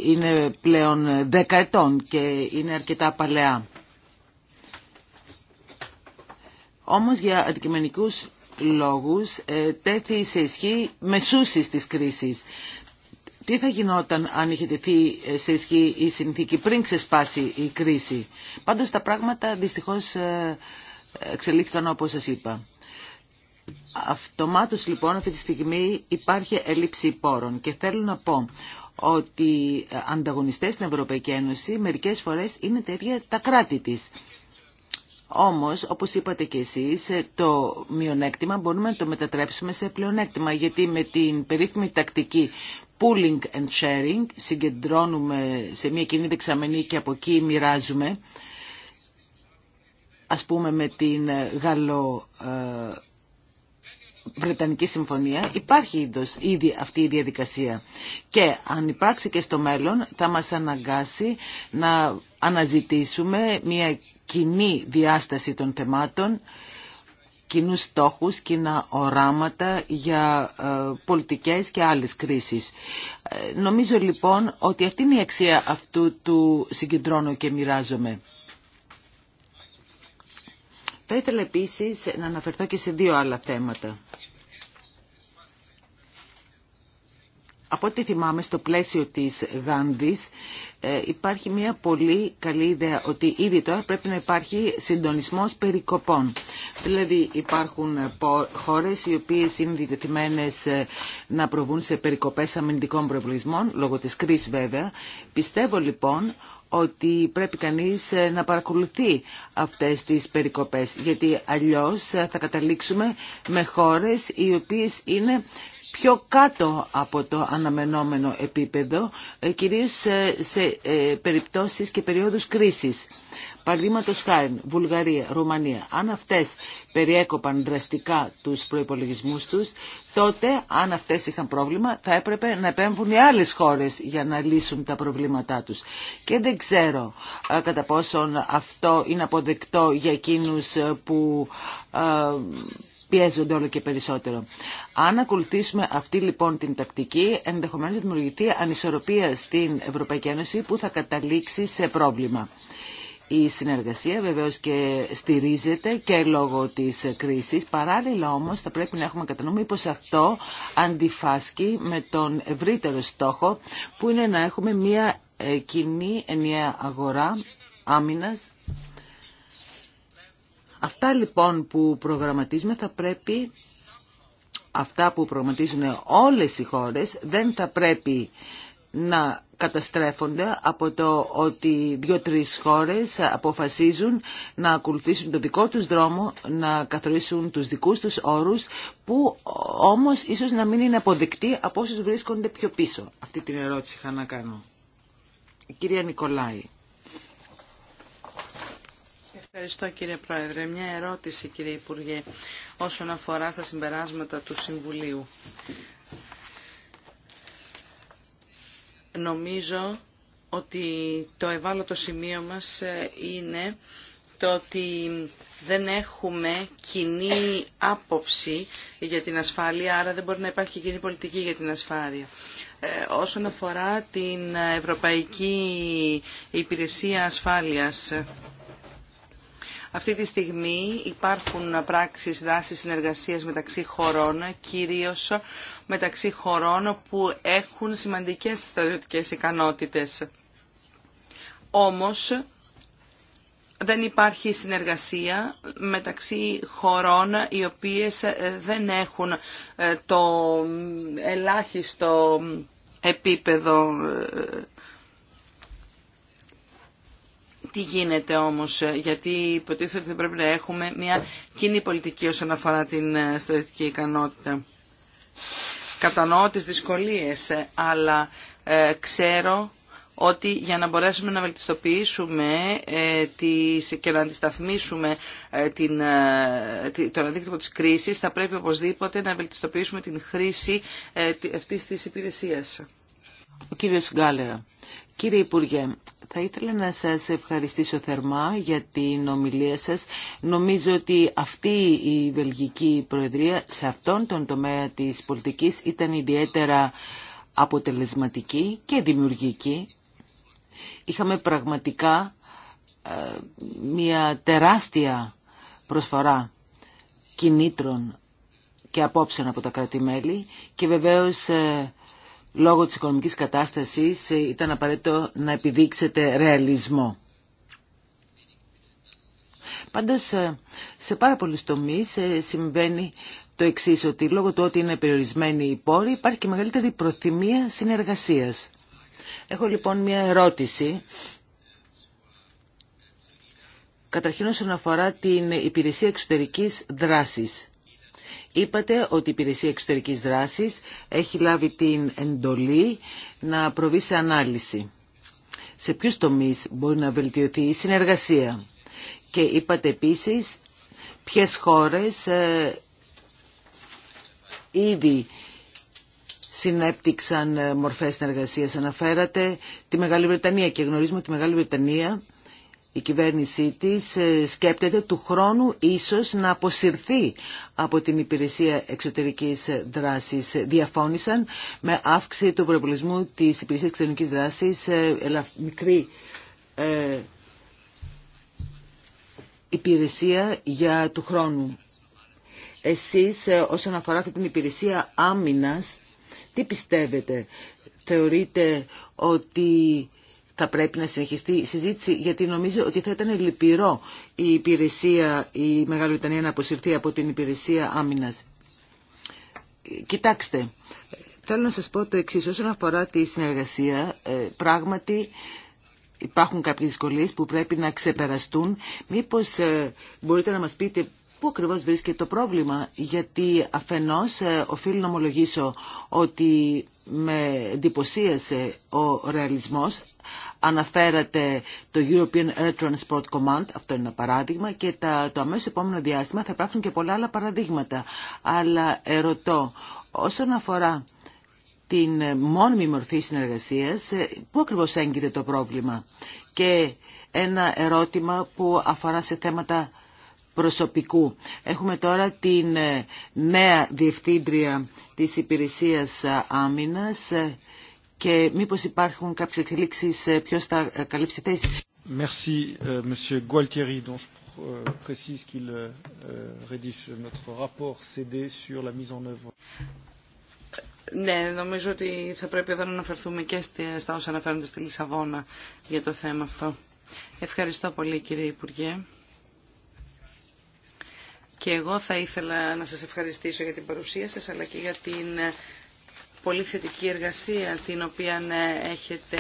είναι πλέον ετών και είναι αρκετά παλαιά. Όμως για αντικειμενικούς λόγους ε, τέθη σε ισχύ μεσούσης της κρίσης. Τι θα γινόταν αν είχε τεθεί σε ισχύ η συνθήκη πριν ξεσπάσει η κρίση. Πάντως τα πράγματα δυστυχώς ε, εξελίχθηκαν όπως σας είπα. Αυτομάτως λοιπόν αυτή τη στιγμή υπάρχει έλλειψη πόρων και θέλω να πω ότι ανταγωνιστές στην Ευρωπαϊκή Ένωση μερικές φορές είναι τα τα κράτη της. Όμως, όπως είπατε και εσείς, το μειονέκτημα μπορούμε να το μετατρέψουμε σε πλεονέκτημα, γιατί με την περίφημη τακτική pooling and sharing, συγκεντρώνουμε σε μια κοινή δεξαμενή και από εκεί μοιράζουμε, ας πούμε με την ε, Γαλλο ε, Βρετανική Συμφωνία υπάρχει είδος, ήδη αυτή η διαδικασία και αν υπάρξει και στο μέλλον θα μας αναγκάσει να αναζητήσουμε μια κοινή διάσταση των θεμάτων κοινού στόχους, κοινά οράματα για ε, πολιτικές και άλλες κρίσεις. Ε, νομίζω λοιπόν ότι αυτή είναι η αξία αυτού του συγκεντρώνω και μοιράζομαι. Θα ήθελα επίσης να αναφερθώ και σε δύο άλλα θέματα. Από ό,τι θυμάμαι στο πλαίσιο της Γάνδης ε, υπάρχει μια πολύ καλή ιδέα ότι ήδη τώρα πρέπει να υπάρχει συντονισμός περικοπών. Δηλαδή υπάρχουν ε, χώρες οι οποίες είναι διδεθειμένες ε, να προβούν σε περικοπές αμυντικών προβλησμών, λόγω της κρίσης βέβαια. Πιστεύω λοιπόν ότι πρέπει κανείς ε, να παρακολουθεί αυτές τις περικοπές γιατί αλλιώς ε, θα καταλήξουμε με χώρες οι οποίες είναι πιο κάτω από το αναμενόμενο επίπεδο ε, κυρίως σε περιπτώσεις και περίοδους κρίσης. Παραδείγματο χάρη, Βουλγαρία, Ρουμανία, αν αυτέ περιέκοπαν δραστικά του προπολογισμού του, τότε αν αυτέ είχαν πρόβλημα θα έπρεπε να επέμβουν οι άλλε χώρε για να λύσουν τα προβλήματά του. Και δεν ξέρω ε, κατά πόσον αυτό είναι αποδεκτό για εκείνου ε, που ε, πιέζονται όλο και περισσότερο. Αν ακολουθήσουμε αυτή λοιπόν την τακτική, ενδεχομένως θα δημιουργηθεί ανισορροπία στην Ευρωπαϊκή Ένωση που θα καταλήξει σε πρόβλημα. Η συνεργασία βεβαίως και στηρίζεται και λόγω της κρίσης. Παράλληλα όμως θα πρέπει να έχουμε κατά νου αυτό αντιφάσκει με τον ευρύτερο στόχο που είναι να έχουμε μια ε, κοινή ενιαία αγορά άμυνας. Αυτά λοιπόν που προγραμματίζουμε θα πρέπει, αυτά που προγραμματίζουν όλες οι χώρες δεν θα πρέπει να καταστρέφονται από το ότι δύο-τρεις χώρες αποφασίζουν να ακολουθήσουν το δικό τους δρόμο, να καθορίσουν τους δικούς τους όρους, που όμως ίσως να μην είναι αποδεκτοί από όσους βρίσκονται πιο πίσω. Αυτή την ερώτηση είχα να κάνω. Η κυρία Νικολάη. Ευχαριστώ κύριε Πρόεδρε. Μια ερώτηση κύριε Υπουργέ όσον αφορά στα συμπεράσματα του Συμβουλίου. Νομίζω ότι το ευάλωτο σημείο μας ε, είναι το ότι δεν έχουμε κοινή άποψη για την ασφάλεια, άρα δεν μπορεί να υπάρχει κοινή πολιτική για την ασφάλεια. Ε, όσον αφορά την Ευρωπαϊκή Υπηρεσία Ασφάλειας, αυτή τη στιγμή υπάρχουν πράξεις δάσης συνεργασίας μεταξύ χωρών, κυρίως μεταξύ χωρών που έχουν σημαντικές στρατιωτικές ικανότητες. Όμως δεν υπάρχει συνεργασία μεταξύ χωρών οι οποίες ε, δεν έχουν ε, το ελάχιστο επίπεδο ε. τι γίνεται όμως, γιατί υποτίθεται ότι πρέπει να έχουμε μια κοινή πολιτική όσον αφορά την στρατιωτική ικανότητα κατανοώ τις δυσκολίες, αλλά ε, ξέρω ότι για να μπορέσουμε να βελτιστοποιήσουμε ε, τις, και να αντισταθμίσουμε ε, την, τον αντίκτυπο της κρίσης, θα πρέπει οπωσδήποτε να βελτιστοποιήσουμε την χρήση αυτής της υπηρεσίας. Ο κύριος Κύριε Υπουργέ, θα ήθελα να σας ευχαριστήσω θερμά για την ομιλία σας. Νομίζω ότι αυτή η Βελγική Προεδρία σε αυτόν τον τομέα της πολιτικής ήταν ιδιαίτερα αποτελεσματική και δημιουργική. Είχαμε πραγματικά ε, μια τεράστια προσφορά κινήτρων και απόψεων από τα κρατη και βεβαίως ε, λόγω της οικονομικής κατάστασης ε, ήταν απαραίτητο να επιδείξετε ρεαλισμό. Πάντως ε, σε πάρα πολλούς τομείς ε, συμβαίνει το εξή ότι λόγω του ότι είναι περιορισμένοι οι πόροι υπάρχει και μεγαλύτερη προθυμία συνεργασίας. Έχω λοιπόν μια ερώτηση. Καταρχήν όσον αφορά την υπηρεσία εξωτερικής δράσης. Είπατε ότι η Υπηρεσία Εξωτερικής Δράσης έχει λάβει την εντολή να προβεί σε ανάλυση. Σε ποιους τομείς μπορεί να βελτιωθεί η συνεργασία. Και είπατε επίσης ποιες χώρες ε, ήδη συνέπτυξαν ε, μορφές συνεργασίας. Αναφέρατε τη Μεγάλη Βρετανία και γνωρίζουμε ότι Μεγάλη Βρετανία η κυβέρνησή της ε, σκέπτεται του χρόνου ίσως να αποσυρθεί από την υπηρεσία εξωτερικής δράσης. Διαφώνησαν με αύξηση του προπολισμού της υπηρεσίας εξωτερικής δράσης ε, μικρή ε, υπηρεσία για του χρόνου. Εσείς όσον αφορά αυτή την υπηρεσία άμυνας, τι πιστεύετε, θεωρείτε ότι θα πρέπει να συνεχιστεί η συζήτηση γιατί νομίζω ότι θα ήταν λυπηρό η υπηρεσία, η Μεγάλη Βρετανία να αποσυρθεί από την υπηρεσία άμυνας. Κοιτάξτε, θέλω να σας πω το εξής. Όσον αφορά τη συνεργασία, ε, πράγματι υπάρχουν κάποιες δυσκολίες που πρέπει να ξεπεραστούν. Μήπως ε, μπορείτε να μας πείτε Πού ακριβώς βρίσκεται το πρόβλημα, γιατί αφενός ε, οφείλω να ομολογήσω ότι με εντυπωσίασε ο ρεαλισμός. Αναφέρατε το European Air Transport Command, αυτό είναι ένα παράδειγμα, και τα, το αμέσως επόμενο διάστημα θα υπάρχουν και πολλά άλλα παραδείγματα. Αλλά ερωτώ, όσον αφορά την μόνιμη μορφή συνεργασίας, ε, πού ακριβώς έγκυται το πρόβλημα. Και ένα ερώτημα που αφορά σε θέματα προσωπικού. Έχουμε τώρα την ε, νέα διευθύντρια της Υπηρεσίας ε, Άμυνας ε, και μήπως υπάρχουν κάποιες εξελίξεις ποιος θα καλύψει θέση. Merci, euh, précise qu'il euh, euh, rédige notre rapport CD sur la mise en œuvre. Ναι, νομίζω ότι θα πρέπει εδώ να αναφερθούμε και στα όσα αναφέρονται στη Λισαβόνα για το θέμα αυτό. Ευχαριστώ πολύ κύριε Υπουργέ. Και εγώ θα ήθελα να σας ευχαριστήσω για την παρουσία σας, αλλά και για την ε, πολύ θετική εργασία την οποία ε, έχετε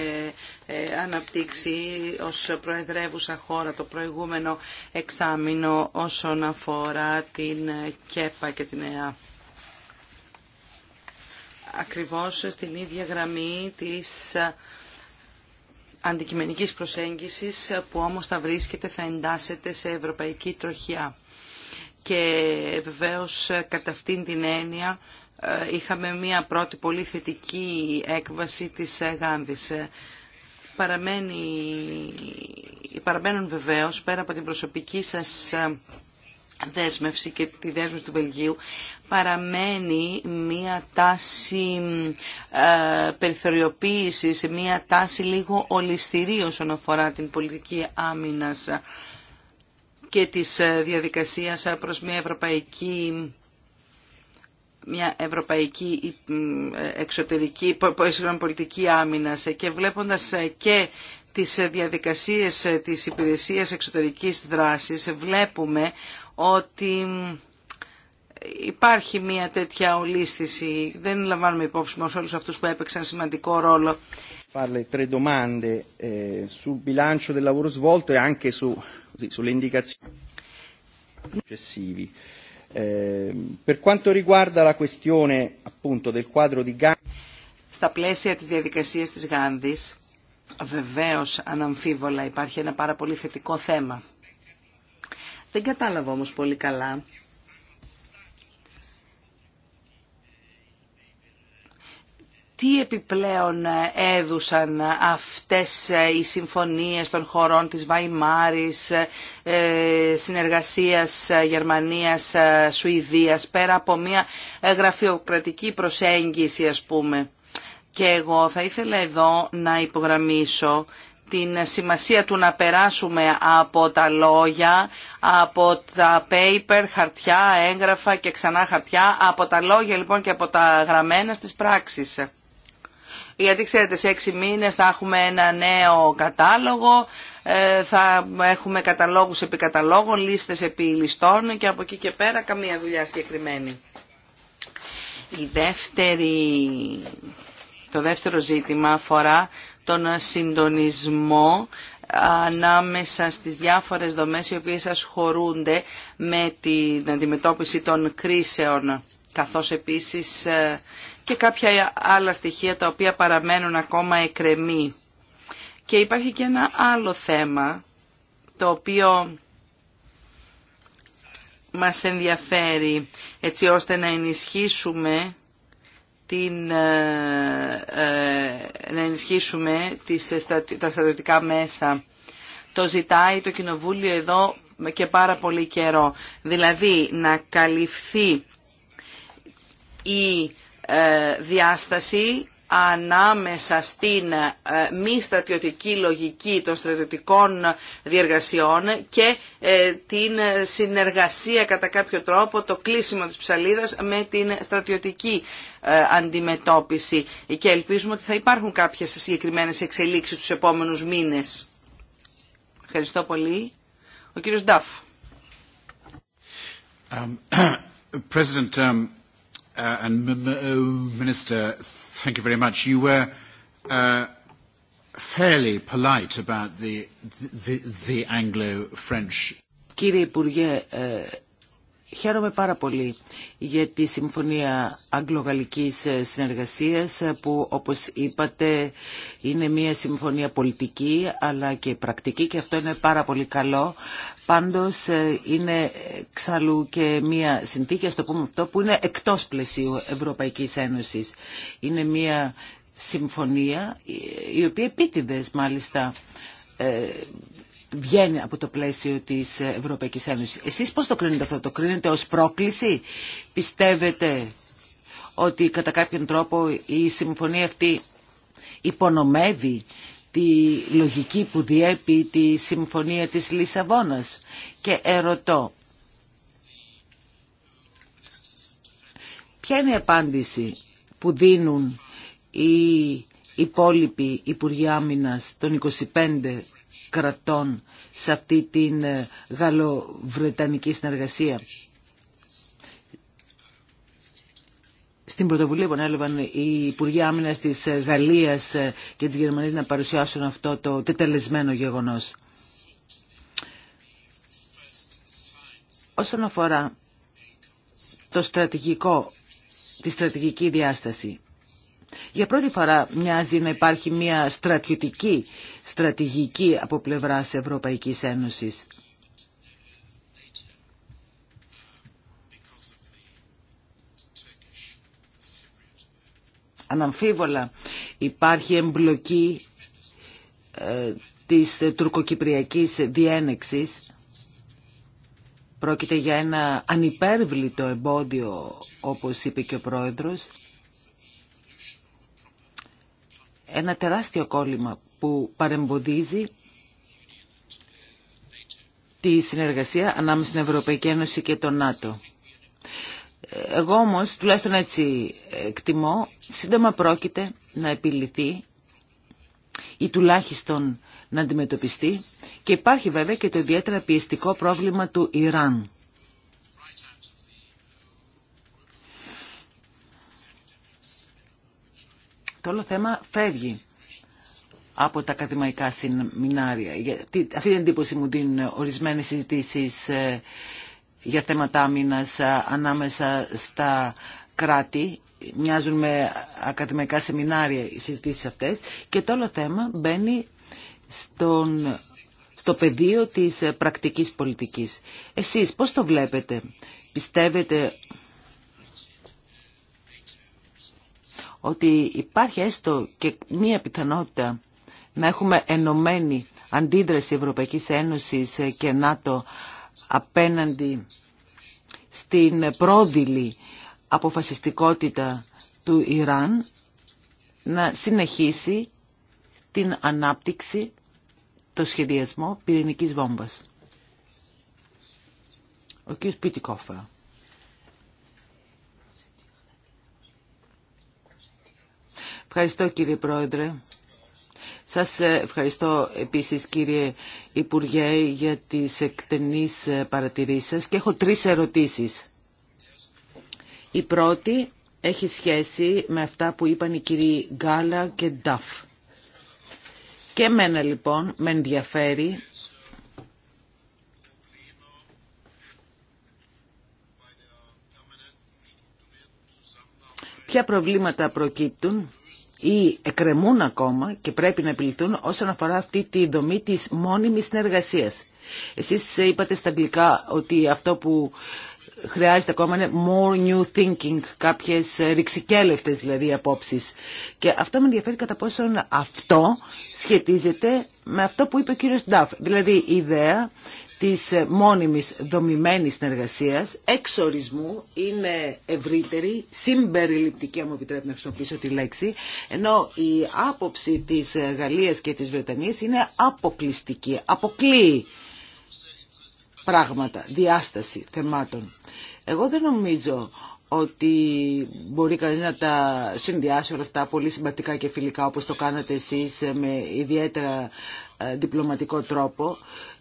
ε, αναπτύξει ως προεδρεύουσα χώρα το προηγούμενο εξάμεινο όσον αφορά την ΚΕΠΑ και την ΕΑ. Ακριβώς στην ίδια γραμμή της αντικειμενικής προσέγγισης που όμως θα βρίσκεται, θα εντάσσεται σε ευρωπαϊκή τροχιά και βεβαίως κατά αυτήν την έννοια ε, είχαμε μία πρώτη πολύ θετική έκβαση της ε, Γάνδης. Ε, παραμένει, παραμένουν βεβαίως πέρα από την προσωπική σας δέσμευση και τη δέσμευση του Βελγίου παραμένει μία τάση ε, περιθωριοποίησης, μία τάση λίγο ολιστηρή όσον αφορά την πολιτική άμυνας και της ε, διαδικασίας ε, προς μια ευρωπαϊκή μια ευρωπαϊκή ε, εξωτερική πολιτική άμυνας και βλέποντας και τις διαδικασίες της υπηρεσίας εξωτερικής δράσης βλέπουμε ότι υπάρχει μια τέτοια ολίσθηση. Δεν λαμβάνουμε υπόψη μας όλους αυτούς που έπαιξαν σημαντικό ρόλο. tre domande sul bilancio del lavoro svolto e anche su sulle indicazioni successivi. Eh, Per quanto riguarda la questione appunto del quadro di Gandhi στα πλαίσια της διαδικασίας της Γάνδης, βεβαίως αναμφίβολα υπάρχει ένα πάρα πολύ θετικό θέμα. Δεν κατάλαβα όμως πολύ καλά τι επιπλέον ε, έδουσαν ε, αυτές ε, οι συμφωνίες των χωρών της Βαϊμάρης, συνεργασίας Γερμανίας, Σουηδίας, πέρα από μια γραφειοκρατική προσέγγιση ας πούμε. Και εγώ θα ήθελα εδώ να υπογραμμίσω την σημασία του να περάσουμε από τα λόγια, από τα paper, χαρτιά, έγγραφα και ξανά χαρτιά, από τα λόγια λοιπόν και από τα γραμμένα στις πράξεις γιατί ξέρετε σε έξι μήνες θα έχουμε ένα νέο κατάλογο, ε, θα έχουμε καταλόγους επί καταλόγων, λίστες επί λιστών και από εκεί και πέρα καμία δουλειά συγκεκριμένη. Η δεύτερη, το δεύτερο ζήτημα αφορά τον συντονισμό ανάμεσα στις διάφορες δομές οι οποίες ασχολούνται με την αντιμετώπιση των κρίσεων καθώς επίσης ε, και κάποια άλλα στοιχεία τα οποία παραμένουν ακόμα εκρεμή. Και υπάρχει και ένα άλλο θέμα το οποίο μας ενδιαφέρει έτσι ώστε να ενισχύσουμε την, ε, ε, να ενισχύσουμε τις, ε, τα στρατιωτικά μέσα. Το ζητάει το Κοινοβούλιο εδώ και πάρα πολύ καιρό. Δηλαδή να καλυφθεί η ε, διάσταση ανάμεσα στην ε, μη στρατιωτική λογική των στρατιωτικών διεργασιών και ε, την συνεργασία κατά κάποιο τρόπο, το κλείσιμο της ψαλίδας με την στρατιωτική αντιμετώπιση. Και ελπίζουμε ότι θα υπάρχουν κάποιες συγκεκριμένες εξελίξεις τους επόμενους μήνες. Ευχαριστώ πολύ. Ο κύριος Νταφ. Um, President, um, and Minister, thank you very much. You were fairly polite about the Anglo-French. Χαίρομαι πάρα πολύ για τη Συμφωνία Αγγλογαλλικής ε, Συνεργασίας ε, που όπως είπατε είναι μια συμφωνία πολιτική αλλά και πρακτική και αυτό είναι πάρα πολύ καλό. Πάντως ε, είναι ξαλού και μια συνθήκη, ας το πούμε αυτό, που είναι εκτός πλαισίου Ευρωπαϊκής Ένωσης. Είναι μια συμφωνία η οποία επίτηδες μάλιστα βγαίνει από το πλαίσιο της Ευρωπαϊκής Ένωσης. Εσείς πώς το κρίνετε αυτό, το κρίνετε ως πρόκληση, πιστεύετε ότι κατά κάποιον τρόπο η συμφωνία αυτή υπονομεύει τη λογική που διέπει τη συμφωνία της Λισαβόνας και ερωτώ ποια είναι η απάντηση που δίνουν οι υπόλοιποι Υπουργοί Άμυνας των 25 κρατών σε αυτή την ε, γαλλοβρετανική συνεργασία. Στην πρωτοβουλία που ανέλαβαν οι Υπουργοί Άμυνας της ε, Γαλλίας ε, και της Γερμανίας να παρουσιάσουν αυτό το τετελεσμένο γεγονός. Όσον αφορά το στρατηγικό, τη στρατηγική διάσταση, για πρώτη φορά μοιάζει να υπάρχει μια στρατιωτική στρατηγική από πλευράς Ευρωπαϊκής Ένωσης. Αναμφίβολα υπάρχει εμπλοκή ε, της τουρκοκυπριακής διένεξης. Πρόκειται για ένα ανυπέρβλητο εμπόδιο, όπως είπε και ο πρόεδρος. ένα τεράστιο κόλλημα που παρεμποδίζει τη συνεργασία ανάμεσα στην Ευρωπαϊκή Ένωση και το ΝΑΤΟ. Εγώ όμως, τουλάχιστον έτσι εκτιμώ, σύντομα πρόκειται να επιληθεί ή τουλάχιστον να αντιμετωπιστεί και υπάρχει βέβαια και το ιδιαίτερα πιεστικό πρόβλημα του Ιράν. το όλο θέμα φεύγει από τα ακαδημαϊκά σεμινάρια. Αυτή την εντύπωση μου δίνουν ορισμένες συζητήσεις για θέματα άμυνας ε, ανάμεσα στα κράτη. Μοιάζουν με ακαδημαϊκά σεμινάρια οι συζητήσεις αυτές και το όλο θέμα μπαίνει στον, στο πεδίο της πρακτικής πολιτικής. Εσείς πώς το βλέπετε, πιστεύετε ότι υπάρχει έστω και μία πιθανότητα να έχουμε ενωμένη αντίδραση Ευρωπαϊκής Ένωσης και ΝΑΤΟ απέναντι στην πρόδειλη αποφασιστικότητα του Ιράν να συνεχίσει την ανάπτυξη, το σχεδιασμό πυρηνικής βόμβας. Ο κ. Πιτικόφα. Ευχαριστώ κύριε Πρόεδρε. Σας ε, ευχαριστώ επίσης κύριε Υπουργέ για τις εκτενείς ε, παρατηρήσεις σας και έχω τρεις ερωτήσεις. Η πρώτη έχει σχέση με αυτά που είπαν οι κύριοι Γκάλα και Νταφ. Και εμένα λοιπόν με ενδιαφέρει ποια προβλήματα προκύπτουν ή εκρεμούν ακόμα και πρέπει να επιληθούν όσον αφορά αυτή τη δομή της μόνιμης συνεργασίας. Εσείς είπατε στα αγγλικά ότι αυτό που χρειάζεται ακόμα είναι more new thinking, κάποιες ρηξικέλευτες δηλαδή απόψεις. Και αυτό με ενδιαφέρει κατά πόσον αυτό σχετίζεται με αυτό που είπε ο κύριος Νταφ. Δηλαδή η ιδέα της μόνιμης δομημένης συνεργασίας, εξορισμού, είναι ευρύτερη, συμπεριληπτική, αν μου επιτρέπει να χρησιμοποιήσω τη λέξη, ενώ η άποψη της Γαλλίας και της Βρετανίας είναι αποκλειστική, αποκλείει πράγματα, διάσταση θεμάτων. Εγώ δεν νομίζω ότι μπορεί κανείς να τα συνδυάσει όλα αυτά πολύ συμπατικά και φιλικά όπως το κάνατε εσείς με ιδιαίτερα ε, διπλωματικό τρόπο.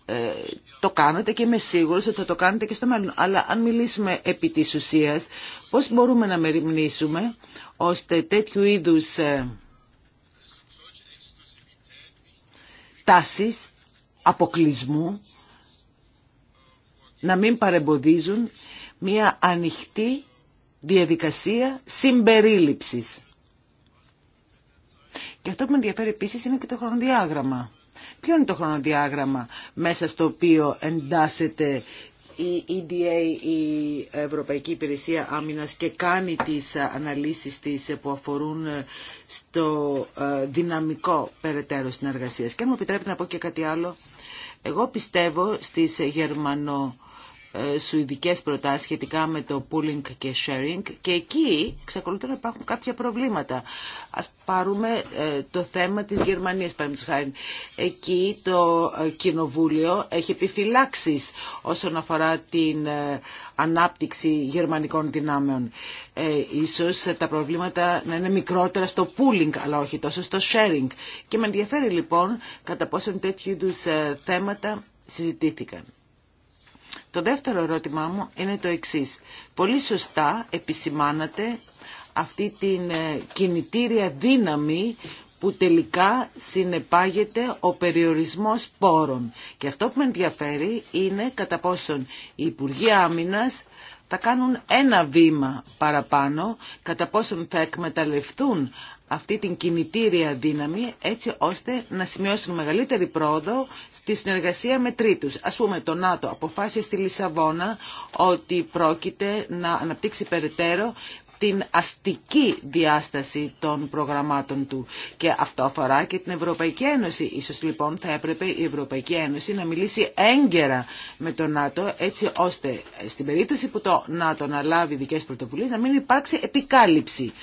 Ε, το κάνετε και είμαι σίγουρος ότι θα το κάνετε και στο μέλλον. Αλλά αν μιλήσουμε επί της ουσίας, πώς μπορούμε να μεριμνήσουμε ώστε τέτοιου είδους ε, τάσεις αποκλεισμού να μην παρεμποδίζουν μια ανοιχτή διαδικασία συμπερίληψης. Και αυτό που με ενδιαφέρει επίση είναι και το χρονοδιάγραμμα. Ποιο είναι το χρονοδιάγραμμα μέσα στο οποίο εντάσσεται η EDA, η Ευρωπαϊκή Υπηρεσία Άμυνας και κάνει τις αναλύσεις της που αφορούν στο ε, δυναμικό περαιτέρω συνεργασίας. Και αν μου επιτρέπετε να πω και κάτι άλλο, εγώ πιστεύω στις Γερμανο ε, σουηδικέ προτάσει σχετικά με το pooling και sharing και εκεί ξεκολουθούν να υπάρχουν κάποια προβλήματα. Ας πάρουμε ε, το θέμα της Γερμανίας χάρη. Εκεί το ε, Κοινοβούλιο έχει επιφυλάξει όσον αφορά την ανάπτυξη γερμανικών δυνάμεων. Ε, ίσως τα προβλήματα να είναι μικρότερα στο pooling, αλλά όχι τόσο στο sharing. Και με ενδιαφέρει λοιπόν κατά πόσον τέτοιου θέματα συζητήθηκαν. Το δεύτερο ερώτημά μου είναι το εξής. Πολύ σωστά επισημάνατε αυτή την ε, κινητήρια δύναμη που τελικά συνεπάγεται ο περιορισμός πόρων. Και αυτό που με ενδιαφέρει είναι κατά πόσον οι Υπουργοί Άμυνας θα κάνουν ένα βήμα παραπάνω, κατά πόσον θα εκμεταλλευτούν αυτή την κινητήρια δύναμη έτσι ώστε να σημειώσουν μεγαλύτερη πρόοδο στη συνεργασία με τρίτους. Ας πούμε το ΝΑΤΟ αποφάσισε στη Λισαβόνα ότι πρόκειται να αναπτύξει περαιτέρω την αστική διάσταση των προγραμμάτων του. Και αυτό αφορά και την Ευρωπαϊκή Ένωση. Ίσως λοιπόν θα έπρεπε η Ευρωπαϊκή Ένωση να μιλήσει έγκαιρα με το ΝΑΤΟ, έτσι ώστε στην περίπτωση που το ΝΑΤΟ να λάβει δικές πρωτοβουλίες να μην υπάρξει επικάλυψη.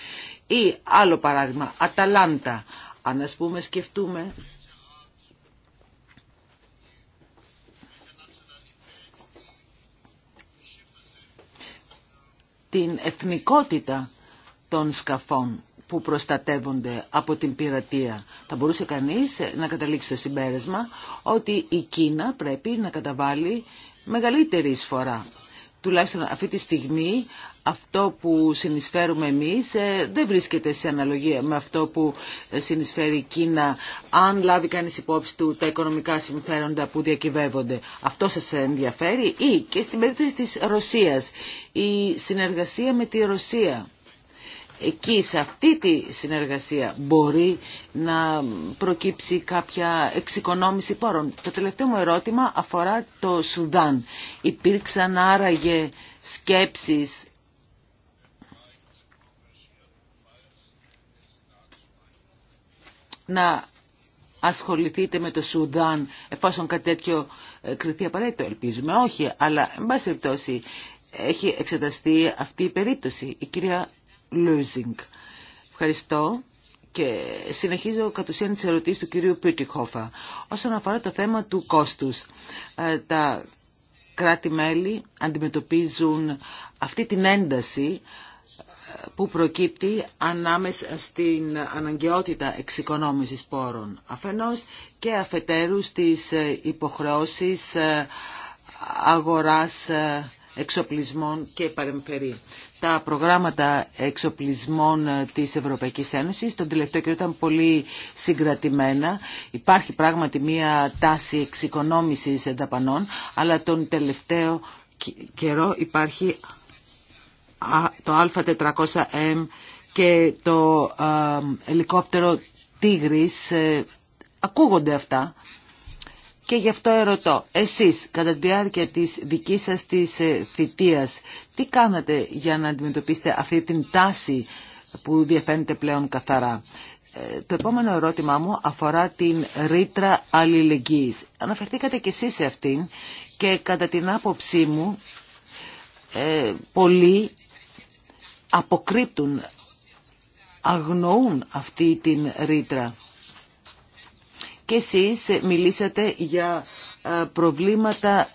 Ή άλλο παράδειγμα, Αταλάντα. Αν ας πούμε σκεφτούμε την εθνικότητα των σκαφών που προστατεύονται από την πειρατεία. Θα μπορούσε κανείς να καταλήξει το συμπέρασμα ότι η Κίνα πρέπει να καταβάλει μεγαλύτερη εισφορά. Τουλάχιστον αυτή τη στιγμή αυτό που συνεισφέρουμε εμείς ε, δεν βρίσκεται σε αναλογία με αυτό που ε, συνεισφέρει η Κίνα αν λάβει κανείς υπόψη του τα οικονομικά συμφέροντα που διακυβεύονται. Αυτό σας ενδιαφέρει ή και στην περίπτωση της Ρωσίας η συνεργασία με τη Ρωσία. Εκεί σε αυτή τη συνεργασία μπορεί να προκύψει κάποια εξοικονόμηση πόρων. Το τελευταίο μου ερώτημα αφορά το Σουδάν. Υπήρξαν άραγε σκέψεις να ασχοληθείτε με το Σουδάν εφόσον κάτι τέτοιο ε, κρυθεί απαραίτητο. Ελπίζουμε όχι, αλλά εν πάση περιπτώσει έχει εξεταστεί αυτή η περίπτωση. Η κυρία Λούζινγκ. Ευχαριστώ. Και συνεχίζω κατ' ουσίαν τις ερωτήσεις του κυρίου Πιουτιχόφα. Όσον αφορά το θέμα του κόστους, ε, τα κράτη-μέλη αντιμετωπίζουν αυτή την ένταση που προκύπτει ανάμεσα στην αναγκαιότητα εξοικονόμησης πόρων αφενός και αφετέρου στις ε, υποχρεώσεις ε, αγοράς ε, εξοπλισμών και παρεμφερή. Τα προγράμματα εξοπλισμών της Ευρωπαϊκής Ένωσης τον τελευταίο καιρό ήταν πολύ συγκρατημένα. Υπάρχει πράγματι μία τάση εξοικονόμησης ενταπανών, αλλά τον τελευταίο καιρό υπάρχει το Α400M και το ελικόπτερο Τίγρης. Ε, ακούγονται αυτά. Και γι' αυτό ερωτώ, εσείς κατά τη διάρκεια της δικής σας της ε, θητείας, τι κάνατε για να αντιμετωπίσετε αυτή την τάση που διαφαίνεται πλέον καθαρά. Ε, το επόμενο ερώτημά μου αφορά την ρήτρα αλληλεγγύης. Αναφερθήκατε κι εσείς σε αυτήν και κατά την άποψή μου ε, πολλοί αποκρύπτουν, αγνοούν αυτή την ρήτρα. Και εσείς μιλήσατε για ε, προβλήματα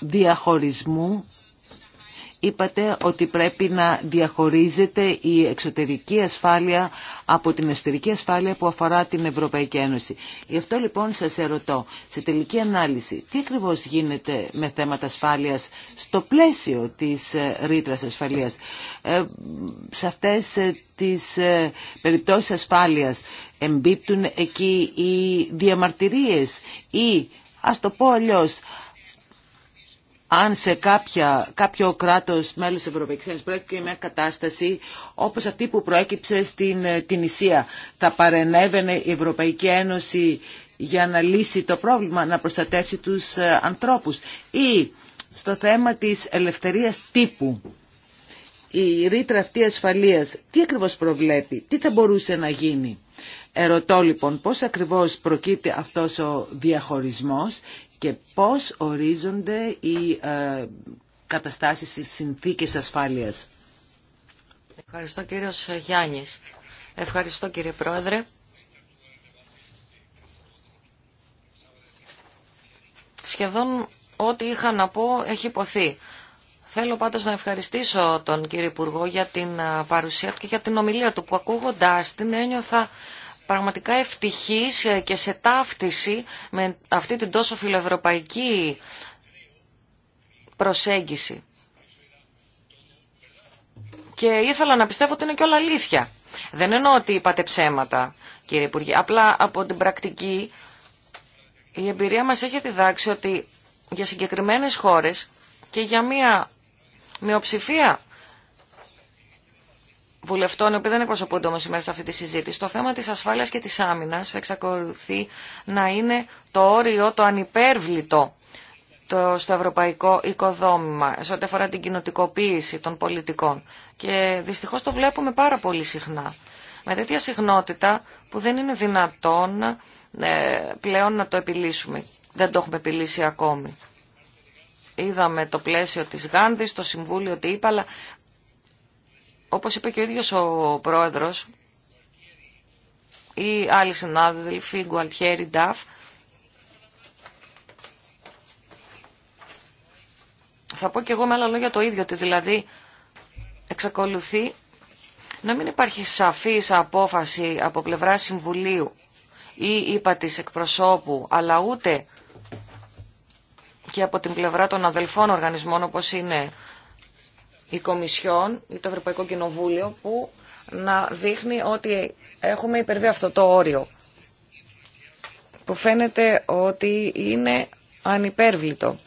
διαχωρισμού είπατε ότι πρέπει να διαχωρίζεται η εξωτερική ασφάλεια από την εσωτερική ασφάλεια που αφορά την Ευρωπαϊκή Ένωση. Γι' αυτό λοιπόν σας ερωτώ, σε τελική ανάλυση, τι ακριβώς γίνεται με θέματα ασφάλειας στο πλαίσιο της ε, ρήτρας ασφαλείας. Ε, σε αυτές ε, τις περιπτώσεις ασφάλειας εμπίπτουν εκεί οι διαμαρτυρίες ή, ας το πω αλλιώς, αν σε κάποια, κάποιο κράτος μέλος της Ευρωπαϊκής Ένωσης και μια κατάσταση όπως αυτή που προέκυψε στην ε, την Ισία. Θα παρενέβαινε η Ευρωπαϊκή Ένωση για να λύσει το πρόβλημα, να προστατεύσει τους ε, ανθρώπους. Ή στο θέμα της ελευθερίας τύπου, η ρήτρα αυτή ασφαλείας, τι ακριβώς προβλέπει, τι θα μπορούσε να γίνει. Ερωτώ λοιπόν πώς ακριβώς προκύπτει αυτός ο διαχωρισμός και πώς ορίζονται οι ε, καταστάσεις, οι συνθήκες ασφάλειας. Ευχαριστώ κύριος Γιάννης. Ευχαριστώ κύριε Πρόεδρε. Σχεδόν ό,τι είχα να πω έχει υποθεί. Θέλω πάντως να ευχαριστήσω τον κύριο Υπουργό για την ε, παρουσία του και για την ομιλία του που ακούγοντάς την ένιωθα πραγματικά ευτυχής και σε ταύτιση με αυτή την τόσο φιλοευρωπαϊκή προσέγγιση. Και ήθελα να πιστεύω ότι είναι και όλα αλήθεια. Δεν εννοώ ότι είπατε ψέματα, κύριε Υπουργέ. Απλά από την πρακτική η εμπειρία μας έχει διδάξει ότι για συγκεκριμένες χώρες και για μία μειοψηφία βουλευτών, οι οποίοι δεν εκπροσωπούνται όμω σήμερα σε αυτή τη συζήτηση. Το θέμα τη ασφάλεια και τη άμυνα εξακολουθεί να είναι το όριο, το ανυπέρβλητο στο ευρωπαϊκό οικοδόμημα, σε ό,τι αφορά την κοινοτικοποίηση των πολιτικών. Και δυστυχώ το βλέπουμε πάρα πολύ συχνά. Με τέτοια συχνότητα που δεν είναι δυνατόν ε, πλέον να το επιλύσουμε. Δεν το έχουμε επιλύσει ακόμη. Είδαμε το πλαίσιο της Γάνδης, το Συμβούλιο, τι είπα, αλλά όπως είπε και ο ίδιος ο πρόεδρος ή άλλοι συνάδελφοι, Γκουαλτιέρη, Νταφ, θα πω και εγώ με άλλα λόγια το ίδιο, ότι δηλαδή εξακολουθεί να μην υπάρχει σαφής απόφαση από πλευρά Συμβουλίου ή είπα της εκπροσώπου, αλλά ούτε και από την πλευρά των αδελφών οργανισμών όπως είναι η Κομισιόν ή το Ευρωπαϊκό Κοινοβούλιο που να δείχνει ότι έχουμε υπερβεί αυτό το όριο που φαίνεται ότι είναι ανυπέρβλητο.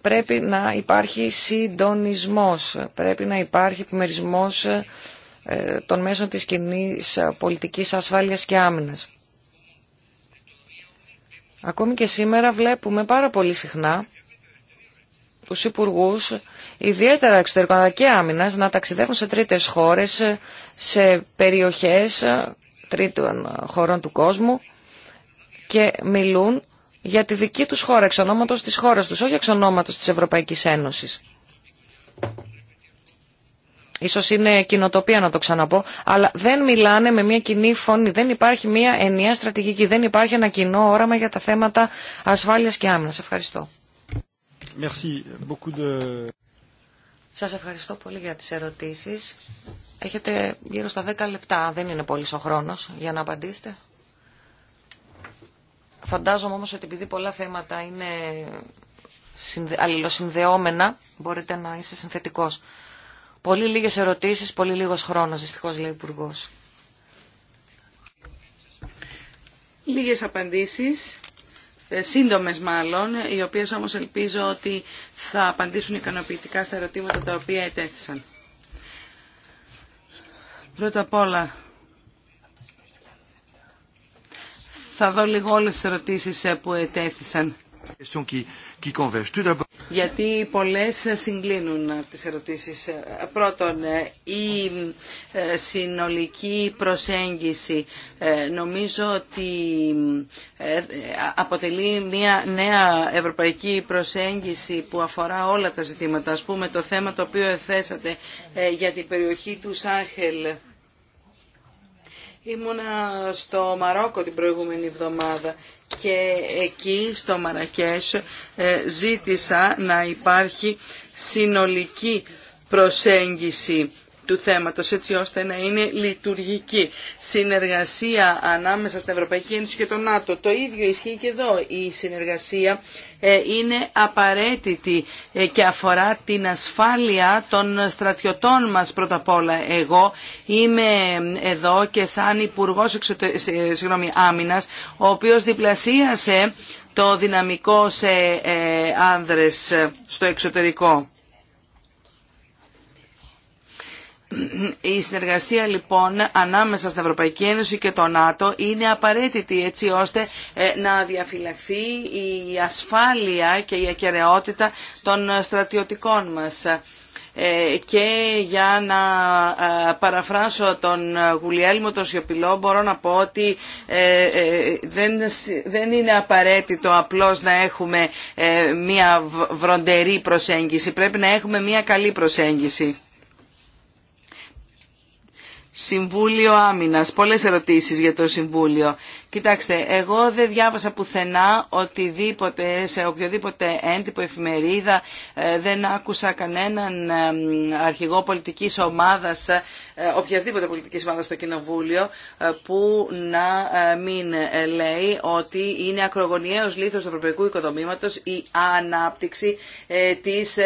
Πρέπει να υπάρχει συντονισμός, πρέπει να υπάρχει επιμερισμός ε, των μέσων της κοινή ε, πολιτικής ασφάλειας και άμυνας. Ακόμη και σήμερα βλέπουμε πάρα πολύ συχνά τους υπουργούς, ιδιαίτερα εξωτερικών αλλά και άμυνας, να ταξιδεύουν σε τρίτες χώρες, σε περιοχές τρίτων χωρών του κόσμου και μιλούν για τη δική τους χώρα, εξ ονόματος της χώρας τους, όχι εξ ονόματος της Ευρωπαϊκής Ένωσης. Ίσως είναι κοινοτοπία να το ξαναπώ, αλλά δεν μιλάνε με μια κοινή φωνή, δεν υπάρχει μια ενιαία στρατηγική, δεν υπάρχει ένα κοινό όραμα για τα θέματα ασφάλειας και άμυνας. Ευχαριστώ. Merci Σας ευχαριστώ πολύ για τις ερωτήσεις. Έχετε γύρω στα 10 λεπτά, δεν είναι πολύ ο χρόνος για να απαντήσετε. Φαντάζομαι όμως ότι επειδή πολλά θέματα είναι αλληλοσυνδεόμενα, μπορείτε να είστε συνθετικός. Πολύ λίγες ερωτήσεις, πολύ λίγος χρόνος, δυστυχώς λέει ο Υπουργός. Λίγες απαντήσεις ε, σύντομες μάλλον, οι οποίες όμως ελπίζω ότι θα απαντήσουν ικανοποιητικά στα ερωτήματα τα οποία ετέθησαν. Πρώτα απ' όλα, θα δω λίγο όλες τις ερωτήσεις ε, που ετέθησαν. Γιατί πολλές συγκλίνουν από τις ερωτήσεις. Πρώτον, η ε, συνολική προσέγγιση ε, νομίζω ότι ε, αποτελεί μια νέα ευρωπαϊκή προσέγγιση που αφορά όλα τα ζητήματα. Ας πούμε το θέμα το οποίο εθέσατε για την περιοχή του Σάχελ. Ήμουνα στο Μαρόκο την προηγούμενη εβδομάδα και εκεί στο Μαρακές ε, ζήτησα να υπάρχει συνολική προσέγγιση του θέματος έτσι ώστε να είναι λειτουργική. Συνεργασία ανάμεσα στην Ευρωπαϊκή Ένωση και τον ΝΑΤΟ. Το ίδιο ισχύει και εδώ. Η συνεργασία ε, είναι απαραίτητη ε, και αφορά την ασφάλεια των στρατιωτών μας πρώτα απ' όλα. Εγώ είμαι εδώ και σαν Υπουργός εξωτε... Ε, συγγνώμη, Άμυνας, ο οποίος διπλασίασε το δυναμικό σε άνδρες στο εξωτερικό. Η συνεργασία λοιπόν ανάμεσα στην Ευρωπαϊκή Ένωση και το ΝΑΤΟ είναι απαραίτητη έτσι ώστε ε, να διαφυλαχθεί η ασφάλεια και η ακεραιότητα των στρατιωτικών μας ε, και για να ε, παραφράσω τον Γουλιέλμο τον Σιωπηλό μπορώ να πω ότι δεν, δεν είναι απαραίτητο απλώς να έχουμε μια βροντερή προσέγγιση, πρέπει να έχουμε μια καλή προσέγγιση. Συμβούλιο Άμυνας. Πολλές ερωτήσεις για το Συμβούλιο. Κοιτάξτε, εγώ δεν διάβασα πουθενά οτιδήποτε, σε οποιοδήποτε έντυπο εφημερίδα, ε, δεν άκουσα κανέναν ε, αρχηγό πολιτικής ομάδας, ε, οποιασδήποτε πολιτικής ομάδας στο Κοινοβούλιο, που να μην λέει ότι είναι ακρογωνιαίος λίθος του ευρωπαϊκού οικοδομήματος η ανάπτυξη της,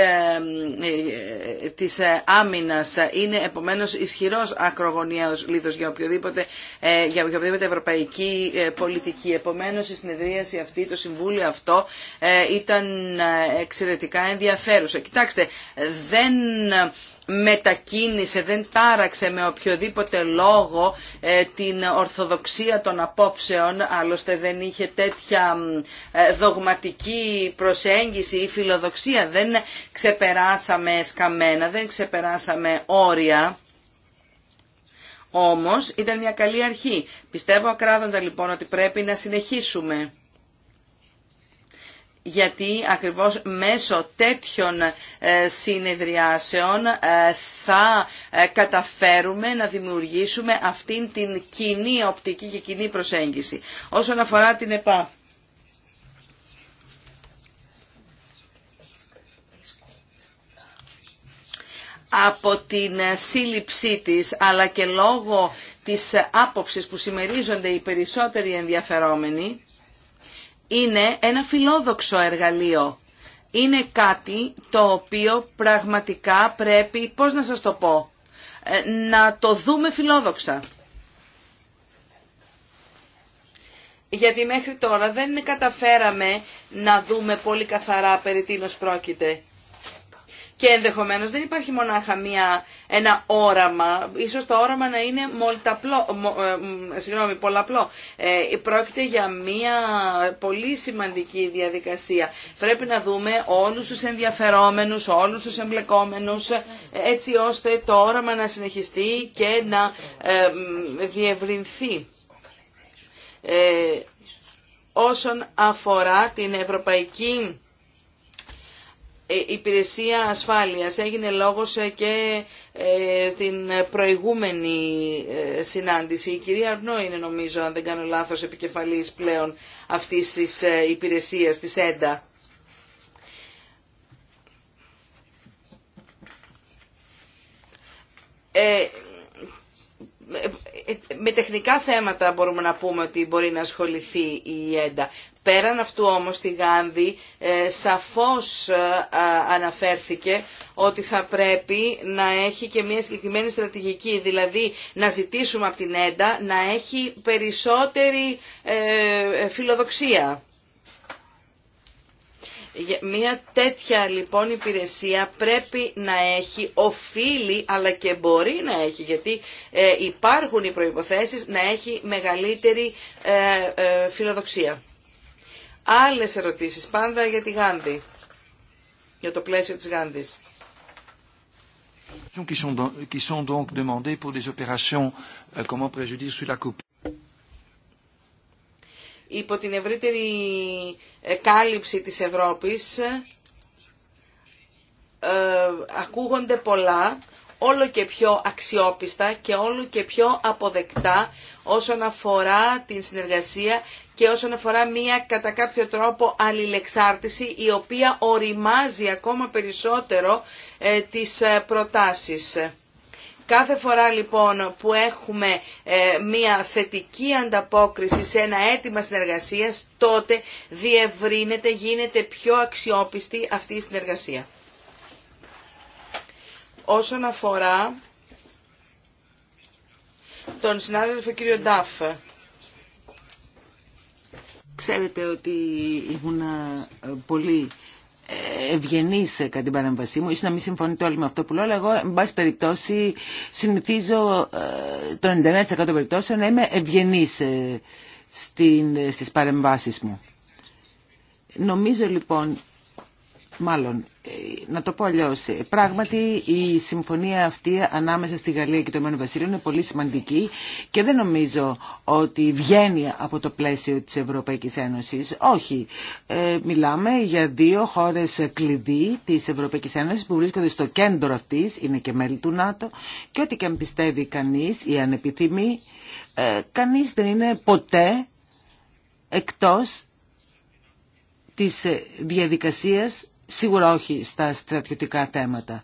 της άμυνας. Είναι επομένως ισχυρός ακρογωνιαίος λίθος για για οποιοδήποτε ευρωπαϊκή ε, πολιτική. Επομένως η συνεδρίαση αυτή, το συμβούλιο αυτό ε, ήταν ε, εξαιρετικά ενδιαφέρουσα. Κοιτάξτε, δεν μετακίνησε, δεν τάραξε με οποιοδήποτε λόγο την ορθοδοξία των απόψεων, άλλωστε δεν είχε τέτοια δογματική προσέγγιση ή φιλοδοξία, δεν ξεπεράσαμε σκαμμένα, δεν ξεπεράσαμε όρια όμως ήταν μια καλή αρχή. Πιστεύω ακράδαντα λοιπόν ότι πρέπει να συνεχίσουμε γιατί ακριβώς μέσω τέτοιων ε, συνεδριάσεων ε, θα ε, καταφέρουμε να δημιουργήσουμε αυτήν την κοινή οπτική και κοινή προσέγγιση. Όσον αφορά την ΕΠΑ, από την ε, σύλληψή της αλλά και λόγω της ε, άποψης που συμμερίζονται οι περισσότεροι ενδιαφερόμενοι είναι ένα φιλόδοξο εργαλείο. Είναι κάτι το οποίο πραγματικά πρέπει, πώς να σας το πω, ε, να το δούμε φιλόδοξα. Γιατί μέχρι τώρα δεν καταφέραμε να δούμε πολύ καθαρά περί τίνος πρόκειται και ενδεχομένως δεν υπάρχει μονάχα μία, ένα όραμα, ίσως το όραμα να είναι μολταπλό, ε, συγγνώμη, πολλαπλό. Ε, πρόκειται για μία πολύ σημαντική διαδικασία. Πρέπει να δούμε όλους τους ενδιαφερόμενους, όλους τους εμπλεκόμενους, ε, έτσι ώστε το όραμα να συνεχιστεί και να ε, διευρυνθεί. Ε, όσον αφορά την ευρωπαϊκή ε, υπηρεσία ασφάλειας. Έγινε λόγος ε, και ε, στην προηγούμενη συνάντηση. Η κυρία Αρνό είναι νομίζω, αν δεν κάνω λάθος, επικεφαλής πλέον αυτής της υπηρεσίας, της ΕΝΤΑ. Ε, με τεχνικά θέματα μπορούμε να πούμε ότι μπορεί να ασχοληθεί η ΕΝΤΑ. Πέραν αυτού όμως στη Γάνδη ε, σαφώς ε, αναφέρθηκε ότι θα πρέπει να έχει και μια συγκεκριμένη στρατηγική, δηλαδή να ζητήσουμε από την ΕΝΤΑ να έχει περισσότερη ε, φιλοδοξία. Μία τέτοια λοιπόν υπηρεσία πρέπει να έχει, οφείλει αλλά και μπορεί να έχει, γιατί ε, υπάρχουν οι προϋποθέσεις να έχει μεγαλύτερη ε, ε, φιλοδοξία. Άλλες ερωτήσεις πάντα για τη Γάνδη, για το πλαίσιο της Γάνδης. Qui sont, qui sont donc pour des opérations, euh, υπό την ευρύτερη ε, κάλυψη της Ευρώπης ε, ακούγονται πολλά, όλο και πιο αξιόπιστα και όλο και πιο αποδεκτά όσον αφορά την συνεργασία και όσον αφορά μία κατά κάποιο τρόπο αλληλεξάρτηση η οποία οριμάζει ακόμα περισσότερο ε, τις προτάσεις. Κάθε φορά λοιπόν που έχουμε ε, μια θετική ανταπόκριση σε ένα αίτημα συνεργασίας, τότε διευρύνεται, γίνεται πιο αξιόπιστη αυτή η συνεργασία. Όσον αφορά τον συνάδελφο κύριο Ντάφ. Ξέρετε ότι ήμουν ε, πολύ ευγενή ε, κατά την παρέμβασή μου, ίσως να μην συμφωνείτε όλοι με αυτό που λέω, αλλά εγώ, εν πάση περιπτώσει, συνηθίζω ε, το 99% των περιπτώσεων να είμαι ευγενή ε, στι παρεμβάσει μου. Νομίζω λοιπόν Μάλλον, ε, να το πω αλλιώ. Ε, πράγματι, η συμφωνία αυτή ανάμεσα στη Γαλλία και το Ηνωμένο Βασίλειο είναι πολύ σημαντική και δεν νομίζω ότι βγαίνει από το πλαίσιο τη Ευρωπαϊκή Ένωση. Όχι. Ε, μιλάμε για δύο χώρε κλειδί τη Ευρωπαϊκή Ένωση που βρίσκονται στο κέντρο αυτή, είναι και μέλη του ΝΑΤΟ και ό,τι και αν πιστεύει κανεί ή αν επιθυμεί, ε, κανεί δεν είναι ποτέ εκτό της διαδικασίας σίγουρα όχι στα στρατιωτικά θέματα.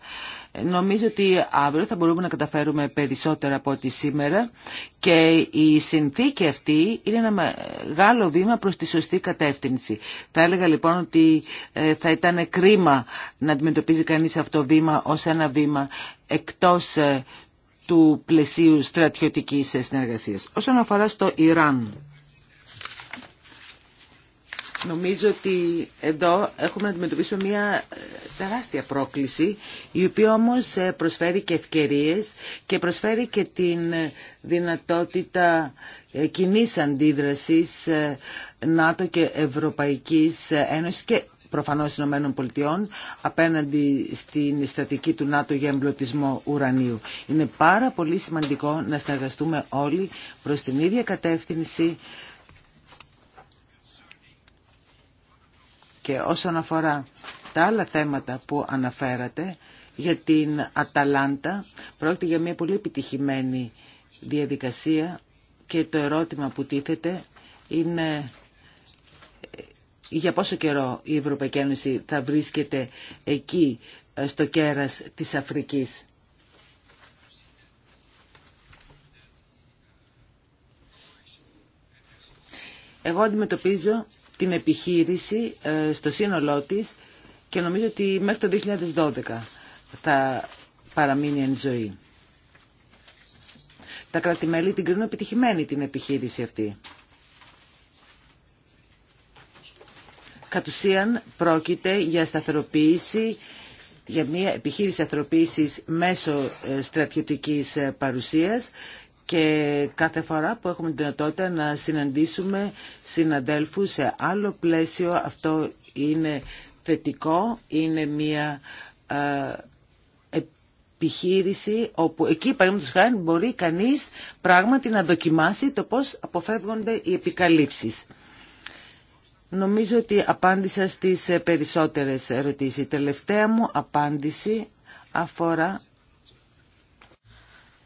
Νομίζω ότι αύριο θα μπορούμε να καταφέρουμε περισσότερα από ό,τι σήμερα και η συνθήκη αυτή είναι ένα μεγάλο βήμα προς τη σωστή κατεύθυνση. Θα έλεγα λοιπόν ότι ε, θα ήταν κρίμα να αντιμετωπίζει κανείς αυτό το βήμα ως ένα βήμα εκτός ε, του πλαισίου στρατιωτικής συνεργασίας. Όσον αφορά στο Ιράν, Νομίζω ότι εδώ έχουμε να αντιμετωπίσουμε μια ε, τεράστια πρόκληση, η οποία όμως ε, προσφέρει και ευκαιρίες και προσφέρει και την ε, δυνατότητα κοινή αντίδρασης ΝΑΤΟ και Ευρωπαϊκής Ένωσης και προφανώς Ηνωμένων Πολιτειών απέναντι στην στατική του ΝΑΤΟ για εμπλωτισμό ουρανίου. Είναι πάρα πολύ σημαντικό να συνεργαστούμε όλοι προς την ίδια κατεύθυνση Και όσον αφορά τα άλλα θέματα που αναφέρατε, για την Αταλάντα πρόκειται για μια πολύ επιτυχημένη διαδικασία και το ερώτημα που τίθεται είναι ε, για πόσο καιρό η Ευρωπαϊκή Ένωση θα βρίσκεται εκεί ε, στο κέρας της Αφρικής. Εγώ αντιμετωπίζω την επιχείρηση ε, στο σύνολό της και νομίζω ότι μέχρι το 2012 θα παραμείνει εν ζωή. Τα κρατη την κρίνουν επιτυχημένη την επιχείρηση αυτή. Κατ' ουσίαν πρόκειται για σταθεροποίηση, για μια επιχείρηση σταθεροποίησης μέσω ε, στρατιωτικής ε, παρουσίας και κάθε φορά που έχουμε την δυνατότητα να συναντήσουμε συναδέλφους σε άλλο πλαίσιο αυτό είναι θετικό, είναι μια ε, επιχείρηση όπου εκεί παραδείγματος χάρη μπορεί κανείς πράγματι να δοκιμάσει το πώς αποφεύγονται οι επικαλύψεις. Νομίζω ότι απάντησα στις ε, περισσότερες ερωτήσεις. Η τελευταία μου απάντηση αφορά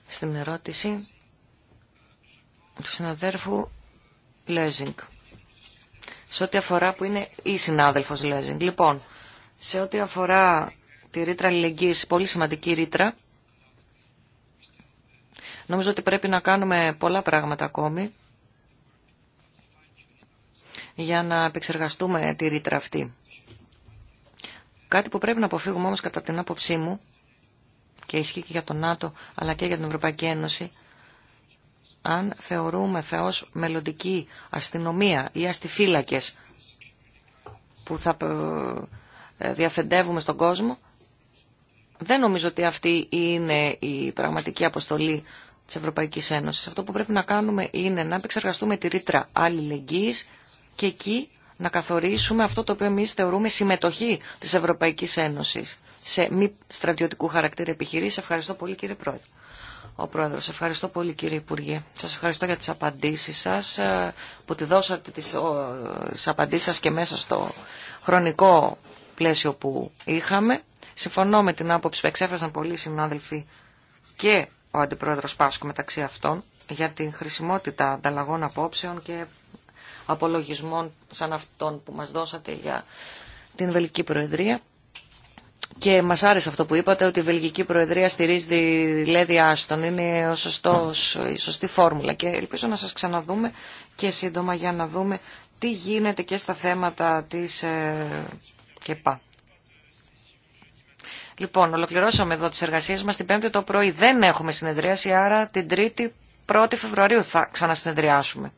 στην ερώτηση του συναδέρφου Λέζινγκ. Σε ό,τι αφορά που είναι η συνάδελφο Λέζινγκ. Λοιπόν, σε ό,τι αφορά τη ρήτρα αλληλεγγύη, πολύ σημαντική ρήτρα, νομίζω ότι πρέπει να κάνουμε πολλά πράγματα ακόμη για να επεξεργαστούμε τη ρήτρα αυτή. Κάτι που πρέπει να αποφύγουμε όμως κατά την άποψή μου και ισχύει και για τον ΝΑΤΟ αλλά και για την Ευρωπαϊκή Ένωση αν θεωρούμε θεός μελλοντική αστυνομία ή αστιφύλακες που θα ε, διαφεντεύουμε στον κόσμο, δεν νομίζω ότι αυτή είναι η πραγματική αποστολή της Ευρωπαϊκής Ένωσης. Αυτό που πρέπει να κάνουμε είναι να επεξεργαστούμε τη ρήτρα αλληλεγγύης και εκεί να καθορίσουμε αυτό το οποίο εμείς θεωρούμε συμμετοχή της Ευρωπαϊκής Ένωσης σε μη στρατιωτικού χαρακτήρα επιχειρήσεις. Ευχαριστώ πολύ κύριε Πρόεδρε ο Πρόεδρος. Ευχαριστώ πολύ κύριε Υπουργέ. Σας ευχαριστώ για τις απαντήσεις σας, ε, που τη δώσατε τις, τις απαντήσεις σας και μέσα στο χρονικό πλαίσιο που είχαμε. Συμφωνώ με την άποψη που εξέφρασαν πολλοί συνάδελφοι και ο Αντιπρόεδρος Πάσκου μεταξύ αυτών για την χρησιμότητα ανταλλαγών απόψεων και απολογισμών σαν αυτών που μας δώσατε για την Βελική Προεδρία. Και μας άρεσε αυτό που είπατε ότι η Βελγική Προεδρία στηρίζει τη Λέδη Άστον. Είναι ο σωστός, η σωστή φόρμουλα και ελπίζω να σας ξαναδούμε και σύντομα για να δούμε τι γίνεται και στα θέματα της ε, ΚΕΠΑ. Λοιπόν, ολοκληρώσαμε εδώ τις εργασίες μας. Την Πέμπτη το πρωί δεν έχουμε συνεδρίαση, άρα την Τρίτη 1η Φεβρουαρίου θα ξανασυνεδριάσουμε.